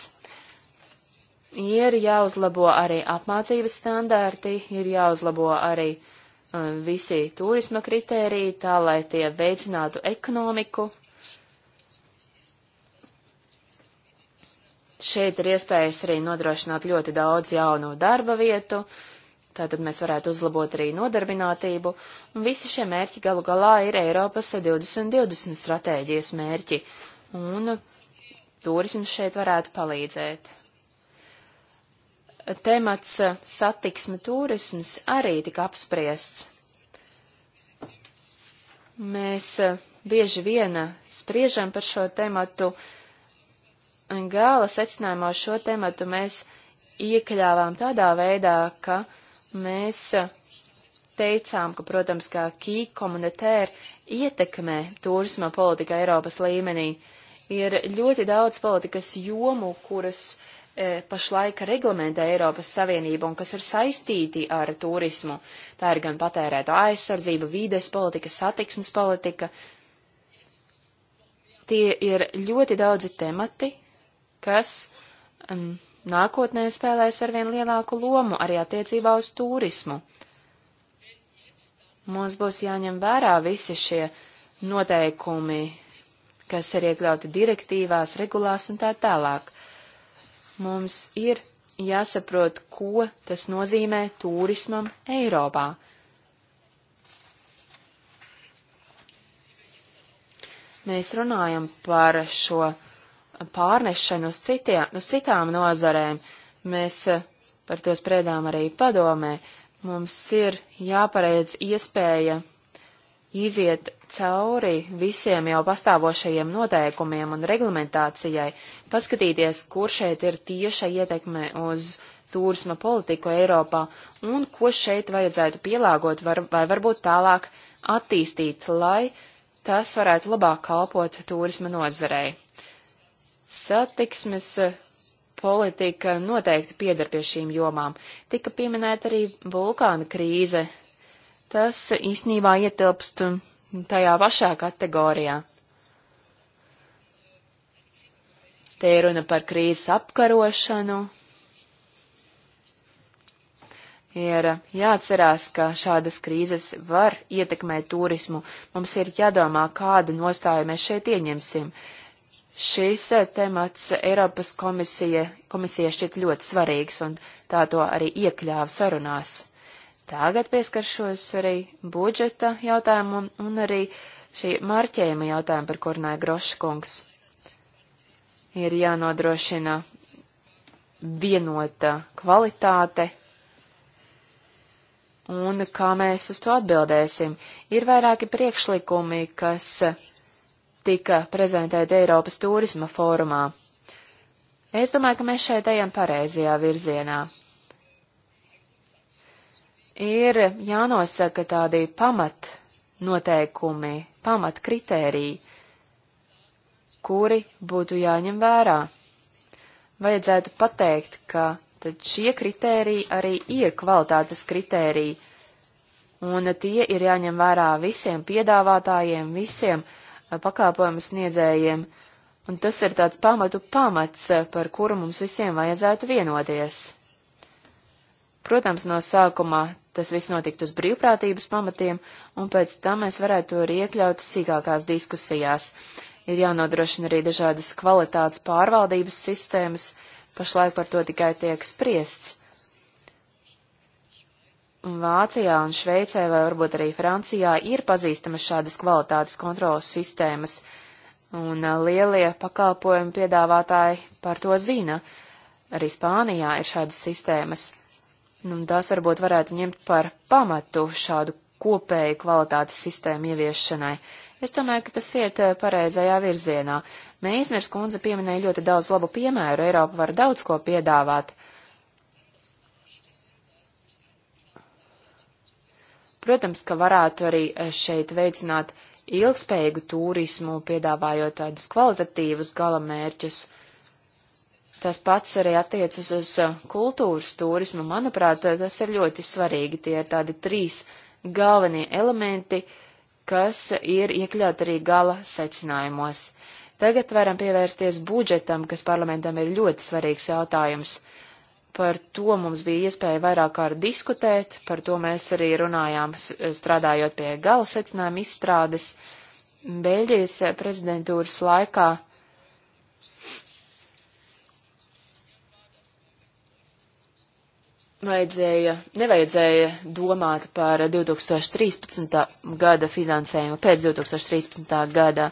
Ir jāuzlabo arī apmācības standarti, ir jāuzlabo arī um, visi turisma kritēriji, tā lai tie veicinātu ekonomiku. Šeit ir iespējas arī nodrošināt ļoti daudz jaunu darba vietu, tātad mēs varētu uzlabot arī nodarbinātību, un visi šie mērķi galu galā ir Eiropas 2020 stratēģijas mērķi, un turisms šeit varētu palīdzēt. Temats satiksme turisms arī tika apspriests. Mēs eh, bieži vien spriežam par šo tematu, gala secinājumā šo tematu mēs iekļāvām tādā veidā, ka mēs eh, teicām, ka, protams, kā kī komunitēra ietekmē turisma politika Eiropas līmenī, uh, Ir ļoti daudz politikas jomu, kuras e, pašlaik reglamentē Eiropas Savienība un kas ir saistīti ar turismu. Tā ir gan patērēto aizsardzība, vīdes politika, satiksmes politika. Tie ir ļoti daudzi temati, kas um, nākotnē spēlēs arvien lielāku lomu arī attiecībā uz turismu. Mums būs jāņem vērā visi šie noteikumi, kas ir iekļauti direktīvās, regulās un tā tālāk. Mums ir jāsaprot, ko tas nozīmē turismam Eiropā. Mēs runājam par šo pārnešanu uz, citiem, uz citām nozarēm. Mēs eh, par to spriedām arī padomē. Mums ir jāpareidz iespēja iziet cauri visiem jau pastāvošajiem noteikumiem un reglamentācijai, paskatīties, kur šeit ir tieša ietekme uz turisma politiku Eiropā un ko šeit vajadzētu pielāgot var, vai varbūt tālāk attīstīt, lai tas varētu labāk kalpot turisma nozarei. Satiksmes politika noteikti piedar pie šīm jomām. Tika pieminēta arī vulkāna krīze tas īsnībā ietilpst tajā pašā kategorijā. Te ir runa par krīzes apkarošanu. Ir jāatcerās, ka šādas krīzes var ietekmēt turismu. Mums ir jādomā, kādu nostāju mēs šeit ieņemsim. Šis eh, temats Eiropas komisija, komisija šķiet ļoti svarīgs, un tā to arī iekļāva sarunās. Tagad pieskaršos arī budžeta jautājumam un arī šī marķējuma jautājumu, par kur nāja Groškungs. Ir jānodrošina vienota kvalitāte un kā mēs uz to atbildēsim. Ir vairāki priekšlikumi, kas tika prezentēti Eiropas turisma fórumā. Es domāju, ka mēs šeit ejam pareizajā virzienā ir jānosaka tādi pamat noteikumi, pamat kritēriji, kuri būtu jāņem vērā. Vajadzētu pateikt, ka tad šie kritēriji arī ir kvalitātes kritēriji, un tie ir jāņem vērā visiem piedāvātājiem, visiem eh, pakāpojumu sniedzējiem, un tas ir tāds pamatu pamats, eh, par kuru mums visiem vajadzētu vienoties. Protams, no sākumā tas viss notiktu uz brīvprātības pamatiem, un pēc tam mēs varētu to arī iekļaut sīkākās diskusijās. Ir jānodrošina arī dažādas kvalitātes pārvaldības sistēmas, pašlaik par to tikai tiek spriests. Vācijā un Šveicē, vai varbūt arī Francijā, ir pazīstamas šādas kvalitātes kontrolas sistēmas, un uh, lielie pakalpojumu piedāvātāji par to zina. Arī Spānijā ir šādas sistēmas. Nu, tās varbūt varētu ņemt par pamatu šādu kopēju kvalitātes sistēmu ieviešanai. Es domāju, ka tas iet eh, pareizajā virzienā. Meisners kundze pieminēja ļoti daudz labu piemēru, Eiropa var daudz ko piedāvāt. Protams, ka varētu arī eh, šeit veicināt ilgspējīgu turismu, piedāvājot tādus kvalitatīvus galamērķus. mērķus Tas pats arī attiecas uz uh, kultūras turismu. Manuprāt, uh, tas ir ļoti svarīgi. Tie ir tādi trīs galvenie elementi, kas ir iekļaut arī gala secinājumos. Tagad varam pievērsties budžetam, kas parlamentam ir ļoti svarīgs jautājums. Par to mums bija iespēja vairāk kārt diskutēt, par to mēs arī runājām strādājot pie gala secinājuma izstrādes. Beļģijas prezidentūras laikā vajadzēja, nevajadzēja domāt par 2013. gada finansējumu pēc 2013. gada.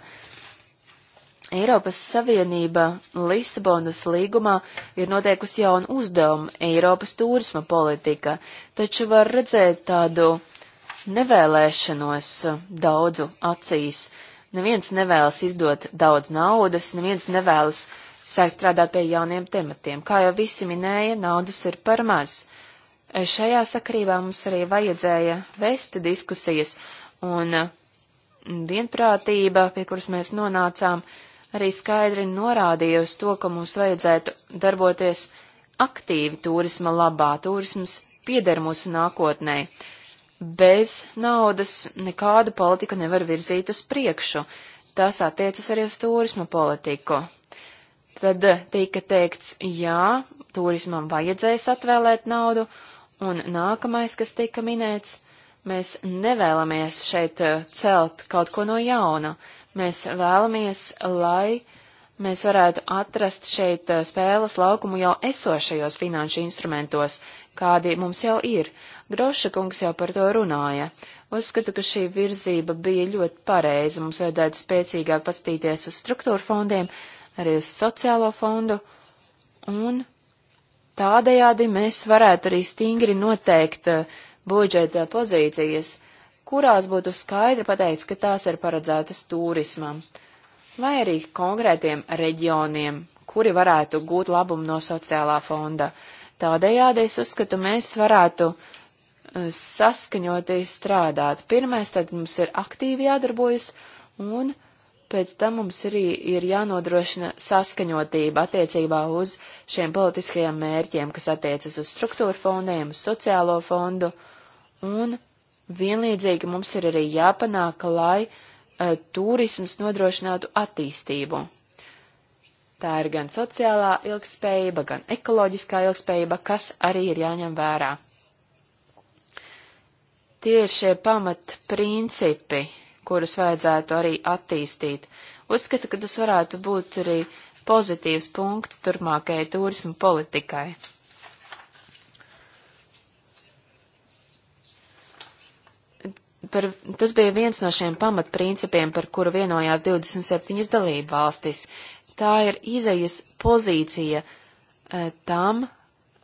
Eiropas Savienība Lisabonas līgumā ir noteikusi jaunu uzdevumu Eiropas turisma politika, taču var redzēt tādu nevēlēšanos daudzu acīs. Neviens nevēlas izdot daudz naudas, neviens nevēlas sākt strādāt pie jauniem tematiem. Kā jau visi minēja, naudas ir par maz. Uh, Šajā sakarībā mums arī vajadzēja vest diskusijas, un mm, vienprātība, pie kuras mēs nonācām, arī skaidri norādīja uz to, ka mums vajadzētu darboties aktīvi turisma labā. Turisms pieder mūsu nākotnē. Bez naudas nekādu politiku nevar virzīt uz priekšu. Tas attiecas arī uz turisma politiku. Tad tika teikts, jā, turismam vajadzēs atvēlēt naudu, Un nākamais, kas tika minēts, mēs nevēlamies šeit eh, celt kaut ko no jauna. Mēs vēlamies, lai mēs varētu atrast šeit eh, spēles laukumu jau esošajos finanšu instrumentos, kādi mums jau ir. Groša kungs jau par to runāja. Uzskatu, ka šī virzība bija ļoti pareiza. Mums vajadzētu spēcīgāk pastīties uz struktūra fondiem, arī uz sociālo fondu un Tādējādi mēs varētu arī stingri noteikt eh, budžeta pozīcijas, kurās būtu skaidri pateikts, ka tās ir paredzētas turismam, vai arī konkrētiem reģioniem, kuri varētu gūt labumu no sociālā fonda. Tādējādi es uzskatu, mēs varētu eh, saskaņotī strādāt. Pirmais tad mums ir aktīvi jādarbojas, un pēc tam mums arī ir jānodrošina saskaņotība attiecībā uz šiem politiskajiem mērķiem, kas attiecas uz struktūra fondiem, uz sociālo fondu, un vienlīdzīgi mums ir arī jāpanāk, lai uh, turisms nodrošinātu attīstību. Tā ir gan sociālā ilgspējība, gan ekoloģiskā ilgspējība, kas arī ir jāņem vērā. Tie ir šie pamatprincipi, kurus vajadzētu arī attīstīt. Uzskatu, ka tas varētu būt arī pozitīvs punkts turmākajai turismu politikai. Par, tas bija viens no šiem pamatprincipiem, par kuru vienojās 27 dalību valstis. Tā ir izejas pozīcija e, tam,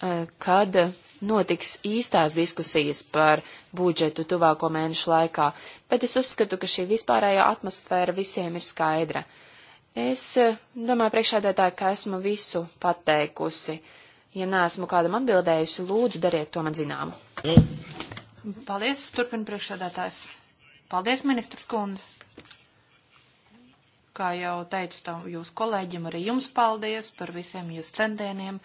e, kad notiks īstās diskusijas par budžetu tuvāko mēnešu laikā, bet es uzskatu, ka šī vispārējā atmosfēra visiem ir skaidra. Es eh, domāju priekšādētāji, ka esmu visu pateikusi. Ja neesmu kādam atbildējusi, lūdzu, dariet to man zināmu. Paldies, turpina priekšādētājs. Paldies, ministrs kundze. Kā jau teicu tam jūsu kolēģim, arī jums paldies par visiem jūsu centieniem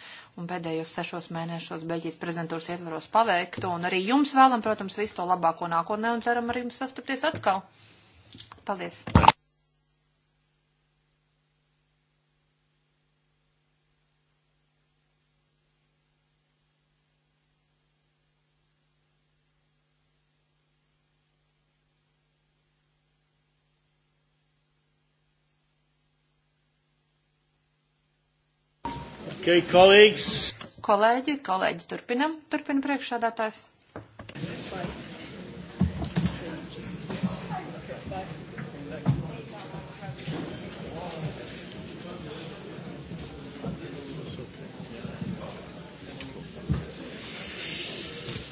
un pēdējos sešos mēnešos Beļģijas prezidentūras ietvaros paveikto. Un arī jums vēlam, protams, visu to labāko nākotnē un ceram ar jums sastapties atkal. Paldies! Okay, colleagues. Kolēģi, kolēģi, turpinam, turpina priekšādātājs.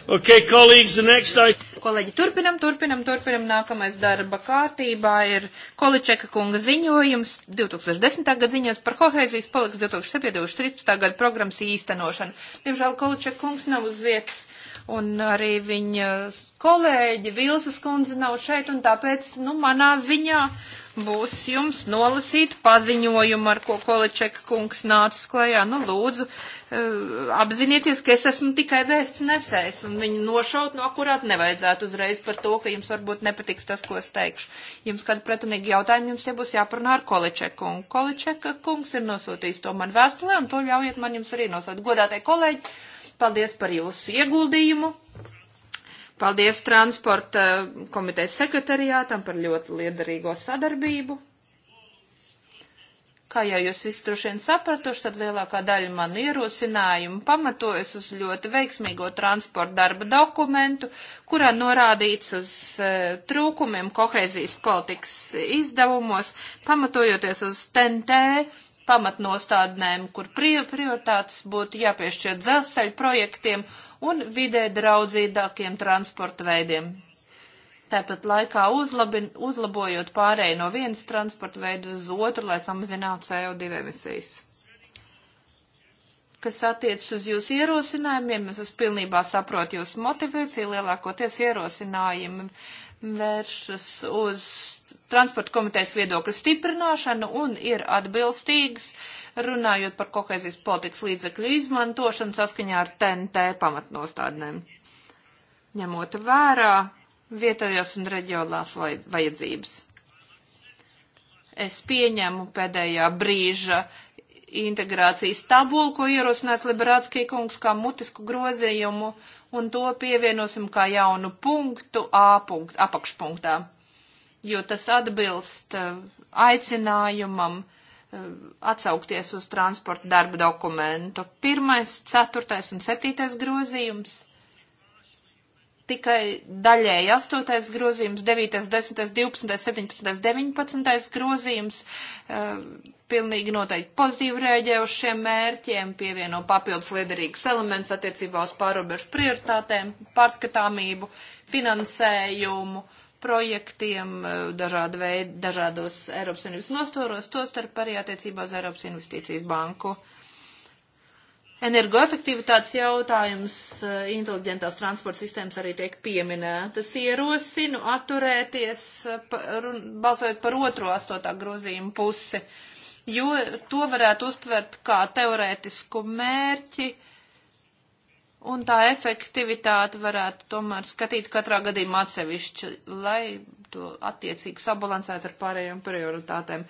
Okay, colleagues, the next item kolēģi, turpinam, turpinam, turpinam. Nākamais darba kārtībā ir Količeka kunga ziņojums 2010. gada ziņojums par kohēzijas paliks 2007.13. gada programmas īstenošanu. Diemžēl Količeka kungs nav uz vietas un arī viņa kolēģi Vilsas kundze nav šeit un tāpēc, nu, manā ziņā būs jums nolasīt paziņojumu, ar ko Količeka kungs nācis klajā. Nu, lūdzu, e, apzinieties, ka es esmu tikai vēsts nesējs, un viņu nošaut no kurāt nevajadzētu uzreiz par to, ka jums varbūt nepatiks tas, ko es teikšu. Jums kādu pretunīgu jautājumu jums te būs jāparunā ar Količeka kungu. Količeka kungs ir nosūtījis to man vēstulē, un to ļaujiet man jums arī nosūt. Godātie kolēģi, paldies par jūsu ieguldījumu. Paldies transporta komitejas sekretariātam par ļoti liederīgo sadarbību. Kā jau jūs visi droši vien sapratuši, tad lielākā daļa man ierosinājumu pamatojas uz ļoti veiksmīgo transporta darba dokumentu, kurā norādīts uz uh, trūkumiem kohēzijas politikas izdevumos, pamatojoties uz TNT pamatnostādnēm, kur prioritātes būtu jāpiešķir dzelzceļa projektiem un vidē draudzīgākiem transporta veidiem. Tāpat laikā uzlabin, uzlabojot pārēju no vienas transporta veidu uz otru, lai samazinātu CO2 emisijas. Kas attiecas uz jūsu ierosinājumiem, es, es pilnībā saprotu jūsu motivāciju, lielākoties ierosinājumi vēršas uz transporta komitejas viedokļa stiprināšana un ir atbilstīgs, runājot par kohēzijas politikas līdzekļu izmantošanu saskaņā ar TNT pamatnostādnēm, ņemot vērā vietējās un reģionālās vajadzības. Es pieņemu pēdējā brīža integrācijas tabulu, ko ierosinās Liberātskī kungs kā mutisku grozījumu, un to pievienosim kā jaunu punktu A punkt, apakšpunktā jo tas atbilst eh, aicinājumam eh, atsaukties uz transporta darba dokumentu. Pirmais, ceturtais un septītais grozījums. Tikai daļēji astotais grozījums, devītais, desmitais, divpadsmitais, septiņpadsmitais, deviņpadsmitais grozījums eh, pilnīgi noteikti pozitīvi rēģē uz šiem mērķiem, pievieno papildus liederīgus elementus attiecībā uz pārobežu prioritātēm, pārskatāmību, finansējumu. Uh, projektiem eh, dažāda veida, dažādos Eiropas Savienības nostoros, to starp arī attiecībā uz Eiropas Investīcijas banku. Energoefektivitātes jautājums, eh, inteliģentās transporta sistēmas arī tiek pieminētas. Ierosinu atturēties, eh, balsojot par otro astotā grozījumu pusi, jo to varētu uztvert kā teorētisku mērķi un tā efektivitāti varētu tomēr skatīt katrā gadījumā atsevišķi, lai to attiecīgi sabalansētu ar pārējām prioritātēm.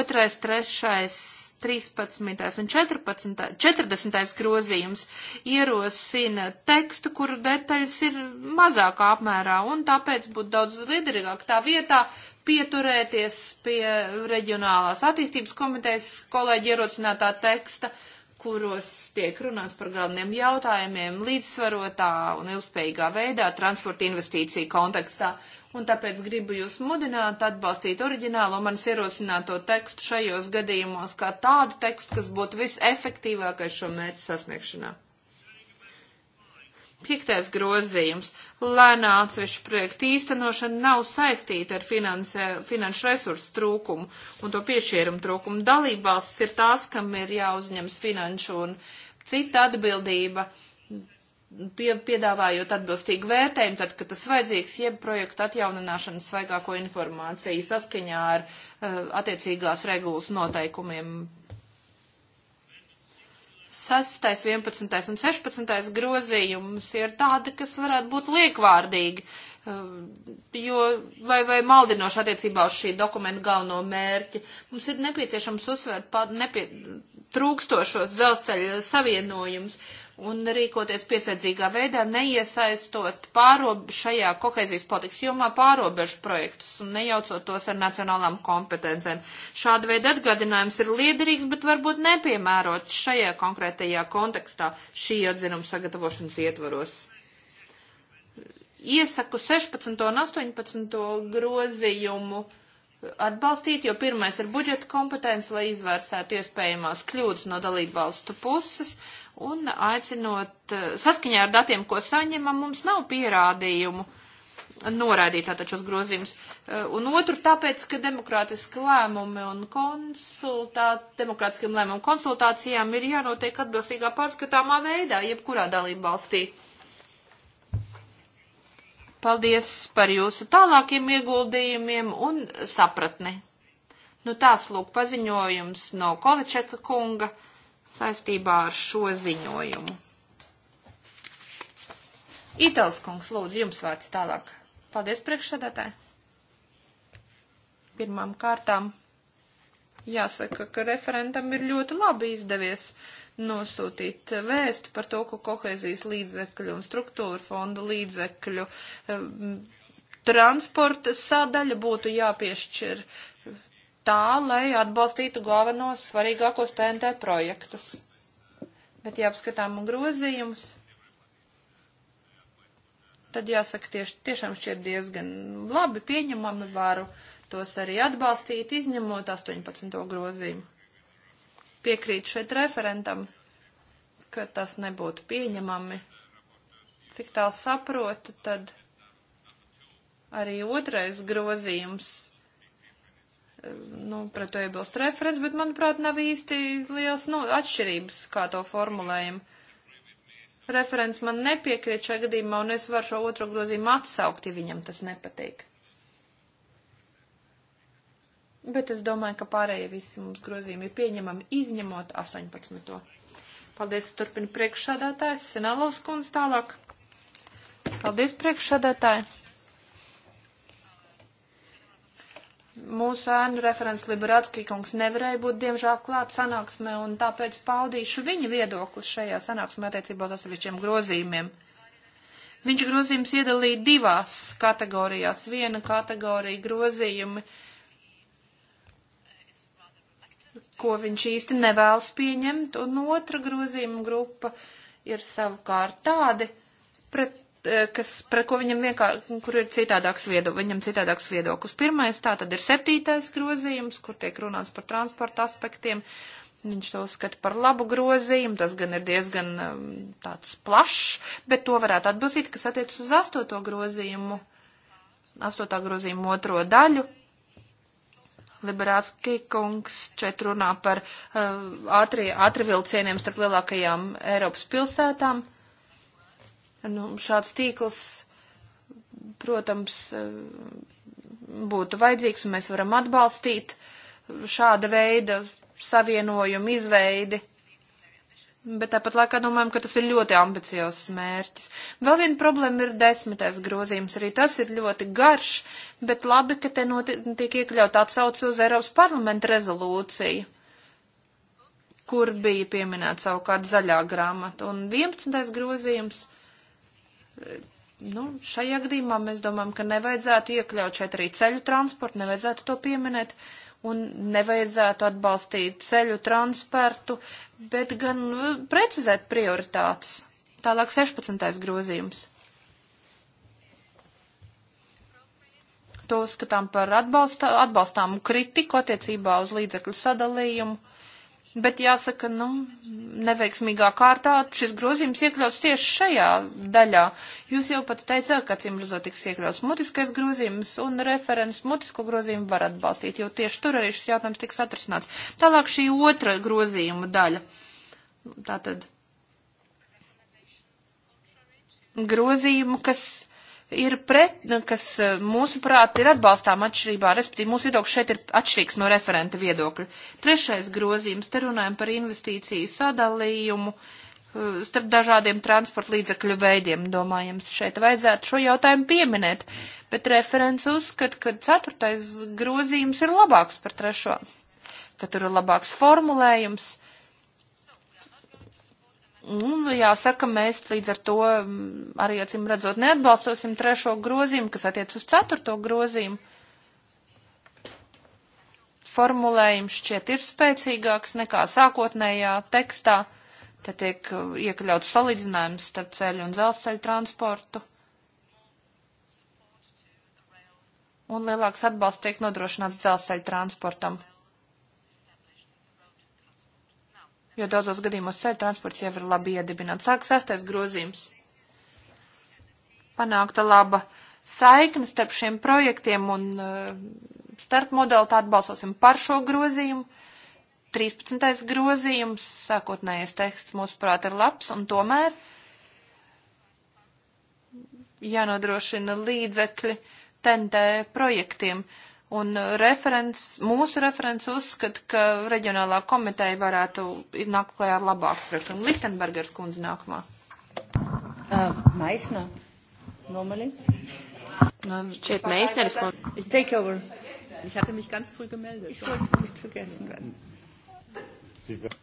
Otrais, trešais, 13. un 14. 40. grozījums ierosina tekstu, kuru detaļas ir mazākā apmērā, un tāpēc būtu daudz liederīgāk tā vietā pieturēties pie reģionālās attīstības komitejas kolēģi ierosinātā teksta. Uh, kuros tiek runāts par galveniem jautājumiem līdzsvarotā un ilgspējīgā veidā transporta investīciju kontekstā. Un tāpēc gribu jūs mudināt atbalstīt oriģinālo manis ierosināto tekstu šajos gadījumos kā tādu tekstu, kas būtu visefektīvākais šo mērķu sasniegšanā. Piektais grozījums - lēnā atsevišķu projektu īstenošana nav saistīta ar finansē, finanšu resursu trūkumu un to piešķīrumu trūkumu. Dalībvalstis ir tās, kam ir jāuzņems finanšu un cita atbildība, pie, piedāvājot atbilstīgu vērtējumu, tad, kad tas vajadzīgs, jeb projektu atjaunināšanas svaigāko informāciju saskaņā ar uh, attiecīgās regulas noteikumiem 6, 11 un 16 grozījums ir tādi, kas varētu būt liekvārdīgi, eh, jo vai, vai maldinoši attiecībā uz šī dokumenta galveno mērķi. Mums ir nepieciešams uzsvērt nepie, trūkstošos dzelzceļa savienojumus un rīkoties piesardzīgā veidā, neiesaistot pārobežu šajā kohēzijas politikas jomā pārobežu projektus un nejaucot tos ar nacionālām kompetencēm. Šāda veida atgādinājums ir liederīgs, bet varbūt nepiemērots šajā konkrētajā kontekstā šī atzinuma sagatavošanas ietvaros. Iesaku 16 un 18 grozījumu atbalstīt, jo pirmais ir budžeta kompetence, lai izvērsētu iespējamās kļūdas no dalībvalstu puses un aicinot, eh, saskaņā ar datiem, ko saņemam, mums nav pierādījumu noraidīt tātad šos grozījumus. Eh, un otru tāpēc, ka demokrātiski lēmumi un konsultāt, demokrātiskiem lēmumu konsultācijām ir jānotiek atbilstīgā pārskatāmā veidā, jebkurā dalība valstī. Paldies par jūsu tālākiem ieguldījumiem un sapratni. Nu tāds lūk paziņojums no Količeka kunga saistībā ar šo ziņojumu. Itāls kungs, lūdzu, jums vārds tālāk. Paldies priekšsēdētāji. Pirmām kārtām jāsaka, ka referentam ir ļoti labi izdevies nosūtīt vēstu par to, ka kohēzijas līdzekļu un struktūra fondu līdzekļu um, transporta sadaļa būtu jāpiešķir tā, lai atbalstītu galvenos svarīgākos TNT projektus. Bet, ja apskatām grozījumus, tad jāsaka, tieši, tiešām šķiet diezgan labi pieņemami varu tos arī atbalstīt, izņemot 18. grozījumu. Piekrīt šeit referentam, ka tas nebūtu pieņemami. Cik tā saprotu, tad arī otrais grozījums nu, pret to iebilst referents, bet, manuprāt, nav īsti liels, nu, atšķirības, kā to formulējam. Referents man nepiekrīt šajā gadījumā, un es varu šo otro grozījumu atsaukt, ja viņam tas nepatīk. Bet es domāju, ka pārējie visi mums grozījumi ir pieņemami, izņemot 18. Paldies, turpina priekšsādātājs, Sinalovs kundze tālāk. Paldies, priekšsādātāji! Mūsu ēnu referents Liberatskī kungs nevarēja būt diemžēl klāt sanāksmē, un tāpēc paudīšu viņa viedokli šajā sanāksmē attiecībā uz atsevišķiem grozījumiem. Viņš grozījums iedalīja divās kategorijās. Viena kategorija grozījumi, ko viņš īsti nevēlas pieņemt, un otra grozījuma grupa ir savukārt tādi, pret Eh, kas, par ko viņam vienkārši, kur ir citādāks viedoklis, viņam citādāks viedoklis. Pirmais tā tad ir septītais grozījums, kur tiek runāts par transporta aspektiem. Viņš to uzskata par labu grozījumu, tas gan ir diezgan um, tāds plašs, bet to varētu atbilstīt, kas attiec uz astoto grozījumu, astotā grozījumu otro daļu, Liberātski kungs šeit runā par uh, ātri, ātri vilcieniem starp lielākajām Eiropas pilsētām. Nu, šāds tīkls, protams, būtu vajadzīgs, un mēs varam atbalstīt šāda veida savienojumu izveidi. Bet tāpat laikā domājam, ka tas ir ļoti ambiciozs mērķis. Vēl viena problēma ir desmitais grozījums. Arī tas ir ļoti garš, bet labi, ka te tiek iekļaut atsauce uz Eiropas parlamenta rezolūciju, kur bija pieminēta savukārt zaļā grāmata. Un vienpadsmitais grozījums Nu, šajā gadījumā mēs domājam, ka nevajadzētu iekļaut šeit arī ceļu transportu, nevajadzētu to pieminēt un nevajadzētu atbalstīt ceļu transportu, bet gan nu, precizēt prioritātes. Tālāk 16. grozījums. To uzskatām par atbalstā, atbalstāmu kritiku attiecībā uz līdzekļu sadalījumu bet jāsaka, nu, neveiksmīgā kārtā šis grozījums iekļauts tieši šajā daļā. Jūs jau pat teicāt, ka cīm redzot tiks iekļauts mutiskais grozījums un referents mutisko grozījumu var atbalstīt, jo tieši tur arī šis jautājums tiks atrisināts. Tālāk šī otra grozījuma daļa. Tātad grozījuma, kas ir pret, nu, kas eh, mūsuprāt ir atbalstām atšķirībā, respektīvi mūsu viedoklis šeit ir atšķirīgs no referenta viedokļa. Trešais grozījums, te runājam par investīciju sadalījumu eh, starp dažādiem transporta līdzakļu veidiem, domājams, šeit vajadzētu šo jautājumu pieminēt, bet referents uzskat, ka ceturtais grozījums ir labāks par trešo, ka tur ir labāks formulējums Un, nu, jāsaka, mēs līdz ar to mm, arī acīm redzot neatbalstosim trešo grozījumu, kas attiec uz ceturto grozījumu. Formulējums šķiet ir spēcīgāks nekā sākotnējā tekstā. Te tiek uh, iekļauts salīdzinājums starp ceļu un dzelzceļu transportu. Un lielāks atbalsts tiek nodrošināts dzelzceļu transportam. jo daudzos gadījumos ceļu transports jau ir labi iedibināts. Sāk sastais grozījums. Panākta laba saikne starp šiem projektiem un uh, starp modalitāti balsosim par šo grozījumu. 13. grozījums, sākotnējais teksts, mūsuprāt, ir labs, un tomēr jānodrošina līdzekļi TNT projektiem. Uh, Un uh, referents, mūsu referents uzskata, ka reģionālā komiteja varētu nākt klajā ar labāku priekšlikumu. Lichtenbergers kundze nākamā. Uh, Maisna, normāli. Uh, šeit Maisneris kundze. Take over. Ich hatte mich ganz früh gemeldet. Ich wollte nicht vergessen werden. Sie wird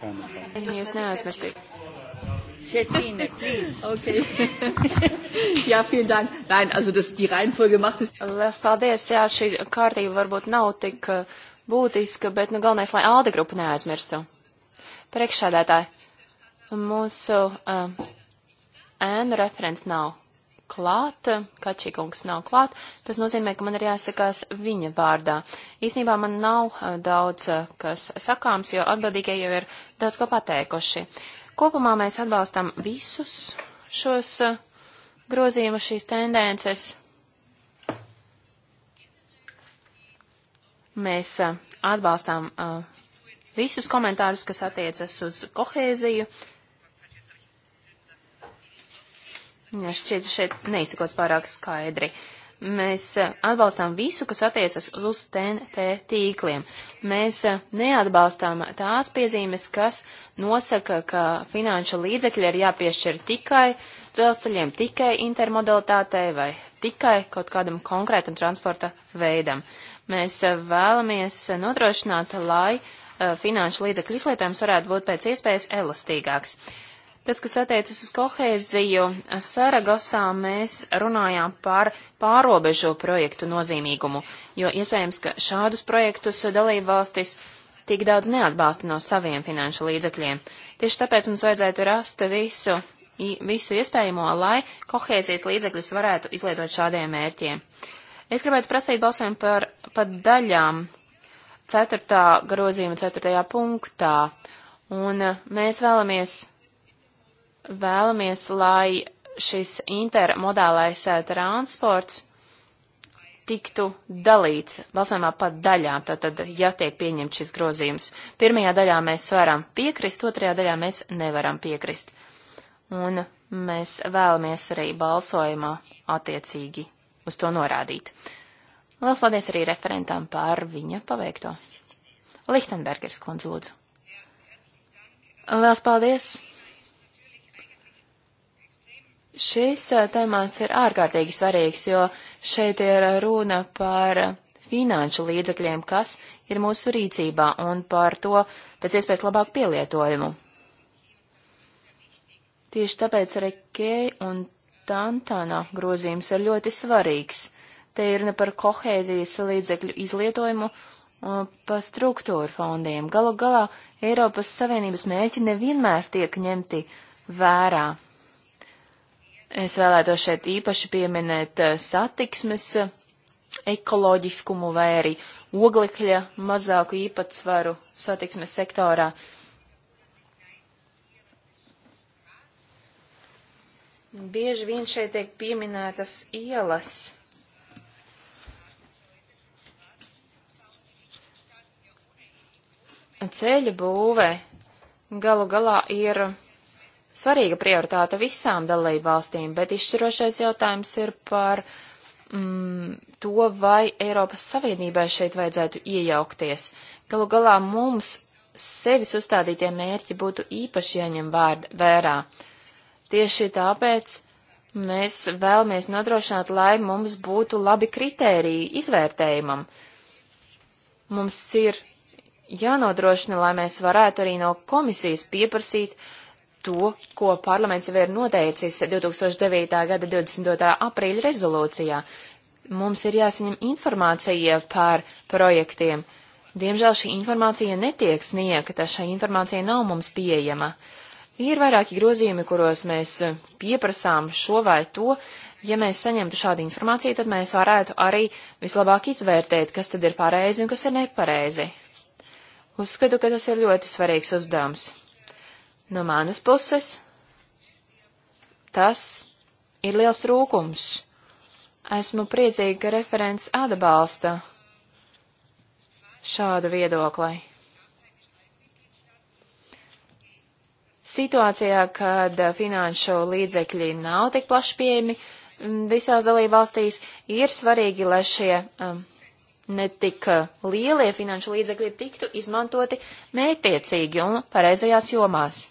keine Frage. Es neaizmirsīgi. Jessine, please. Okay. jā, vielen Dank. Nein, also das, die Reihenfolge macht es. Lielas paldies. Jā, šī kārtība varbūt nav tik eh, būtiska, bet nu galvenais, lai āda grupa neaizmirstu. Priekšsēdētāji, mūsu uh, ēnu referents nav klāt, Kačīkungs nav klāt, tas nozīmē, ka man ir jāsakās viņa vārdā. Īsnībā man nav eh, daudz, kas sakāms, jo atbildīgie jau ir daudz ko pateikuši. Uh, Kopumā mēs atbalstam visus šos uh, grozījumus, šīs tendences. Mēs uh, atbalstām uh, visus komentārus, kas attiecas uz kohēziju. Ja šķiet, šeit neizsakos pārāk skaidri. Uh, Mēs eh, atbalstām visu, kas attiecas uz TNT tīkliem. Mēs eh, neatbalstām tās piezīmes, kas nosaka, ka finanšu līdzekļi ir jāpiešķir tikai dzelzceļiem, tikai intermodalitātei vai tikai kaut kādam konkrētam transporta veidam. Mēs eh, vēlamies nodrošināt, lai finanšu līdzekļu izlietojums varētu būt pēc iespējas elastīgāks. Tas, kas attiecas uz kohēziju, Saragosā mēs runājām par pārobežo projektu nozīmīgumu, jo iespējams, ka šādus projektus dalībvalstis tik daudz neatbalsta no saviem finanšu līdzekļiem. Tieši tāpēc mums vajadzētu rast visu, visu iespējamo, lai kohēzijas līdzekļus varētu izlietot šādiem mērķiem. Es gribētu prasīt balsojumu par, par daļām 4. grozījuma 4. punktā, un eh, mēs vēlamies vēlamies, lai šis intermodālais eh, transports tiktu dalīts balsojumā pa daļām, tātad, ja tiek pieņemts šis grozījums. Pirmajā daļā mēs varam piekrist, otrajā daļā mēs nevaram piekrist. Un mēs vēlamies arī balsojumā attiecīgi uz to norādīt. Lielas paldies arī referentām par viņa paveikto. Lichtenbergers kundze lūdzu. Lielas paldies! Šis temats ir ārkārtīgi svarīgs, jo šeit ir runa par finanšu līdzekļiem, kas ir mūsu rīcībā, un par to pēc iespējas labāku pielietojumu. Tieši tāpēc arī Kei un Tantana grozījums ir ļoti svarīgs. Te ir ne par kohēzijas līdzekļu izlietojumu, pa struktūru fondiem. Galu galā Eiropas Savienības mērķi nevienmēr tiek ņemti vērā Es vēlētos šeit īpaši pieminēt eh, satiksmes eh, ekoloģiskumu vai arī oglekļa mazāku īpatsvaru satiksmes sektorā. Bieži vien šeit tiek pieminētas ielas. Ceļa būve galu galā ir svarīga prioritāte visām dalībvalstīm, bet izšķirošais jautājums ir par mm, to, vai Eiropas Savienībai šeit vajadzētu iejaukties. Galu galā mums sevis uzstādītie mērķi būtu īpaši jāņem vērā. Tieši tāpēc mēs vēlamies nodrošināt, lai mums būtu labi kritēriji izvērtējumam. Mums ir jānodrošina, lai mēs varētu arī no komisijas pieprasīt, uh, to, ko parlaments jau ir noteicis 2009. gada 22. aprīļa rezolūcijā. Mums ir jāsaņem informācija par projektiem. Diemžēl šī informācija netiek sniegta, šai informācija nav mums pieejama. Ir vairāki grozījumi, kuros mēs pieprasām šo vai to. Ja mēs saņemtu šādu informāciju, tad mēs varētu arī vislabāk izvērtēt, kas tad ir pareizi un kas ir nepareizi. Uzskatu, ka tas ir ļoti svarīgs uzdevums. No manas puses tas ir liels rūkums. Esmu priecīga, ka referents atbalsta šādu viedokli. Situācijā, kad finanšu līdzekļi nav tik plaši pieejami, mm, visās dalībvalstīs ir svarīgi, lai šie um, netik uh, lielie finanšu līdzekļi tiktu izmantoti mētiecīgi un pareizajās jomās.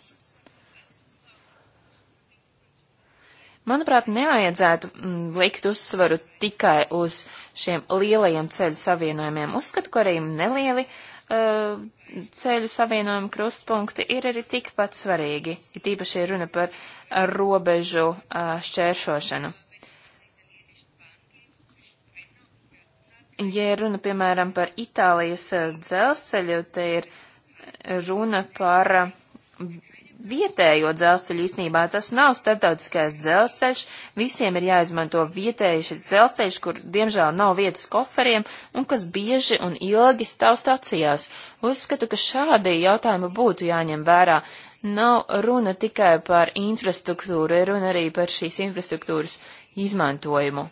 Manuprāt, nevajadzētu mm, likt uzsvaru tikai uz šiem lielajiem ceļu savienojumiem. Uzskatu, ka arī nelieli uh, ceļu savienojumi krustpunkti ir arī tikpat svarīgi, ir tīpaši runa par robežu uh, šķēršošanu. Ja runa, piemēram, par Itālijas eh, dzelzceļu, te ir runa par vietējo dzelzceļu īsnībā. Tas nav starptautiskais dzelzceļš, visiem ir jāizmanto vietējais dzelzceļš, kur diemžēl nav vietas koferiem un kas bieži un ilgi stāv stacijās. Uzskatu, ka šādi jautājumi būtu jāņem vērā. Nav runa tikai par infrastruktūru, ir runa arī par šīs infrastruktūras izmantojumu.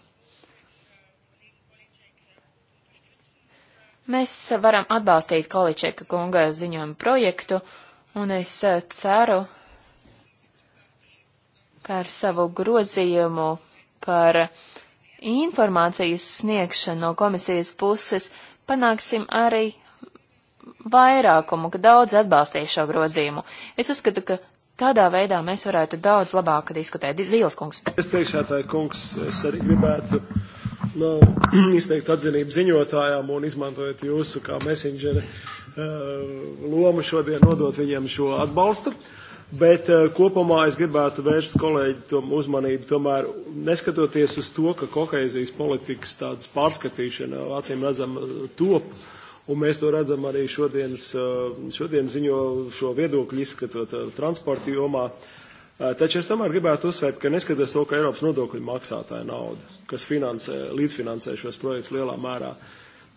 Mēs varam atbalstīt Količeka kunga ziņojumu projektu un es eh, ceru, ka ar savu grozījumu par informācijas sniegšanu no komisijas puses panāksim arī vairākumu, ka daudz atbalstīs šo grozījumu. Es uzskatu, ka tādā veidā mēs varētu daudz labāk diskutēt. Zīles kungs. Es priekšētāju kungs, es arī gribētu uh, no, izteikt atzinību ziņotājām un izmantojot jūsu kā messengeri eh, lomu šodien nodot viņiem šo atbalstu. Bet eh, kopumā es gribētu vērst kolēģi tom uzmanību, tomēr neskatoties uz to, ka kohēzijas politikas tādas pārskatīšana acīm redzam eh, top, un mēs to redzam arī šodienas, šodien ziņo šo viedokļu izskatot transporta jomā, uh, Eh, taču es tomēr gribētu uzsvērt, ka neskatoties to, ka Eiropas nodokļu maksātāja nauda, kas finansē, līdzfinansē šos projektus lielā mērā,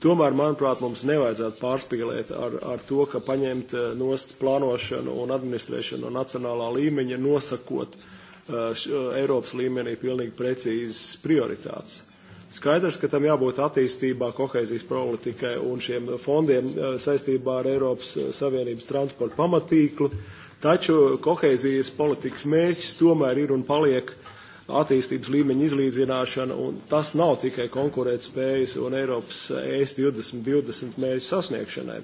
tomēr, manuprāt, mums nevajadzētu pārspīlēt ar, ar to, ka paņemt eh, nost plānošanu un administrēšanu no nacionālā līmeņa, nosakot eh, š, Eiropas līmenī pilnīgi precīzes prioritātes. Skaidrs, ka tam jābūt attīstībā, kohēzijas politikai un šiem fondiem saistībā ar Eiropas Savienības transporta pamatīklu, Taču kohēzijas politikas mērķis tomēr ir un paliek attīstības līmeņa izlīdzināšana, un tas nav tikai konkurētspējas un Eiropas ES 2020 mērķu sasniegšanai,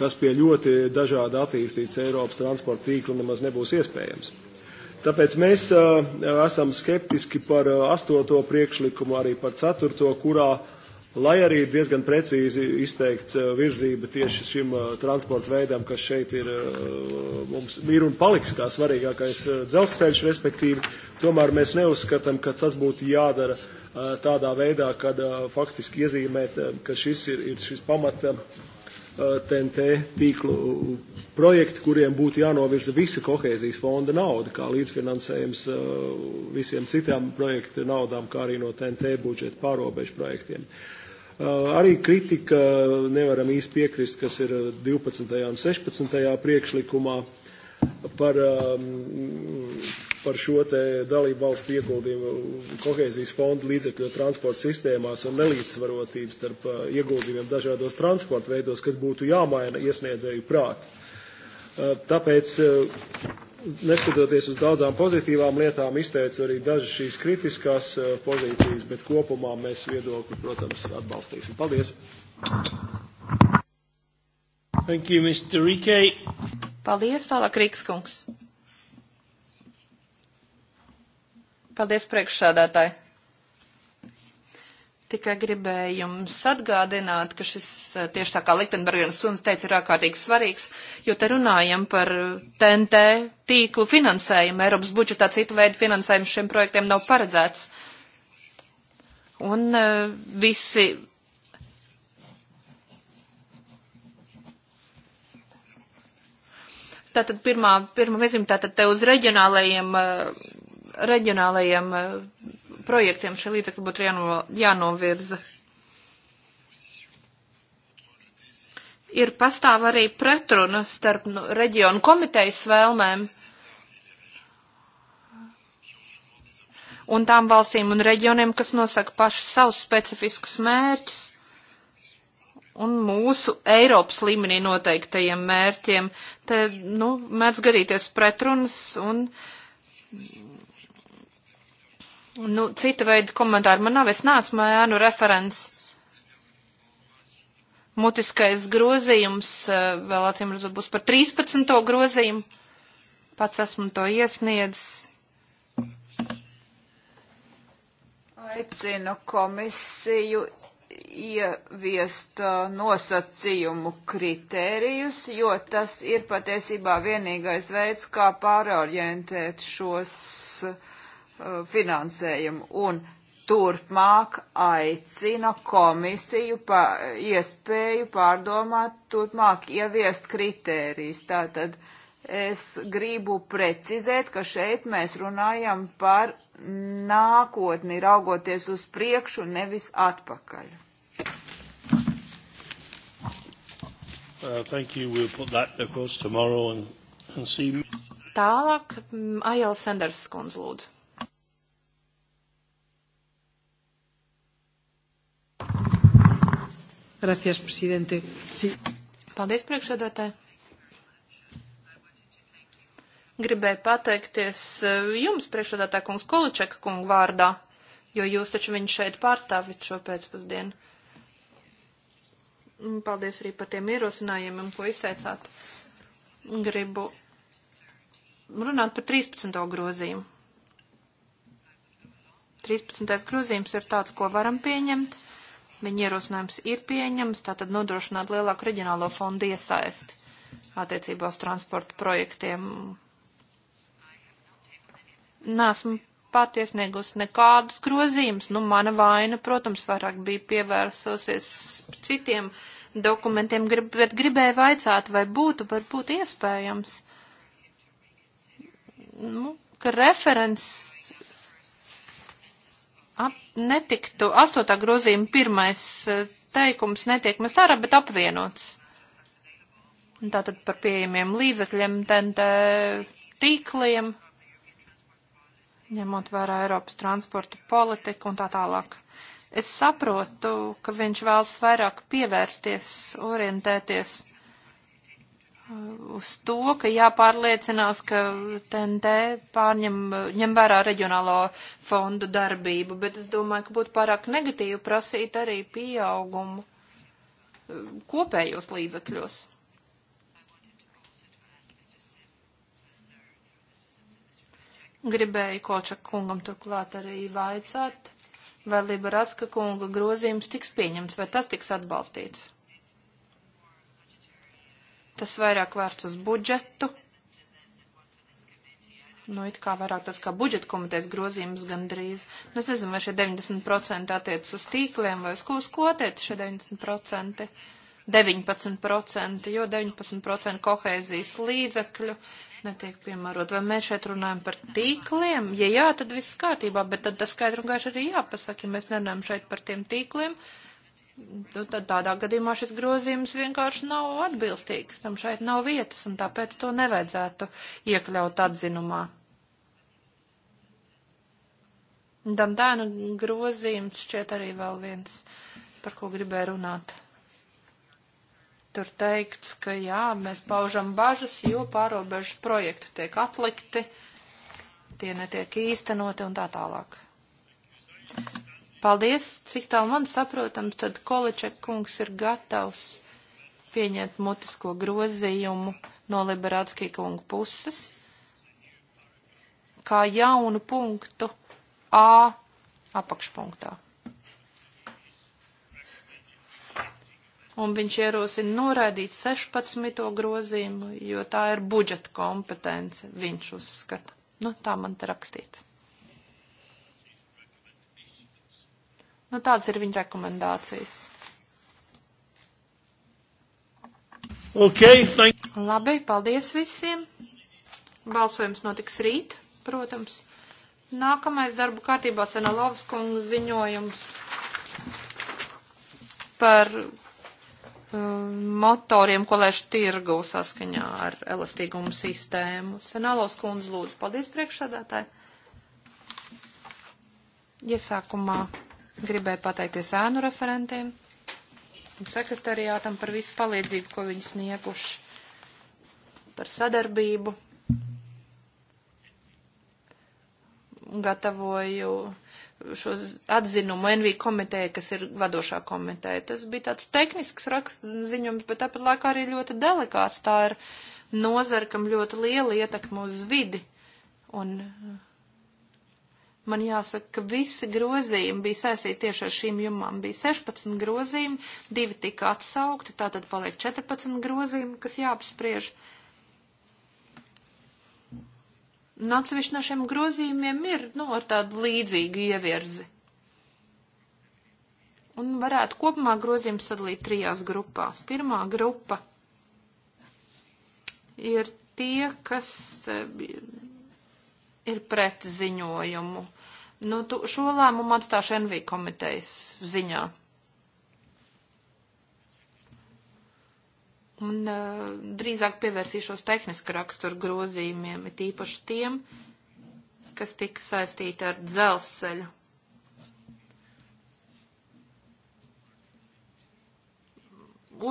kas pie ļoti dažāda attīstītas Eiropas transporta tīkla nemaz nebūs iespējams. Tāpēc mēs uh, esam skeptiski par astoto priekšlikumu, arī par ceturto, kurā uh, lai arī ir diezgan precīzi izteikts eh, virzība tieši šim eh, transporta veidam, kas šeit ir eh, mums ir un paliks kā svarīgākais dzelzceļš, respektīvi, tomēr mēs neuzskatām, ka tas būtu jādara tādā veidā, kad faktiski iezīmēt, ka šis ir, ir šis pamata TNT tīklu projekti, kuriem būtu jānovirza visa kohēzijas fonda nauda, kā līdzfinansējums visiem citām projektu naudām, kā arī no TNT budžeta pārobežu projektiem. Uh, Arī kritika nevaram īsti piekrist, kas ir 12. un 16. priekšlikumā par, par šo te dalību valstu ieguldījumu kohēzijas fonda līdzekļu transporta sistēmās un nelīdzsvarotības starp ieguldījumiem dažādos transporta veidos, kas būtu jāmaina iesniedzēju prāti. Tāpēc neskatoties uz daudzām pozitīvām lietām, izteicu arī dažas šīs kritiskās eh, pozīcijas, bet kopumā mēs viedokli, protams, atbalstīsim. Paldies! Thank you, Mr. Rike. Paldies, tālāk Rīgas kungs. Paldies, priekšsādātāji. Tikai gribēju jums atgādināt, ka šis, eh, tieši tā kā Liktenbergenas suns teica, ir ārkārtīgi svarīgs, jo te runājam par TNT tīklu finansējumu. Eiropas budžetā cita veida finansējums šiem projektiem nav paredzēts. Un eh, visi. Tātad pirmā, pirmā vizīme, tātad te uz reģionālajiem, eh, reģionālajiem projektiem šie līdzekļi būtu jāno, jānovirza. Ir pastāv arī pretruna starp nu, reģionu komitejas vēlmēm un tām valstīm un reģioniem, kas nosaka paši savus specifiskus mērķus un mūsu Eiropas līmenī noteiktajiem mērķiem. Te, nu, mēdz gadīties pretrunas un Nu, cita veida komentāru man nav, es neesmu ēnu referents. Mutiskais grozījums eh, vēl acīm redzot būs par 13. grozījumu. Pats esmu to iesniedzis. Aicinu komisiju ieviest uh, nosacījumu kritērijus, jo tas ir patiesībā vienīgais veids, kā pārorientēt šos uh, Uh, finansējumu un turpmāk aicina komisiju pa iespēju pārdomāt, turpmāk ieviest kritērijas. Tātad es gribu precizēt, ka šeit mēs runājam par nākotni, raugoties uz priekšu, nevis atpakaļ. Uh, thank you. We'll put that across tomorrow and, and see. Tālāk, mm, Aijala Sanders skundz lūdzu. Gracias, presidente. Sí. Paldies, priekšsēdētāji. Gribēju pateikties eh, jums, priekšsēdētāja kungs Količeka kungu vārdā, jo jūs taču viņu šeit pārstāvjat šo pēcpusdienu. Mm, paldies arī par tiem ierosinājumiem, ko izteicāt. Gribu runāt par 13. grozījumu. 13. grozījums ir tāds, ko varam pieņemt. Viņa ierosinājums ir pieņems, tātad nodrošināt lielāku reģionālo fondu iesaisti attiecībā uz transporta projektiem. Nesmu pat iesniegus nekādus grozījumus. Nu, mana vaina, protams, vairāk bija pievērsusies citiem dokumentiem, grib, bet gribēju vaicāt, vai būtu varbūt iespējams, nu, ka referents ap, netiktu astotā grozījuma pirmais e, teikums netiek mest ārā, bet apvienots. Tātad par pieejamiem līdzekļiem, TNT tīkliem, ņemot vērā Eiropas transporta politiku un tā tālāk. Es saprotu, ka viņš vēlas vairāk pievērsties, orientēties uz to, ka jāpārliecinās, ka TNT pārņem, ņem vērā reģionālo fondu darbību, bet es domāju, ka būtu pārāk negatīvi prasīt arī pieaugumu eh, kopējos līdzakļos. Gribēju Kočak kungam turklāt arī vaicāt, vai Liberatska kunga grozījums tiks pieņemts, vai tas tiks atbalstīts. Tas vairāk vērts uz budžetu. Nu, it kā vairāk tas kā budžeta komitejas grozījums gandrīz. Nu, es nezinu, vai šie 90% attiec uz tīkliem vai uz ko, uz ko attiec šie 90%. 19%, jo 19% kohēzijas līdzekļu netiek piemērot. Vai mēs šeit runājam par tīkliem? Ja jā, tad viss kārtībā, bet tad tas skaidru gaiši arī jāpasaka, ja mēs nerunājam šeit par tiem tīkliem, nu, tad tādā gadījumā šis grozījums vienkārši nav atbilstīgs, tam šeit nav vietas, un tāpēc to nevajadzētu iekļaut atzinumā. Dantēnu grozījums šķiet arī vēl viens, par ko gribēju runāt. Tur teikts, ka jā, mēs paužam bažas, jo pārobežu projekti tiek atlikti, tie netiek īstenoti un tā tālāk. Paldies, cik tālu man saprotams, tad Količek kungs ir gatavs pieņemt mutisko grozījumu no Liberātskī kunga puses kā jaunu punktu A apakšpunktā. Un viņš ierosina noraidīt 16. grozījumu, jo tā ir budžeta kompetence, viņš uzskata. Nu, tā man te rakstīts. Nu, tāds ir viņa rekomendācijas. Okay, thank... Labi, paldies visiem. Balsojums notiks rīt, protams. Nākamais darba kārtībā Senalovas kungas ziņojums par uh, motoriem, ko lēš tirgu saskaņā ar elastīgumu sistēmu. Senālos kundze lūdzu, paldies priekšsādātāji. Iesākumā Gribēju pateikties ēnu referentiem un sekretariātam par visu palīdzību, ko viņi snieguši, par sadarbību. Gatavoju šo atzinumu NV komiteja, kas ir vadošā komiteja. Tas bija tāds tehnisks raksts ziņums, bet tāpat laikā arī ļoti delikāts. Tā ir nozara, kam ļoti liela ietekma uz vidi. Un Man jāsaka, ka visi grozījumi bija saistīti tieši ar šīm jumām. Bija 16 grozījumi, divi tika atsaukti, tātad paliek 14 grozījumi, kas jāapspriež. Un nu, atsevišķi no šiem grozījumiem ir, nu, ar tādu līdzīgu ievirzi. Un varētu kopumā grozījumus sadalīt trijās grupās. Pirmā grupa ir tie, kas eh, ir pret ziņojumu Nu, tu, šo lēmumu atstāšu NV komitejas ziņā. Un uh, drīzāk pievērsīšos tehniska rakstura grozījumiem, it īpaši tiem, kas tika saistīti ar dzelzceļu.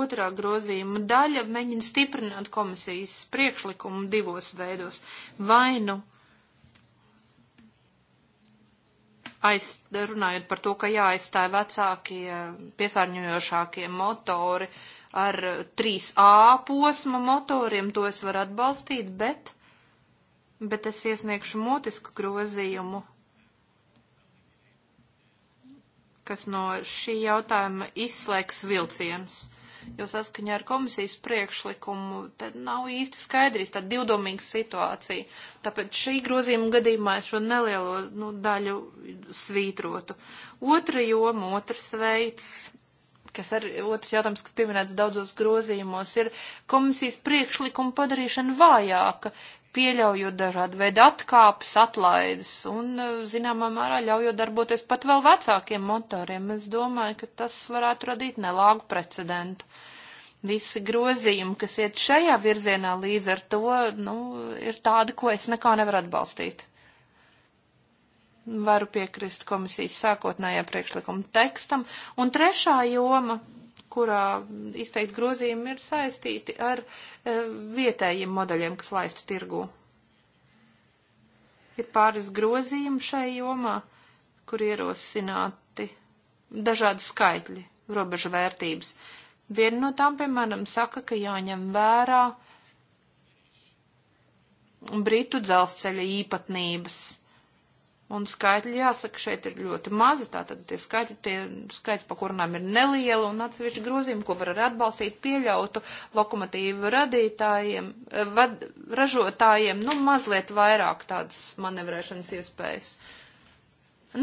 Otrā grozījuma daļa mēģina stiprināt komisijas priekšlikumu divos veidos. Vai nu aiz, runājot par to, ka jāaizstāja vecākie piesārņojošākie motori ar 3A posma motoriem, to es varu atbalstīt, bet, bet es iesniegšu motisku grozījumu, kas no šī jautājuma izslēgs vilcienus jo saskaņā ar komisijas priekšlikumu tad nav īsti skaidrīs tāda divdomīga situācija. Tāpēc šī grozījuma gadījumā es šo nelielo nu, daļu svītrotu. Otra joma, otrs veids, kas arī otrs jautājums, kas pieminēts daudzos grozījumos, ir komisijas priekšlikuma padarīšana vājāka, pieļaujot dažādu veidu atkāpes, atlaides un, eh, zināmā mērā, ļaujot darboties pat vēl vecākiem motoriem. Es domāju, ka tas varētu radīt nelāgu precedentu. Visi grozījumi, kas iet šajā virzienā līdz ar to, nu, ir tādi, ko es nekā nevaru atbalstīt. Varu piekrist komisijas sākotnējā priekšlikuma tekstam. Un trešā joma kurā izteikt grozījumi ir saistīti ar eh, vietējiem modeļiem, kas laisti tirgu. Ir pāris grozījumi šai jomā, kur ierosināti dažādi skaitļi, robežu vērtības. Viena no tām, piemēram, saka, ka jāņem vērā Britu dzelzceļa īpatnības Un skaitļi, jāsaka, šeit ir ļoti mazi, tātad tie skaitļi, tie skaitļi, pa kurām ir neliela un atsevišķi grozījumi, ko var arī atbalstīt pieļautu lokomotīvu radītājiem, eh, vad, ražotājiem, nu, mazliet vairāk tādas manevrēšanas iespējas.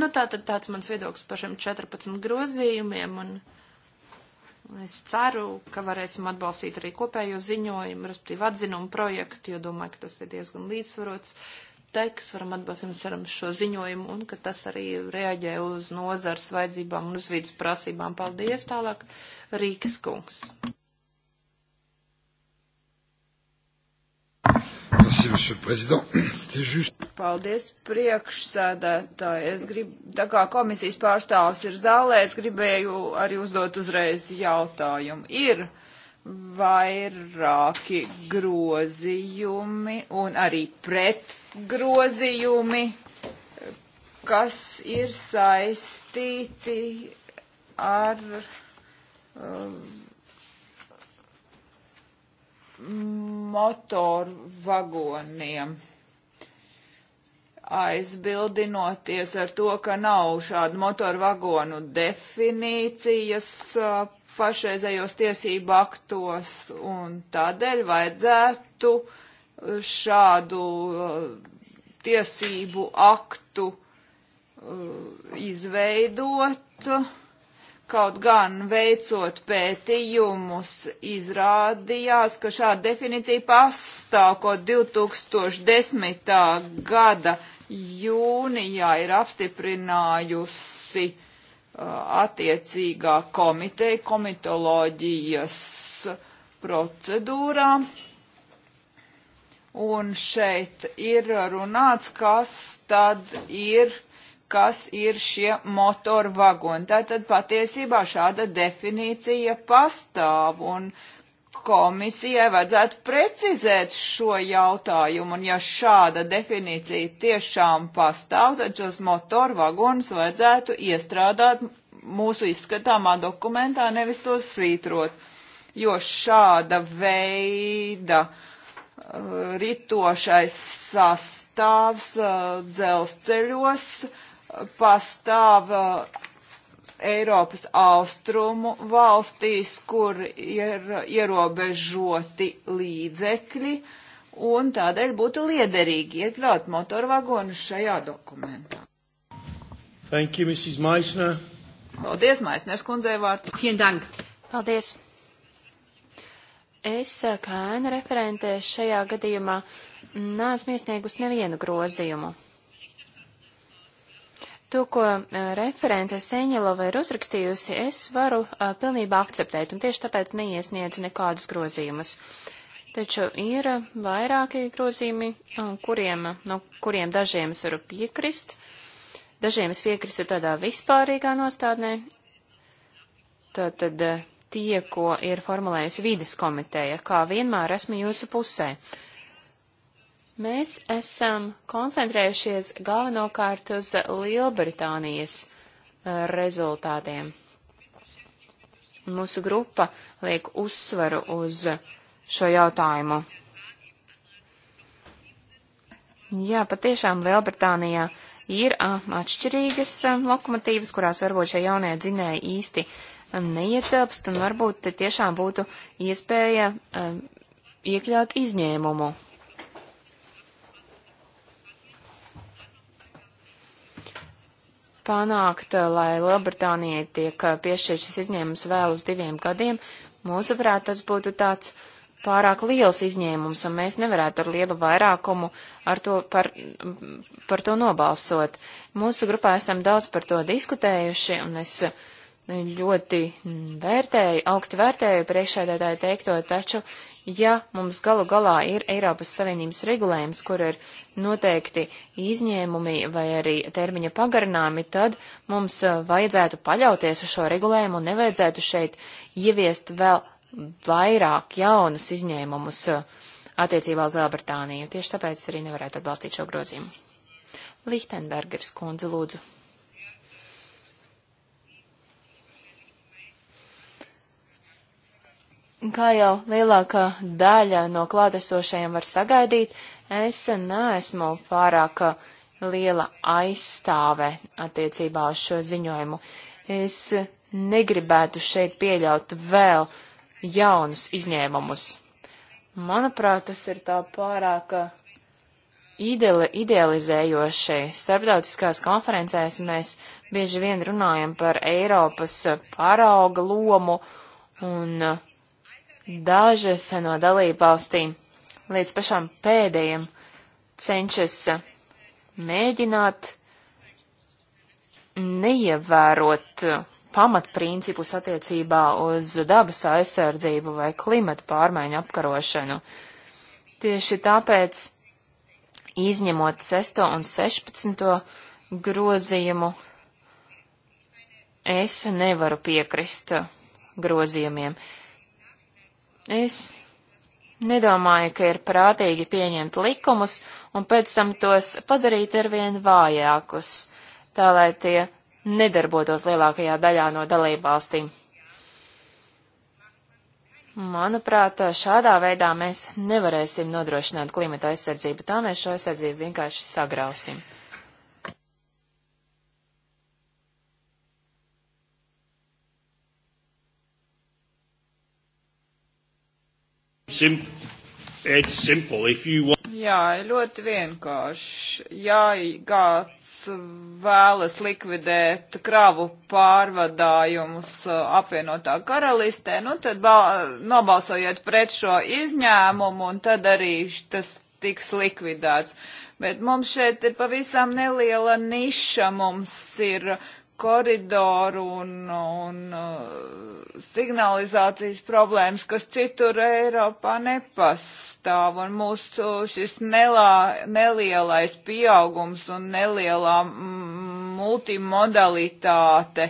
Nu, tātad tāds mans viedoklis par šiem 14 grozījumiem, un es ceru, ka varēsim atbalstīt arī kopējo ziņojumu, respektīvi atzinumu projektu, jo domāju, ka tas ir diezgan līdzsvarots. Uh, teiks, varam atbalstīt ceram šo ziņojumu un ka tas arī reaģē uz nozars vajadzībām un uz vidas prasībām. Paldies tālāk, Rīkas kungs. Merci, monsieur le président. C'était juste. Paldies, priekšsēdētāji. Es gribu, tā kā komisijas pārstāvs ir zālē, es gribēju arī uzdot uzreiz jautājumu. Ir vairāki grozījumi un arī pretgrozījumi, kas ir saistīti ar um, motoru vagoniem aizbildinoties ar to, ka nav šādu motorvagonu definīcijas uh, pašreizējos tiesību aktos, un tādēļ vajadzētu šādu uh, tiesību aktu uh, izveidot, kaut gan veicot pētījumus, izrādījās, ka šāda definīcija pastāv, ko 2010. gada jūnijā ir apstiprinājusi Uh, attiecīgā komiteja komitoloģijas procedūrā. Un šeit ir runāts, kas tad ir, kas ir šie motorvagoni. Tātad patiesībā šāda definīcija pastāv, un komisijai vajadzētu precizēt šo jautājumu, un ja šāda definīcija tiešām pastāv, tad šos motoru vagonus vajadzētu iestrādāt mūsu izskatāmā dokumentā, nevis tos svītrot, jo šāda veida uh, ritošais sastāvs uh, dzelzceļos pastāv uh, Eiropas austrumu valstīs, kur ir ierobežoti līdzekļi, un tādēļ būtu liederīgi iekļaut motorvagonu šajā dokumentā. Thank you, Mrs. Maisner. Paldies, Maisners kundzei vārds. Vielen dank. Paldies. Es, kā ēna referente, šajā gadījumā neesmu iesniegus nevienu grozījumu. To, ko referente Seņelova ir uzrakstījusi, es varu a, pilnībā akceptēt, un tieši tāpēc neiesniedzu nekādus grozījumus. Taču ir vairāki grozījumi, kuriem, no kuriem dažiem es varu piekrist, dažiem es piekristu tādā vispārīgā nostādnē, tātad tie, ko ir formulējusi vides komiteja, kā vienmēr esmu jūsu pusē. Uh, Mēs esam koncentrējušies galvenokārt uz Lielbritānijas eh, rezultātiem. Mūsu grupa liek uzsvaru uz šo jautājumu. Jā, patiešām Lielbritānijā ir atšķirīgas lokomotīvas, kurās varbūt šie jaunie dzinēji īsti neietilpst, un varbūt tiešām būtu iespēja iekļaut izņēmumu panākt, eh, lai Lielbritānijai tiek eh, piešķirts šis izņēmums vēl uz diviem gadiem, mūsuprāt, tas būtu tāds pārāk liels izņēmums, un mēs nevarētu ar lielu vairākumu ar to par, par to nobalsot. Mūsu grupā esam daudz par to diskutējuši, un es eh, ļoti vērtēju, augstu vērtēju priekšēdētāju teikto, taču ja mums galu galā ir Eiropas Savienības regulējums, kur ir noteikti izņēmumi vai arī termiņa pagarinājumi, tad mums uh, vajadzētu paļauties uz šo regulējumu un nevajadzētu šeit ieviest vēl vairāk jaunus izņēmumus uh, attiecībā uz Lielbritāniju. Tieši tāpēc es arī nevarētu atbalstīt šo grozījumu. Lichtenbergers kundze lūdzu. Kā jau lielākā daļa no klātesošajiem var sagaidīt, es neesmu pārāk liela aizstāve attiecībā uz šo ziņojumu. Es negribētu šeit pieļaut vēl jaunus izņēmumus. Manuprāt, tas ir tā pārāk ideali, idealizējoši. Starptautiskās konferencēs mēs bieži vien runājam par Eiropas parauga lomu un uh, Dažas no dalību valstīm līdz pašam pēdējiem cenšas mēģināt neievērot pamatprincipus attiecībā uz dabas aizsardzību vai klimatu pārmaiņu apkarošanu. Tieši tāpēc, izņemot 6. un 16. grozījumu, es nevaru piekrist grozījumiem. Uh, Es nedomāju, ka ir prātīgi pieņemt likumus un pēc tam tos padarīt arvien vājākus, tā lai tie nedarbotos lielākajā daļā no dalībvalstīm. Manuprāt, šādā veidā mēs nevarēsim nodrošināt klimata aizsardzību, tā mēs šo aizsardzību vienkārši sagrausim. Sim It's simple. If you want... Jā, ļoti vienkārši. Ja kāds vēlas likvidēt kravu pārvadājumus uh, apvienotā karalistē, nu tad nobalsojiet pret šo izņēmumu un tad arī tas tiks likvidēts. Bet mums šeit ir pavisam neliela niša, mums ir koridoru un, un uh, signalizācijas problēmas, kas citur Eiropā nepastāv. Un mūsu uh, šis nelā, nelielais pieaugums un nelielā mm, multimodalitāte,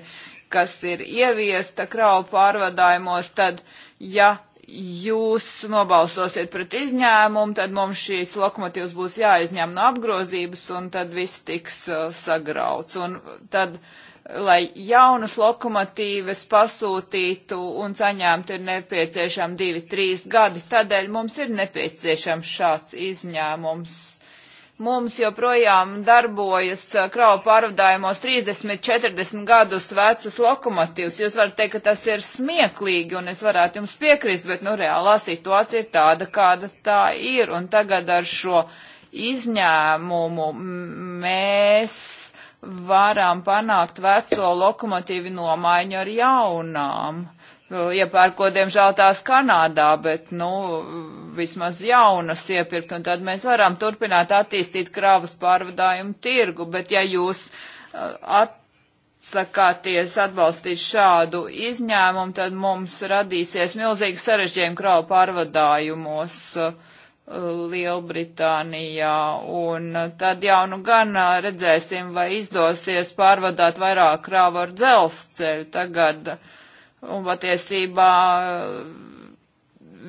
kas ir ieviesta kravu pārvadājumos, tad, ja jūs nobalsosiet pret izņēmumu, tad mums šīs lokomotīvas būs jāizņem no apgrozības, un tad viss tiks uh, sagrauts. Un tad uh, lai jaunas lokomotīvas pasūtītu un saņemtu, ir nepieciešami divi, trīs gadi. Tādēļ mums ir nepieciešams šāds izņēmums. Mums joprojām darbojas kravu pārvadājumos 30, 40 gadus vecas lokomotīvas. Jūs varat teikt, ka tas ir smieklīgi, un es varētu jums piekrist, bet, nu, reālā situācija ir tāda, kāda tā ir, un tagad ar šo izņēmumu mēs varam panākt veco lokomotīvu nomaiņu ar jaunām. Iepērko, diemžēl, tās Kanādā, bet, nu, vismaz jaunas iepirkt, un tad mēs varam turpināt attīstīt kravas pārvadājumu tirgu, bet ja jūs uh, at sakāties atbalstīt šādu izņēmumu, tad mums radīsies milzīgi sarežģījumi kravu pārvadājumos. Uh, Lielbritānijā, un tad jau nu gan redzēsim, vai izdosies pārvadāt vairāk krāvu ar dzelzceļu tagad, un patiesībā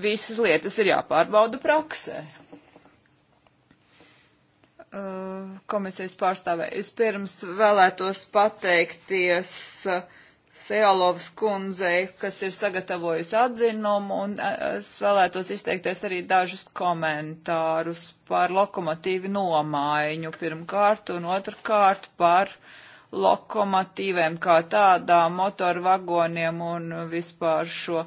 visas lietas ir jāpārbauda praksē. Komisijas pārstāvē, es pirms vēlētos pateikties uh, Sealovs kundzei, kas ir sagatavojusi atzinumu, un e, es vēlētos izteikties arī dažus komentārus par lokomotīvu nomaiņu pirmkārt un otrkārt par lokomotīviem kā tādām, motorvagoniem un vispār šo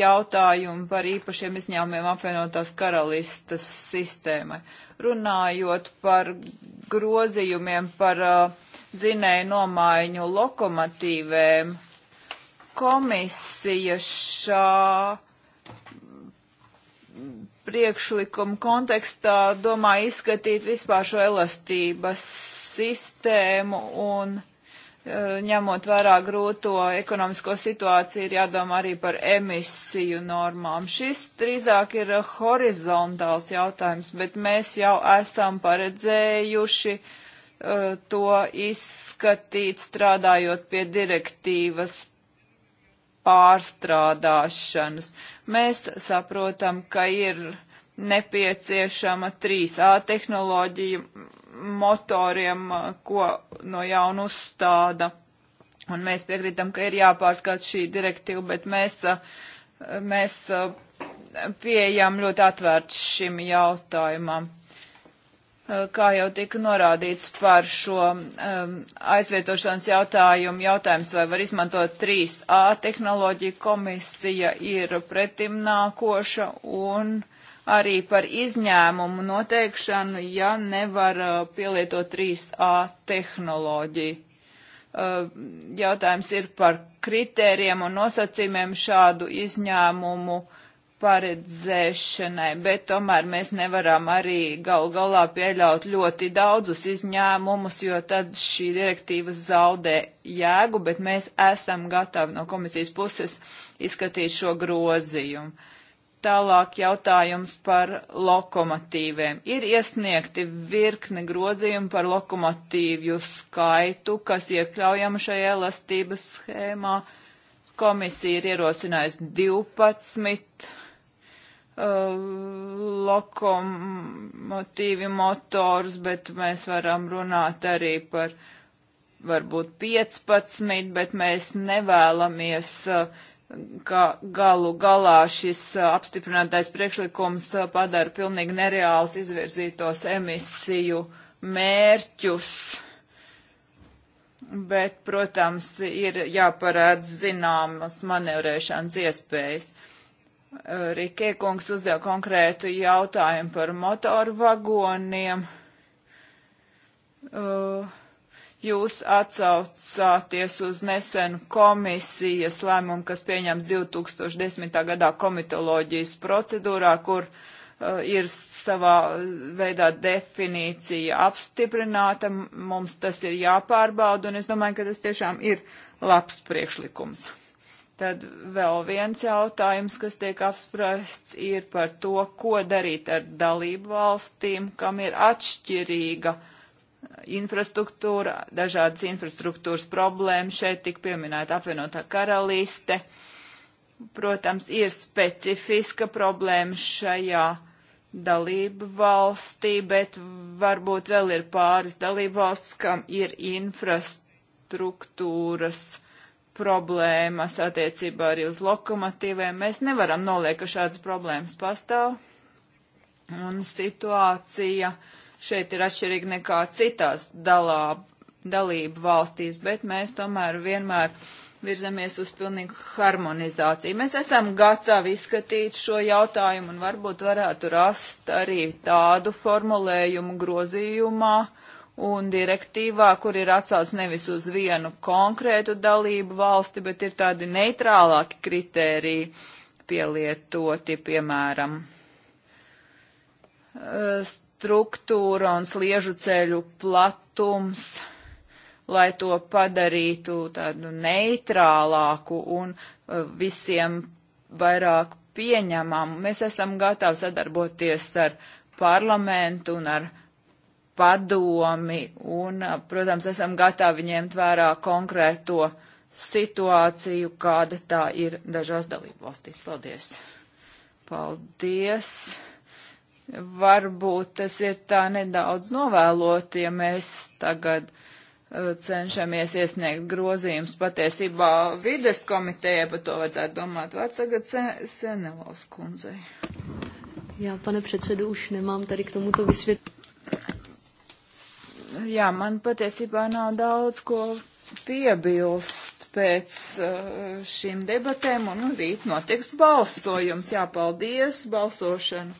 jautājumu par īpašiem izņēmumiem apvienotās karalistas sistēmai. Runājot par grozījumiem par uh, dzinēju nomaiņu lokomotīvēm, uh, komisija šā priekšlikuma kontekstā domā izskatīt vispār šo elastības sistēmu un e, ņemot vērā grūto ekonomisko situāciju, ir jādomā arī par emisiju normām. Šis drīzāk ir horizontāls jautājums, bet mēs jau esam paredzējuši uh, to izskatīt strādājot pie direktīvas pārstrādāšanas. Mēs saprotam, ka ir nepieciešama 3A tehnoloģija motoriem, ko no jauna uzstāda. Un mēs piekrītam, ka ir jāpārskata šī direktīva, bet mēs, mēs pieejam ļoti atvērts šim jautājumam. Eh, kā jau tika norādīts par šo um, aizvietošanas jautājumu, jautājums, vai var izmantot 3A tehnoloģiju, komisija ir pretim nākoša un arī par izņēmumu noteikšanu, ja nevar uh, pielietot 3A tehnoloģiju. Uh, jautājums ir par kritērijiem un nosacījumiem šādu izņēmumu uh, paredzēšanai, bet tomēr mēs nevaram arī gal galā pieļaut ļoti daudzus izņēmumus, jo tad šī direktīva zaudē jēgu, bet mēs esam gatavi no komisijas puses izskatīt šo grozījumu. Tālāk jautājums par lokomotīviem. Ir iesniegti virkne grozījumi par lokomotīvju skaitu, kas iekļaujama šajā elastības schēmā. Komisija ir ierosinājusi 12 Uh, lokomotīvi motors, bet mēs varam runāt arī par varbūt 15, bet mēs nevēlamies, uh, ka galu galā šis uh, apstiprinātais priekšlikums padara pilnīgi nereāls izvirzītos emisiju mērķus. Bet, protams, ir jāparāda zināmas manevrēšanas iespējas. Uh, Rikē kungs uzdeva konkrētu jautājumu par motoru vagoniem. Jūs atsaucāties uz nesenu komisijas lēmumu, kas pieņems 2010. gadā komitoloģijas procedūrā, kur uh, ir savā veidā definīcija apstiprināta. Mums tas ir jāpārbauda, un es domāju, ka tas tiešām ir labs priekšlikums. Tad vēl viens jautājums, kas tiek apspriests, ir par to, ko darīt ar dalību valstīm, kam ir atšķirīga eh, infrastruktūra, dažādas infrastruktūras problēmas. Šeit tik pieminēta apvienotā karaliste. Protams, ir specifiska problēma šajā dalību valstī, bet varbūt vēl ir pāris dalību valsts, kam ir infrastruktūras problēmas problēmas attiecībā arī uz lokomotīvēm. Mēs nevaram noliekt, ka šādas problēmas pastāv. Un situācija šeit ir atšķirīga nekā citās dalā, dalību valstīs, bet mēs tomēr vienmēr virzamies uz pilnīgu harmonizāciju. Mēs esam gatavi izskatīt šo jautājumu un varbūt varētu rast arī tādu formulējumu grozījumā, uh, un direktīvā, kur ir atsauc nevis uz vienu konkrētu dalību valsti, bet ir tādi neitrālāki kritēriji pielietoti, piemēram, eh, struktūra un sliežu ceļu platums, lai to padarītu tādu neitrālāku un eh, visiem vairāk pieņemamu. Mēs esam gatavi sadarboties ar parlamentu un ar padomi un, protams, esam gatavi ņemt vērā konkrēto situāciju, kāda tā ir dažās dalību valstīs. Paldies! Paldies! Varbūt tas ir tā nedaudz novēlot, ja mēs tagad uh, cenšamies iesniegt grozījumus patiesībā vides komitejai, par to vajadzētu domāt vārds tagad Senelovs kundzei. Jā, pane předsedu, už nemám tady k tomuto vysvětlení jā, man patiesībā nav daudz ko piebilst pēc uh, šīm debatēm, un nu, rīt notiks balsojums. Jā, paldies, balsošanu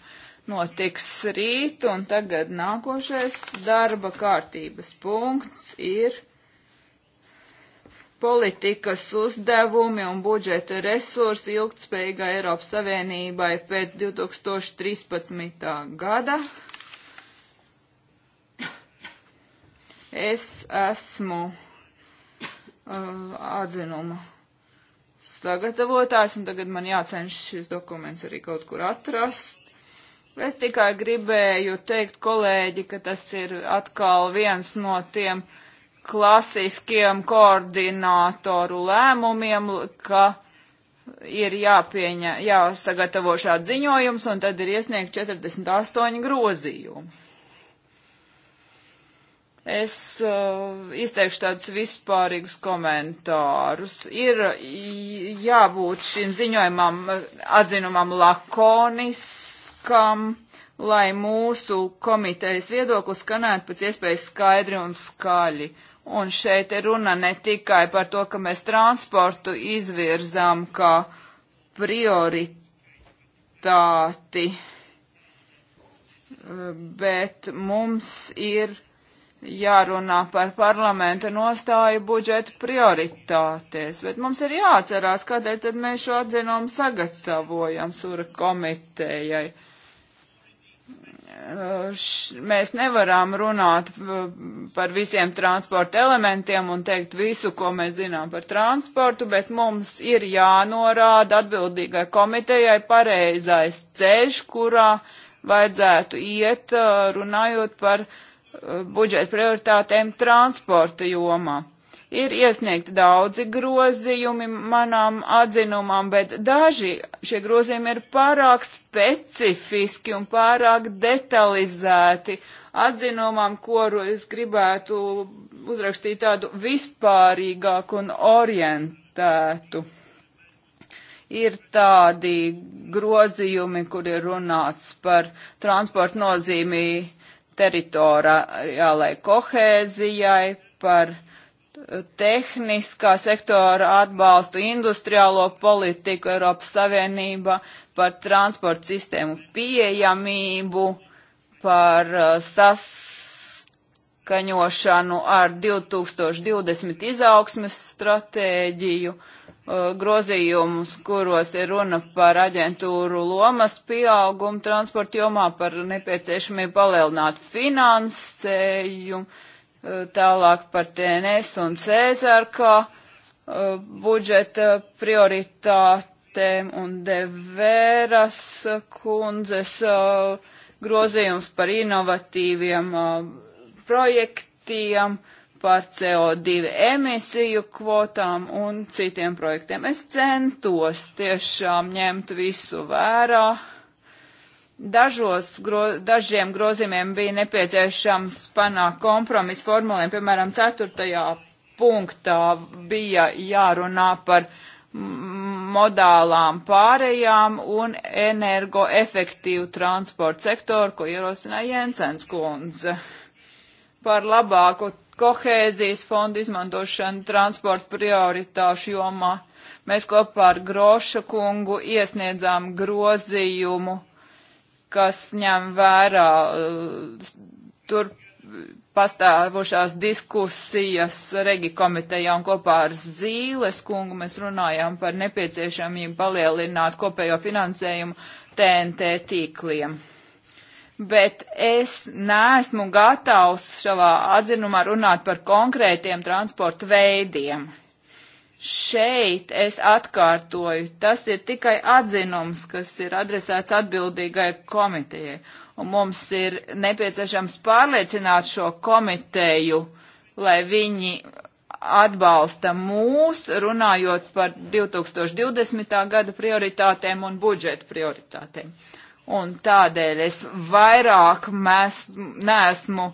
notiks rīt, un tagad nākošais darba kārtības punkts ir politikas uzdevumi un budžeta resursi ilgtspējīgai Eiropas Savienībai pēc 2013. gada. Es esmu uh, atzinuma sagatavotājs, un tagad man jācenšas šis dokuments arī kaut kur atrast. Es tikai gribēju teikt, kolēģi, ka tas ir atkal viens no tiem klasiskiem koordinātoru lēmumiem, ka ir jāpieņa, jāsagatavo šāds ziņojums, un tad ir iesniegt 48 grozījumi. Es uh, izteikšu tādus vispārīgus komentārus. Ir jābūt šim ziņojumam, eh, atzinumam lakoniskam, lai mūsu komitejas viedoklis skanētu pēc iespējas skaidri un skaļi. Un šeit ir runa ne tikai par to, ka mēs transportu izvirzām kā prioritāti, eh, bet mums ir jārunā par parlamenta nostāju budžeta prioritātēs, bet mums ir jāatcerās, kādēļ tad mēs šo atzinumu sagatavojam sura komitejai. Uh, š, mēs nevaram runāt uh, par visiem transporta elementiem un teikt visu, ko mēs zinām par transportu, bet mums ir jānorāda atbildīgai komitejai pareizais ceļš, kurā vajadzētu iet uh, runājot par uh, budžeta prioritātēm transporta jomā. Ir iesniegti daudzi grozījumi manām atzinumam, bet daži šie grozījumi ir pārāk specifiski un pārāk detalizēti atzinumam, kuru es gribētu uzrakstīt tādu vispārīgāku un orientētu. Ir tādi grozījumi, kur ir runāts par transporta nozīmību teritoriālai kohēzijai, par eh, tehniskā sektora atbalstu, industriālo politiku Eiropas Savienība, par transporta sistēmu pieejamību, par eh, saskaņošanu ar 2020 izaugsmes stratēģiju. Uh, Uh, grozījumus, kuros ir runa par aģentūru lomas pieaugumu transporta jomā, par nepieciešamību palielināt finansējumu, uh, tālāk par TNS un Cēzarkā uh, budžeta prioritātēm un Deveras kundzes grozījums par inovatīviem projektiem. Uh, par CO2 emisiju kvotām un citiem projektiem. Es centos tiešām ņemt visu vērā. Dažos, gro, dažiem grozījumiem bija nepieciešams panākt kompromisu formulēm, piemēram, ceturtajā punktā bija jārunā par modālām pārējām un energoefektīvu transportu sektoru, ko ierosināja Jensens kundze. Par labāku kohēzijas fonda izmantošanu transporta prioritāšu jomā. Mēs kopā ar Groša kungu iesniedzām grozījumu, kas ņem vērā uh, tur pastāvošās diskusijas Regi komitejā un kopā ar Zīles kungu mēs runājām par nepieciešamību palielināt kopējo finansējumu TNT tīkliem bet es neesmu gatavs šavā atzinumā runāt par konkrētiem transporta veidiem. Šeit es atkārtoju, tas ir tikai atzinums, kas ir adresēts atbildīgai komitejai, un mums ir nepieciešams pārliecināt šo komiteju, lai viņi atbalsta mūs, runājot par 2020. gada prioritātēm un budžeta prioritātēm. Uh, un tādēļ es vairāk mēs, neesmu,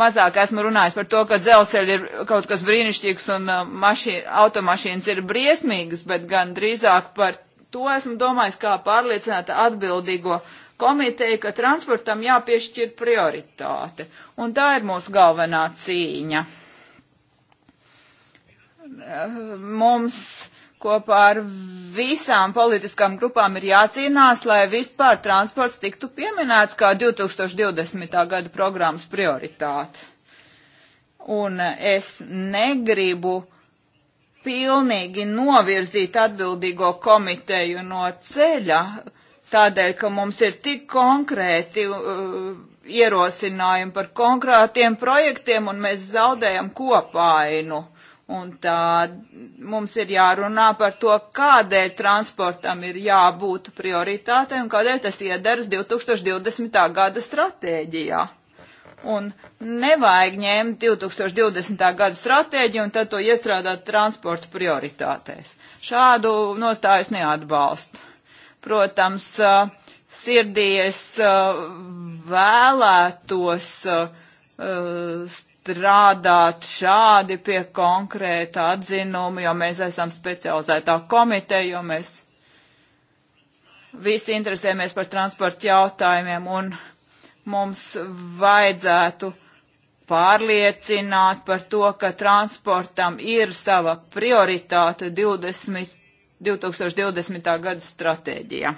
mazāk esmu runājis par to, ka dzelzceļi ir kaut kas brīnišķīgs un uh, mašīna, automašīnas ir briesmīgas, bet gan drīzāk par to esmu domājis kā pārliecināta atbildīgo komiteju, ka transportam jāpiešķir prioritāte. Un tā ir mūsu galvenā cīņa. Uh, mums kopā ar visām politiskām grupām ir jācīnās, lai vispār transports tiktu pieminēts kā 2020. gada programmas prioritāte. Un es negribu pilnīgi novirzīt atbildīgo komiteju no ceļa, tādēļ, ka mums ir tik konkrēti uh, ierosinājumi par konkrētiem projektiem, un mēs zaudējam kopainu Un tā mums ir jārunā par to, kādēļ transportam ir jābūt prioritātei un kādēļ tas iedaras 2020. gada stratēģijā. Un nevajag ņemt 2020. gada stratēģiju un tad to iestrādāt transporta prioritātēs. Šādu nostājus neatbalstu. Protams, sirdies vēlētos strādāt šādi pie konkrēta atzinuma, jo mēs esam specializētā komiteja, jo mēs visi interesējamies par transporta jautājumiem un mums vajadzētu pārliecināt par to, ka transportam ir sava prioritāte 20, 2020. gada stratēģijā.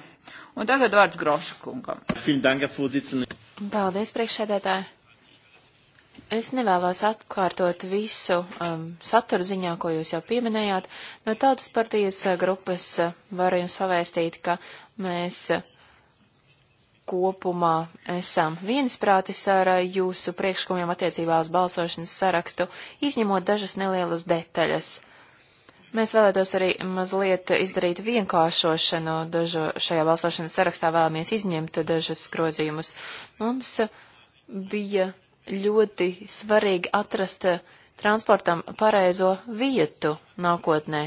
Un tagad vārds Groša kungam. Paldies, priekšsēdētāji. Es nevēlos atkārtot visu um, saturu ziņā, ko jūs jau pieminējāt. No tautas partijas uh, grupas uh, varu jums pavēstīt, ka mēs uh, kopumā esam viensprātis ar jūsu priekšlikumiem attiecībā uz balsošanas sarakstu, izņemot dažas nelielas detaļas. Mēs vēlētos arī mazliet izdarīt vienkāršošanu dažu šajā balsošanas sarakstā vēlamies izņemt dažus grozījumus. Mums bija ļoti svarīgi atrast eh, transportam pareizo vietu nākotnē.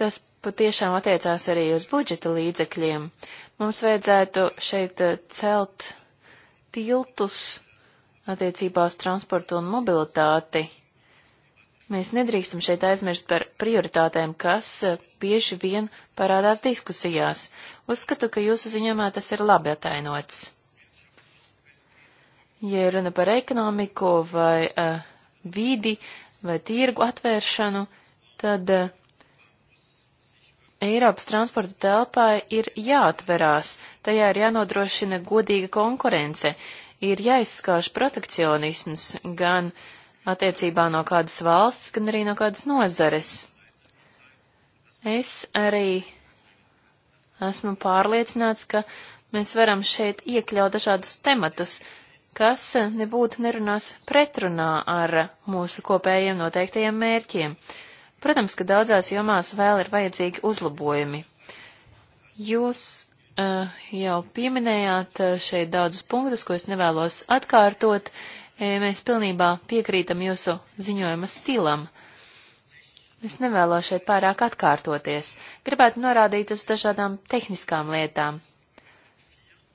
Tas patiešām attiecās arī uz budžeta līdzekļiem. Mums vajadzētu šeit eh, celt tiltus attiecībā uz transportu un mobilitāti. Mēs nedrīkstam šeit aizmirst par prioritātēm, kas eh, bieži vien parādās diskusijās. Uzskatu, ka jūsu ziņojumā tas ir labi atainots. Ja runa par ekonomiku vai uh, vidi vai tirgu atvēršanu, tad uh, Eiropas transporta telpai ir jāatverās, tajā ir jānodrošina godīga konkurence, ir jāizskauž protekcionisms gan attiecībā no kādas valsts, gan arī no kādas nozares. Es arī esmu pārliecināts, ka mēs varam šeit iekļaut dažādus tematus, kas nebūtu nerunās pretrunā ar mūsu kopējiem noteiktajiem mērķiem. Protams, ka daudzās jomās vēl ir vajadzīgi uzlabojumi. Jūs uh, jau pieminējāt eh, šeit daudzus punktus, ko es nevēlos atkārtot. E, mēs pilnībā piekrītam jūsu ziņojuma stilam. Es nevēlos šeit pārāk atkārtoties. Gribētu norādīt uz dažādām tehniskām lietām.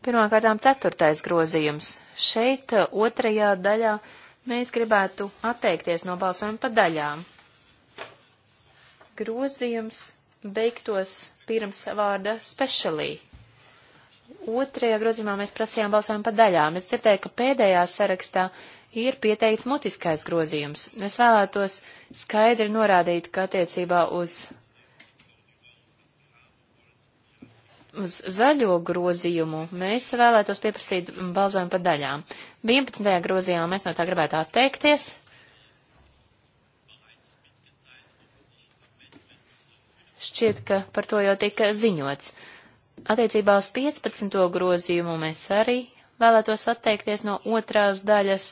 Pirmkārtām ceturtais grozījums. Šeit eh, otrajā daļā mēs gribētu atteikties no balsojuma pa daļām. Grozījums beigtos pirms vārda specialī. Otrajā grozījumā mēs prasījām balsojumu pa daļām. Es dzirdēju, ka pēdējā sarakstā ir pieteikts mutiskais grozījums. Es vēlētos skaidri norādīt, ka attiecībā uz uz zaļo grozījumu mēs vēlētos pieprasīt balsojumu pa daļām. 11. grozījumā mēs no tā gribētu atteikties. Šķiet, ka par to jau tika ziņots. Attiecībā uz 15. grozījumu mēs arī vēlētos atteikties no otrās daļas.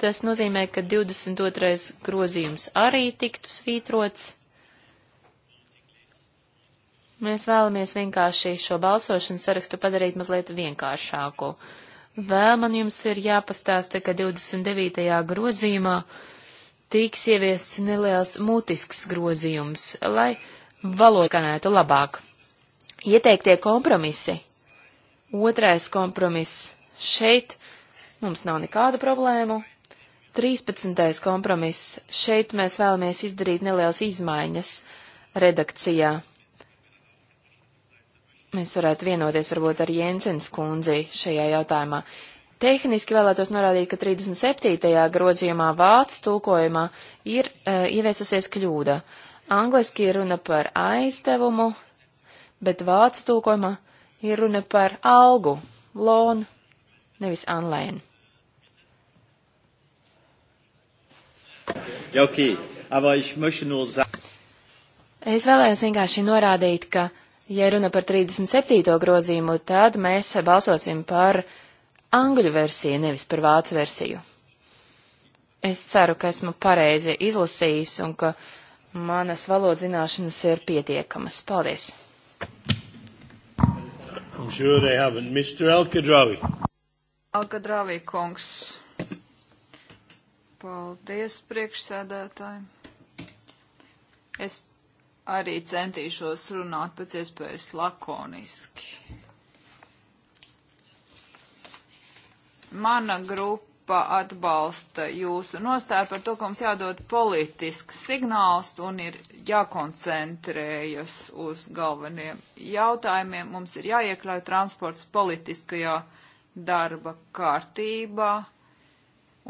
Tas nozīmē, ka 22. grozījums arī tiktu svītrots. Mēs vēlamies vienkārši šo balsošanas sarakstu padarīt mazliet vienkāršāku. Vēl man jums ir jāpastāsta, ka 29. grozījumā tiks ieviests neliels mutisks grozījums, lai valoda skanētu labāk. Ieteiktie kompromisi. Otrais kompromiss. Šeit mums nav nekādu problēmu. 13. kompromiss. Šeit mēs vēlamies izdarīt nelielas izmaiņas redakcijā. Mēs varētu vienoties varbūt ar Jensens kundzi šajā jautājumā. Tehniski vēlētos norādīt, ka 37. grozījumā vācu tulkojumā ir uh, ieviesusies kļūda. Angliski ir runa par aizdevumu, bet vācu tulkojumā ir runa par algu, lonu, nevis anlēnu. Es vēlējos vienkārši norādīt, ka Ja runa par 37. grozījumu, tad mēs balsosim par angļu versiju, nevis par vācu versiju. Es ceru, ka esmu pareizi izlasījis un ka manas valodas zināšanas ir pietiekamas. Paldies! I'm sure they haven't. Mr. Alkadravi. Alkadravi kungs. Paldies priekšsēdētāji. Es arī centīšos runāt pēc iespējas lakoniski. Mana grupa atbalsta jūsu nostāju par to, ka mums jādod politisks signāls un ir jākoncentrējas uz galveniem jautājumiem. Mums ir jāiekļauj transports politiskajā darba kārtībā.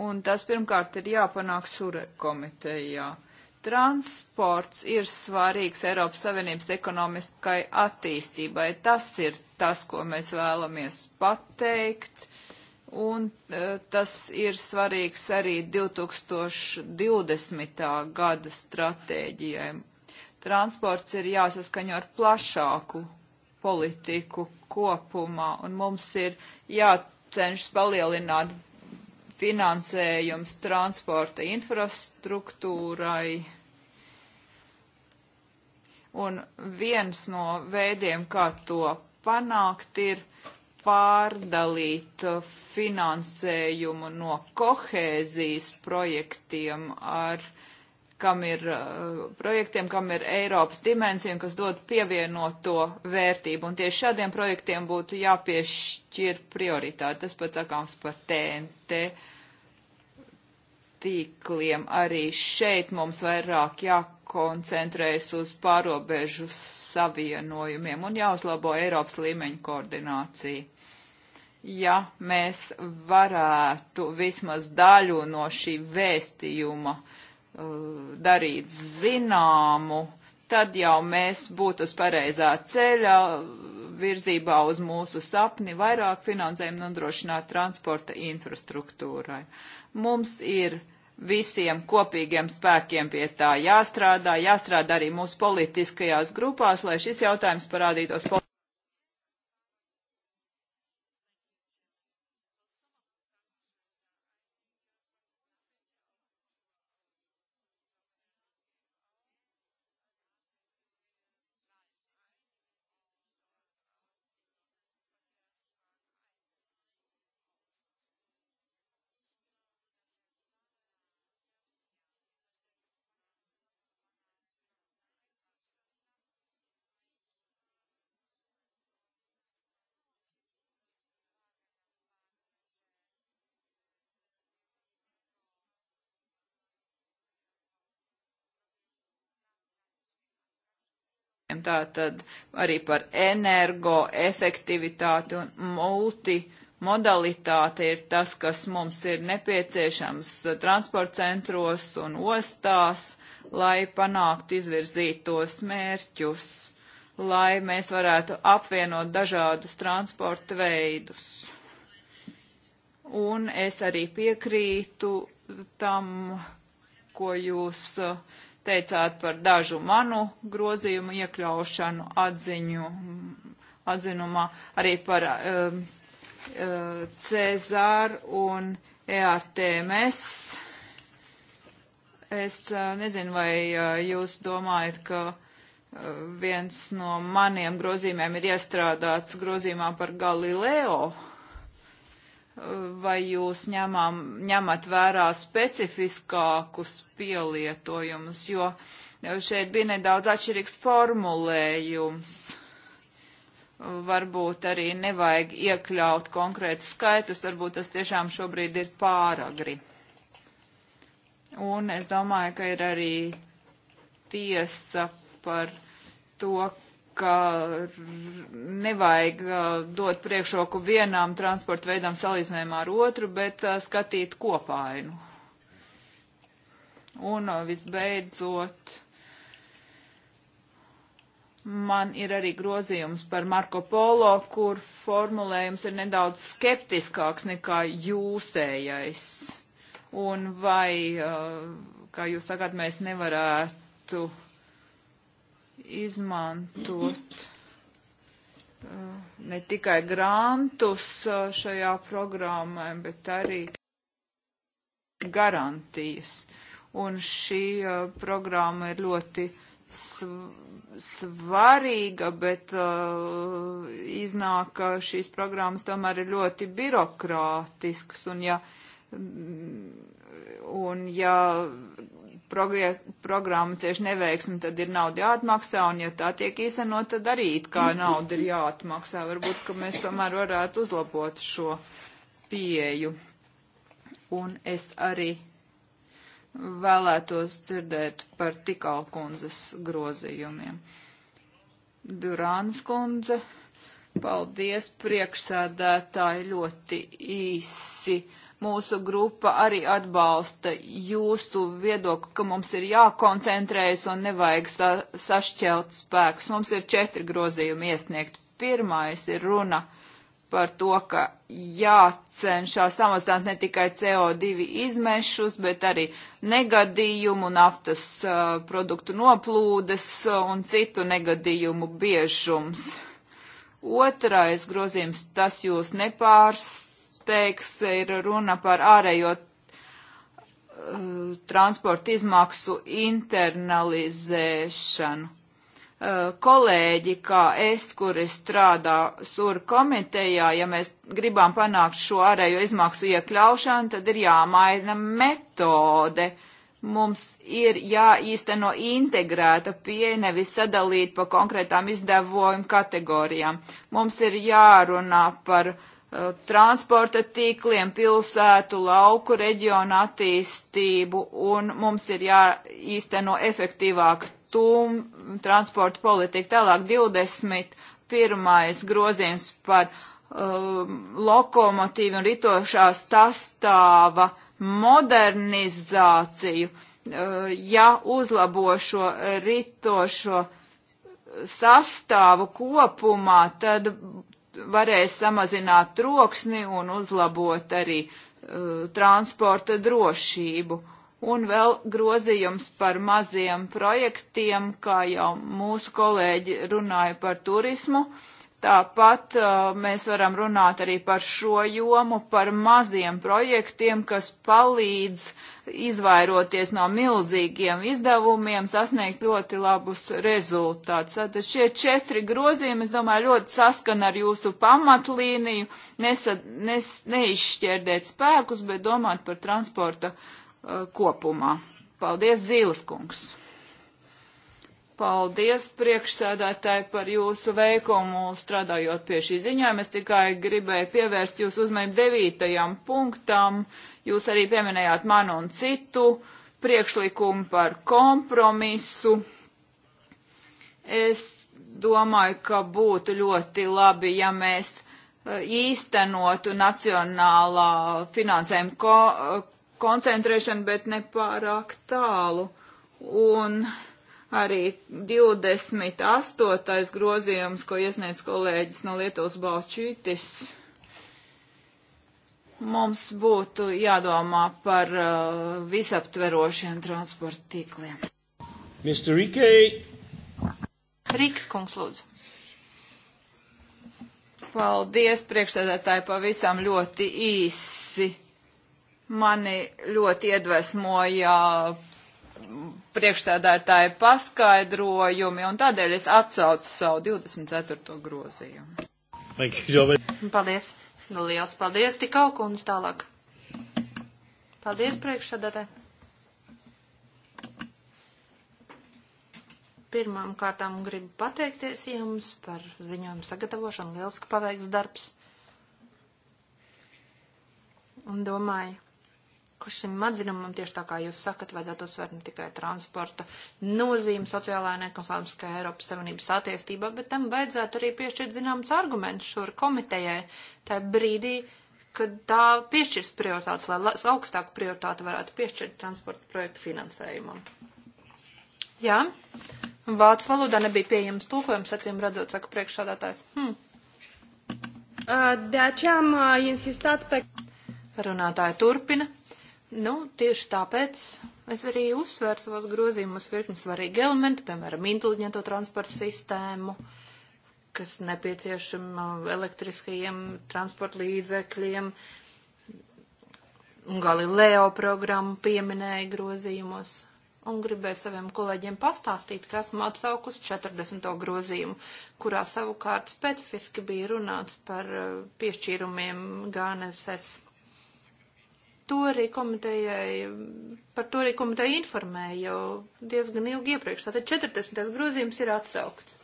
Un tas pirmkārt ir jāpanāk sure komitejā. Uh, Transports ir svarīgs Eiropas Savienības ekonomiskai attīstībai. Tas ir tas, ko mēs vēlamies pateikt. Un e, tas ir svarīgs arī 2020. gada stratēģijai. Transports ir jāsaskaņo ar plašāku politiku kopumā, un mums ir jācenšas palielināt finansējums transporta infrastruktūrai. Un viens no veidiem, kā to panākt, ir pārdalīt finansējumu no kohēzijas projektiem ar kam ir uh, projektiem, kam ir Eiropas dimensija un kas dod pievienoto vērtību. Un tieši šādiem projektiem būtu jāpiešķir prioritāti. Tas pats sakāms par TNT tīkliem. Arī šeit mums vairāk jākoncentrējas uz pārobežu savienojumiem un jāuzlabo Eiropas līmeņa koordinācija. Ja mēs varētu vismaz daļu no šī vēstījuma uh, darīt zināmu, tad jau mēs būtu uz pareizā ceļa virzībā uz mūsu sapni vairāk finansējumu nodrošināt transporta infrastruktūrai. Uh, Mums ir visiem kopīgiem spēkiem pie tā jāstrādā, jāstrādā arī mūsu politiskajās grupās, lai šis jautājums parādītos. tātad arī par energoefektivitāti un multimodalitāti ir tas, kas mums ir nepieciešams transporta centros un ostās, lai panāktu izvirzītos mērķus, lai mēs varētu apvienot dažādus transporta veidus. Un es arī piekrītu tam, ko jūs uh, teicāt par dažu manu grozījumu iekļaušanu atziņu, atzinumā, arī par um, uh, Cezāru un ERTMS. Es uh, nezinu, vai uh, jūs domājat, ka uh, viens no maniem grozījumiem ir iestrādāts grozījumā par Galileo. Uh, vai jūs ņemam, ņemat vērā specifiskākus pielietojumus, jo šeit bija nedaudz atšķirīgs formulējums. Varbūt arī nevajag iekļaut konkrētu skaitus, varbūt tas tiešām šobrīd ir pāragri. Un es domāju, ka ir arī tiesa par to, ka nevajag uh, dot priekšroku vienām transporta veidām salīdzinājumā ar otru, bet uh, skatīt kopainu. Un uh, visbeidzot, man ir arī grozījums par Marko Polo, kur formulējums ir nedaudz skeptiskāks nekā jūsējais. Un vai, kā jūs sakāt, mēs nevarētu izmantot uh, ne tikai grantus uh, šajā programmā, bet arī garantijas. Un šī uh, programma ir ļoti svarīga, bet uh, iznāk, ka šīs programmas tomēr ir ļoti birokrātiskas, un ja, un ja programma cieši neveiksmi, tad ir nauda jāatmaksā, un ja tā tiek īstenot, tad arī it kā nauda ir jāatmaksā. Varbūt, ka mēs tomēr varētu uzlabot šo pieeju. Un es arī vēlētos dzirdēt par tikal kundzes grozījumiem. Durāns kundze, paldies priekšsēdētāji ļoti īsi mūsu grupa arī atbalsta jūsu viedokli, ka mums ir jākoncentrējas un nevajag sa sašķelt spēkus. Mums ir četri grozījumi iesniegt. Pirmais ir runa par to, ka jācenšas samazināt ne tikai CO2 izmešus, bet arī negadījumu, naftas uh, produktu noplūdes uh, un citu negadījumu biežums. Otrais grozījums, tas jūs nepārs teiks, ir runa par ārējo eh, transporta izmaksu internalizēšanu. Eh, kolēģi, kā es, kuri strādā sur komitejā, ja mēs gribam panākt šo ārējo izmaksu iekļaušanu, tad ir jāmaina metode. Mums ir jāīsteno integrēta pieeja, nevis sadalīt pa konkrētām izdevumu kategorijām. Mums ir jārunā par uh, Uh, transporta tīkliem, pilsētu, lauku reģionu attīstību, un mums ir jāīsteno efektīvāk tūm transporta politika. Tālāk 21. grozījums par um, lokomotīvu un ritošā sastāva modernizāciju, uh, ja uzlabo šo ritošo sastāvu kopumā, tad varēs samazināt troksni un uzlabot arī uh, transporta drošību. Un vēl grozījums par maziem projektiem, kā jau mūsu kolēģi runāja par turismu. Uh, Tāpat uh, mēs varam runāt arī par šo jomu, par maziem projektiem, kas palīdz izvairoties no milzīgiem izdevumiem, sasniegt ļoti labus rezultātus. Tātad šie četri grozījumi, es domāju, ļoti saskana ar jūsu pamatlīniju, Nesa, nes, neizšķērdēt spēkus, bet domāt par transporta uh, kopumā. Paldies, Zīles kungs! Paldies priekšsēdētāji par jūsu veikumu strādājot pie šī ziņojuma. Es tikai gribēju pievērst jūsu uzmanību devītajam punktam. Jūs arī pieminējāt manu un citu priekšlikumu par kompromisu. Es domāju, ka būtu ļoti labi, ja mēs e, īstenotu nacionālā finansējuma ko e, koncentrēšanu, bet ne pārāk tālu. Un uh, Arī 28. grozījums, ko iesniedz kolēģis no Lietuvas Balčītis. Mums būtu jādomā par uh, visaptverošiem transporta tīkliem. Mr. Rikei. Rīks kungs lūdzu. Paldies, priekšsēdētāji, pavisam ļoti īsi. Mani ļoti iedvesmoja priekšsēdētāja paskaidrojumi, un tādēļ es atsaucu savu 24. grozījumu. Paldies! Liels paldies! Tik augums tālāk! Paldies, priekšsēdētāji! Pirmām kārtām gribu pateikties jums par ziņojumu sagatavošanu. Liels, ka paveikts darbs. Un domāju, ka šim atzinumam tieši tā kā jūs sakat, vajadzētu uzsvērt ne tikai transporta nozīmi sociālajā nekonslēmiskā Eiropas Savienības attīstībā, bet tam vajadzētu arī piešķirt zināms arguments šur komitejai tajā brīdī, kad tā piešķirs prioritātes, lai augstāku prioritāti varētu piešķirt transporta projektu finansējumam. Jā, vācu valodā nebija pieejams tulkojums, acīm redzot, saka priekšsādātājs. Hmm. De aceea am insistat pe... Runātāja turpina. Nu, tieši tāpēc es arī uzsvēru savos grozījumus virkni svarīgi elementi, piemēram, inteliģento transporta sistēmu, kas nepieciešama elektriskajiem transporta līdzekļiem, un Galileo programmu pieminēja grozījumos. Un gribēju saviem kolēģiem pastāstīt, ka esmu atsaukus 40. grozījumu, kurā savukārt specifiski bija runāts par eh, piešķīrumiem GNSS to arī komitejai, par to arī komiteja informēja jau diezgan ilgi iepriekš. Tātad 40. grozījums ir atsaukts.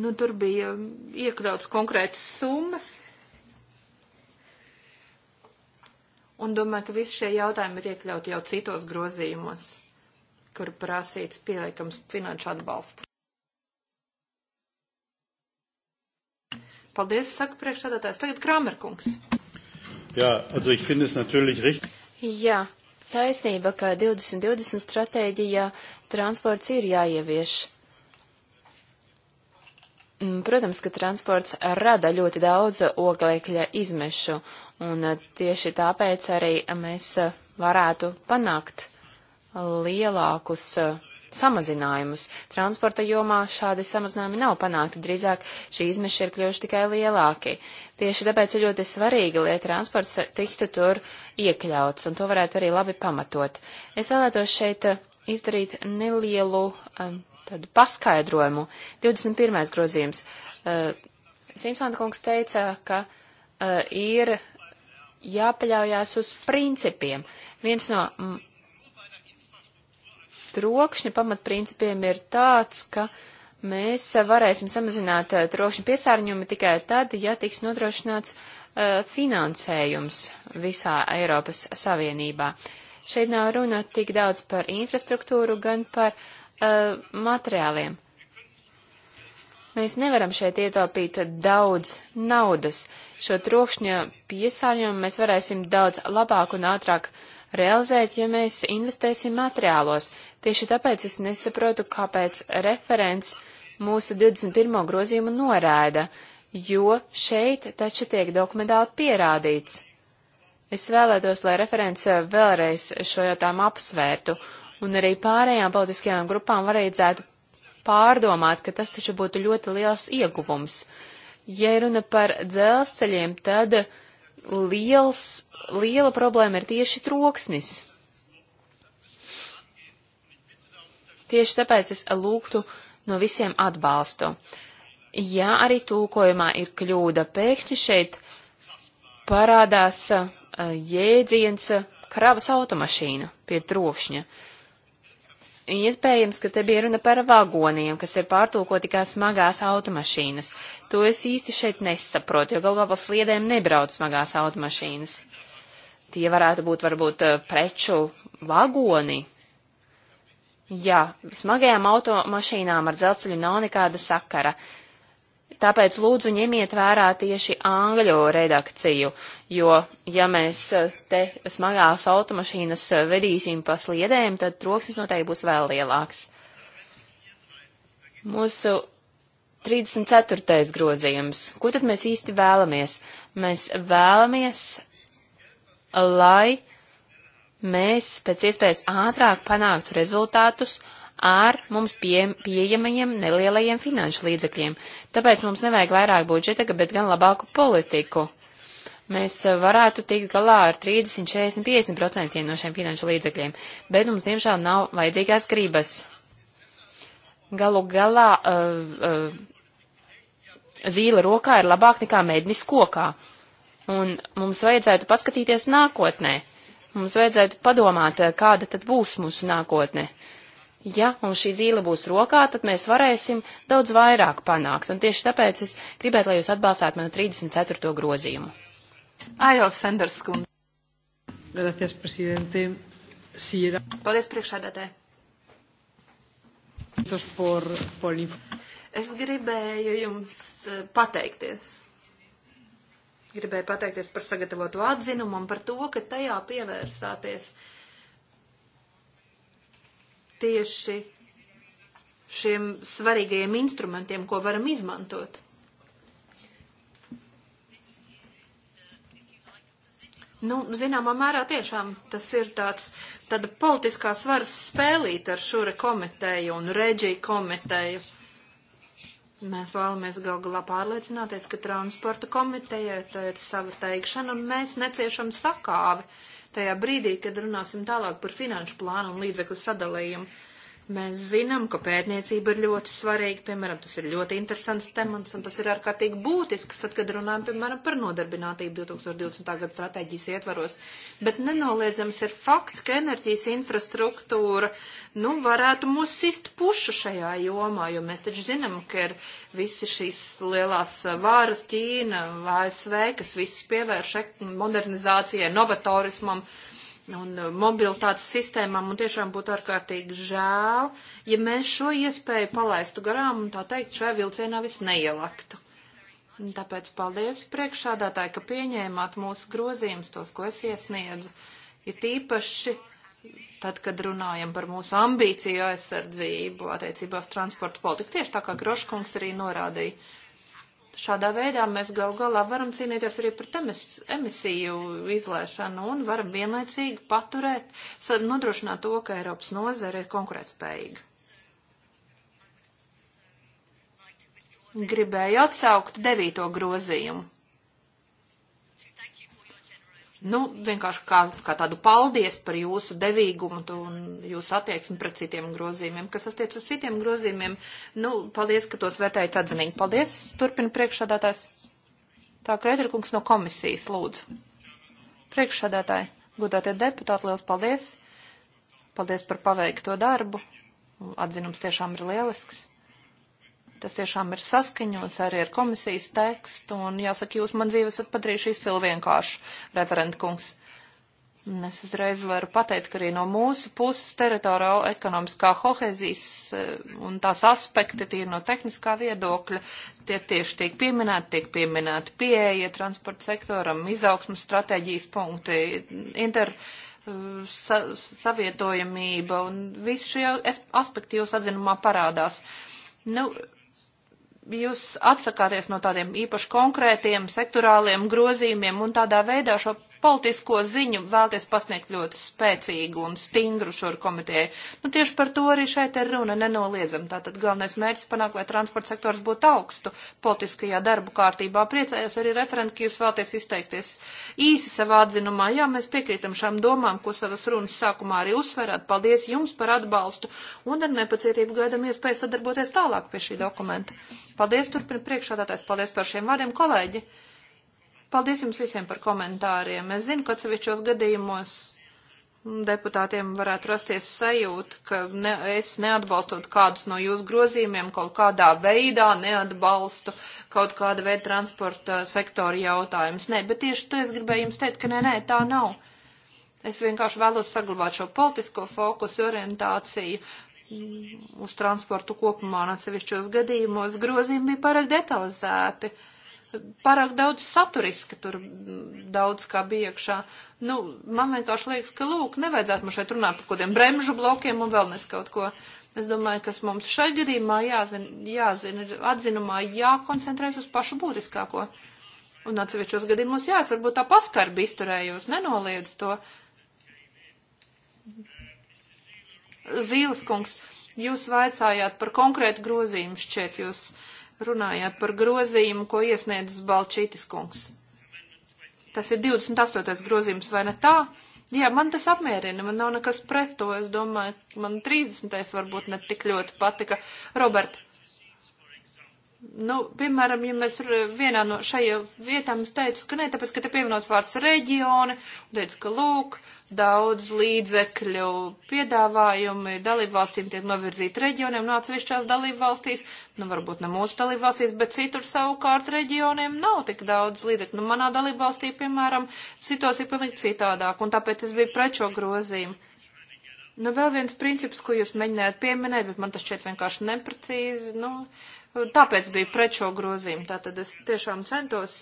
Nu, tur bija iekļauts konkrētas summas. Un domāju, ka visi šie jautājumi ir iekļauti jau citos grozījumos, kur prasīts pieliekams finanšu atbalsts. Paldies, saka priekšsēdētājs. Tagad Kramerkungs. Jā, also ich finde es natürlich richtig. Jā, taisnība, ka 2020 stratēģijā transports ir jāievieš. Mm, protams, ka transports rada ļoti daudz oglekļa izmešu, un eh, tieši tāpēc arī eh, mēs eh, varētu panākt lielākus samazinājumus. Transporta jomā šādi samazinājumi nav panākti, drīzāk šī izmeša ir kļuvuši tikai lielāki. Tieši tāpēc ir ļoti svarīgi, lai transports tiktu tur iekļauts, un to varētu arī labi pamatot. Es vēlētos šeit eh, izdarīt nelielu eh, tādu paskaidrojumu. 21. grozījums. Eh, Simpsona kungs teica, ka ir jāpaļaujās uz principiem. Viens no trokšņa pamatprincipiem ir tāds, ka mēs varēsim samazināt eh, trokšņa piesārņojumu tikai tad, ja tiks nodrošināts uh, finansējums visā Eiropas Savienībā. Šeit nav runa tik daudz par infrastruktūru, gan par uh, materiāliem. Mēs nevaram šeit ietaupīt daudz naudas. Šo trokšņa piesārņojumu mēs varēsim daudz labāk un ātrāk realizēt, ja mēs investēsim materiālos. Tieši tāpēc es nesaprotu, kāpēc referents mūsu 21. grozījumu norāda, jo šeit taču tiek dokumentāli pierādīts. Es vēlētos, lai referents vēlreiz šo jautājumu apsvērtu, un arī pārējām politiskajām grupām varētu pārdomāt, ka tas taču būtu ļoti liels ieguvums. Ja runa par dzelzceļiem, tad liels, liela problēma ir tieši troksnis. Tieši tāpēc es lūgtu no visiem atbalstu. Ja arī tulkojumā ir kļūda, pēkšņi šeit parādās eh, jēdziens kravas automašīna pie trokšņa. Iespējams, ka te bija runa par vagoniem, kas ir pārtulkoti kā smagās automašīnas. To es īsti šeit nesaprotu, jo galvā pa sliedēm nebrauc smagās automašīnas. Tie varētu būt varbūt eh, preču vagoni, Jā, smagajām automašīnām ar dzelzceļu nav nekāda sakara. Tāpēc lūdzu ņemiet vērā tieši angļu redakciju, jo ja mēs eh, te smagās automašīnas eh, vedīsim pa sliedēm, tad troksnis noteikti būs vēl lielāks. Mūsu 34. grozījums. Ko tad mēs īsti vēlamies? Mēs vēlamies, lai mēs pēc iespējas ātrāk panāktu rezultātus ar mums pie, pieejamajiem nelielajiem finanšu līdzekļiem. Tāpēc mums nevajag vairāk budžeta, bet gan labāku politiku. Mēs eh, varētu tikt galā ar 30, 40, 50% no šiem finanšu līdzekļiem, bet mums diemžēl nav vajadzīgās gribas. Galu galā uh, uh, zīle rokā ir labāk nekā mednis kokā. Un mums vajadzētu paskatīties nākotnē. Mums vajadzētu padomāt, eh, kāda tad būs mūsu nākotne. Ja mums šī zīle būs rokā, tad mēs varēsim daudz vairāk panākt, un tieši tāpēc es gribētu, lai jūs atbalstāt manu 34. grozījumu. Aila Sanderskundze. Gracias, presidente. Sīra. Paldies, priekšādātē. Es gribēju jums eh, pateikties Gribēju pateikties par sagatavotu atzinumu un par to, ka tajā pievērsāties tieši šiem svarīgajiem instrumentiem, ko varam izmantot. Nu, zināmā mērā tiešām tas ir tāds, tāda politiskā svaras spēlīt ar šura komiteju un reģiju komiteju. Mēs vēlamies gal galā pārliecināties, ka transporta komitejai tā ir sava teikšana, un mēs neciešam sakāvi tajā brīdī, kad runāsim tālāk par finanšu plānu un līdzekļu sadalījumu. Mēs zinām, ka pētniecība ir ļoti svarīga, piemēram, tas ir ļoti interesants temats un tas ir ārkārtīgi būtisks, tad, kad runājam, piemēram, par nodarbinātību 2020. gada stratēģijas ietvaros. Bet nenoliedzams ir fakts, ka enerģijas infrastruktūra, nu, varētu mūs sist pušu šajā jomā, jo mēs taču zinām, ka ir visi šīs lielās vāras Ķīna, ASV, kas visus pievērš modernizācijai, novatorismam, un uh, mobilitātes sistēmām, un tiešām būtu ārkārtīgi žēl, ja mēs šo iespēju palaistu garām un tā teikt, šajā vilcienā viss neielaktu. Un tāpēc paldies priekšādātāji, ka pieņēmāt mūsu grozījumus, tos, ko es iesniedzu, ir ja tīpaši tad, kad runājam par mūsu ambīciju aizsardzību attiecībā uz transportu politiku, tieši tā kā Groškungs arī norādīja. Šādā veidā mēs gal galā varam cīnīties arī par temis, emisiju izlēšanu un varam vienlaicīgi paturēt, nodrošināt to, ka Eiropas nozare ir konkurētspējīga. Gribēju atsaukt devīto grozījumu nu, vienkārši kā, kā tādu paldies par jūsu devīgumu un jūsu attieksmi pret citiem grozījumiem, kas attiec uz citiem grozījumiem. Nu, paldies, ka tos vērtējat atzinīgi. Paldies, turpina priekšsādātājs. Tā, Kreiderkungs no komisijas, lūdzu. Priekšsādātāji, godātie deputāti, liels paldies. Paldies par paveikto darbu. Atzinums tiešām ir lielisks. Tas tiešām ir saskaņots arī ar komisijas tekstu, un jāsaka, jūs man dzīves esat padarījuši izcili vienkārši, referent kungs. Un es uzreiz varu pateikt, ka arī no mūsu puses teritoriāla ekonomiskā kohezijas eh, un tās aspekti, tie no tehniskā viedokļa, tie tieši tiek pieminēti, tiek pieminēti pieeja transporta sektoram, izaugsmas stratēģijas punkti, inter eh, sa, savietojamība un visi šie aspekti jūs atzinumā parādās. Nu, jūs atsakāties no tādiem īpaši konkrētiem sektorāliem grozījumiem un tādā veidā šo politisko ziņu vēlties pasniegt ļoti spēcīgu un stingru šur komitejai. Nu, tieši par to arī šeit ir runa nenoliedzam. Tātad galvenais mērķis panāk, lai transporta sektors būtu augstu politiskajā darbu kārtībā. Priecājos arī referenti, ka jūs vēlties izteikties īsi savā atzinumā. Jā, mēs piekrītam šām domām, ko savas runas sākumā arī uzsverāt. Paldies jums par atbalstu un ar nepacietību gaidam iespēju sadarboties tālāk pie šī dokumenta. Paldies, turpina priekšādātājs, paldies par šiem vārdiem, kolēģi! Paldies jums visiem par komentāriem. Es zinu, ka atsevišķos gadījumos deputātiem varētu rasties sajūta, ka ne, es neatbalstot kādus no jūsu grozījumiem, kaut kādā veidā neatbalstu kaut kāda veida transporta sektora jautājumus. Nē, bet tieši to es gribēju jums teikt, ka nē, nē, tā nav. Es vienkārši vēlos saglabāt šo politisko fokusu orientāciju uz transportu kopumā un atsevišķos gadījumos grozījumi bija pārāk detalizēti. Uh, pārāk daudz saturiska tur mm, daudz kā bija iekšā. Nu, man vienkārši liekas, ka, lūk, nevajadzētu mums šeit runāt par kaut kādiem bremžu blokiem un vēl nes kaut ko. Es domāju, kas mums šai gadījumā jāzina, jāzina ir atzinumā jākoncentrēs uz pašu būtiskāko. Un atsevišķos gadījumos, jā, es varbūt tā paskarbi izturējos, nenoliedz to. Zīles kungs, jūs vaicājāt par konkrētu grozījumu šķiet, jūs. Uh, runājāt par grozījumu, ko iesniedzis Balčītis kungs. Tas ir 28. grozījums, vai ne tā? Jā, man tas apmierina, man nav nekas pret to. Es domāju, man 30. varbūt ne tik ļoti patika. Robert, Nu, piemēram, ja mēs vienā no šajā vietā mums teicu, ka nē, tāpēc, ka te pievienots vārds reģioni, un teicu, ka lūk, daudz līdzekļu piedāvājumi dalībvalstīm tiek novirzīti reģioniem, nāc no višķās dalībvalstīs, nu, varbūt ne mūsu dalībvalstīs, bet citur savukārt reģioniem nav tik daudz līdzekļu. Nu, manā dalībvalstī, piemēram, situācija pilnīgi citādāk, un tāpēc es biju pret šo grozījumu. Nu, vēl viens princips, ko jūs mēģinājāt pieminēt, bet man tas šķiet vienkārši neprecīzi, nu. No Tāpēc bija pret šo grozījumu. Tātad es tiešām centos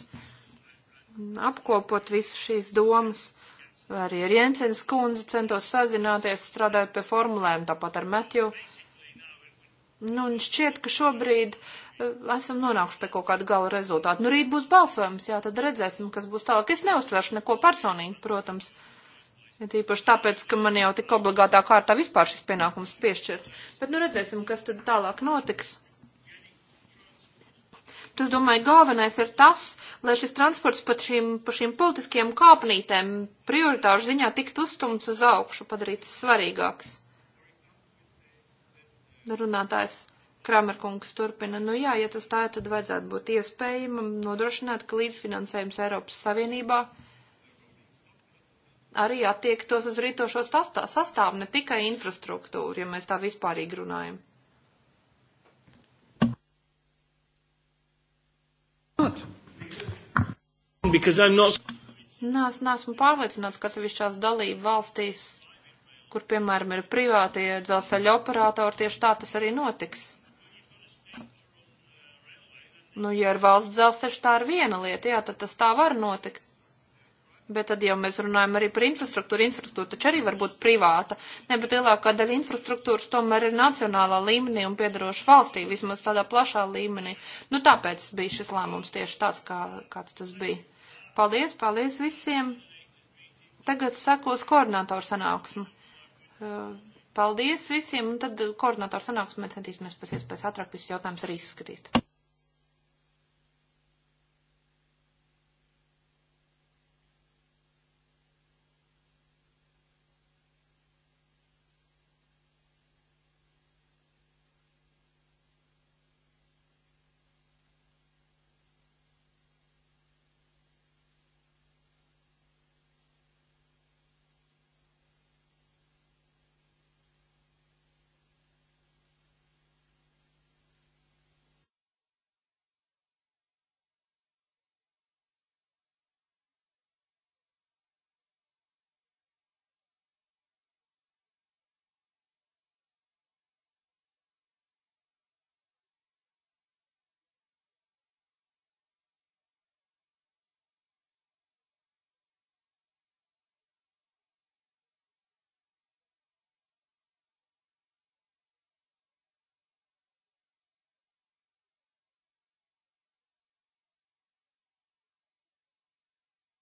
apkopot visu šīs domas. Arī ar Jensens kundzi centos sazināties, strādājot pie formulēm, tāpat ar Metju. Nu, un šķiet, ka šobrīd eh, esam nonākuši pie kaut kāda gala rezultāta. Nu, rīt būs balsojums, jā, tad redzēsim, kas būs tālāk. Es neuztveršu neko personīgi, protams. Ja tīpaši tāpēc, ka man jau tik obligātā kārtā vispār šis pienākums piešķirts. Bet, nu, redzēsim, kas tad tālāk notiks. Tas, domāju, galvenais ir tas, lai šis transports pa šīm, pa šīm politiskajām kāpnītēm prioritāšu ziņā tiktu uzstumts uz augšu, padarīts svarīgāks. Runātājs Kramerkungs turpina, nu jā, ja tas tā ir, tad vajadzētu būt iespējama nodrošināt, ka līdzfinansējums Eiropas Savienībā arī attiektos uz rītošo sastāvu, ne tikai infrastruktūru, ja mēs tā vispārīgi runājam. because I'm not. Nās, nāsmu pārliecināts, ka sevišķās dalību valstīs, kur, piemēram, ir privātie dzelzceļa operatori, tieši tā tas arī notiks. Nu, ja ir valsts dzelzceļš, tā ir viena lieta, jā, tad tas tā var notikt. Bet tad jau mēs runājam arī par infrastruktūru. Infrastruktūra taču arī var būt privāta. Ne, bet lielākā daļa infrastruktūras tomēr ir nacionālā līmenī un piedaroša valstī, vismaz tādā plašā līmenī. Nu, tāpēc bija šis lēmums tieši tāds, kā, kāds tas bija. Paldies, paldies visiem. Tagad sakos koordinātoru sanāksmu. Uh, paldies visiem, un tad koordinātoru sanāksmē centīsimies pēc iespējas ātrāk visus jautājumus arī izskatīt.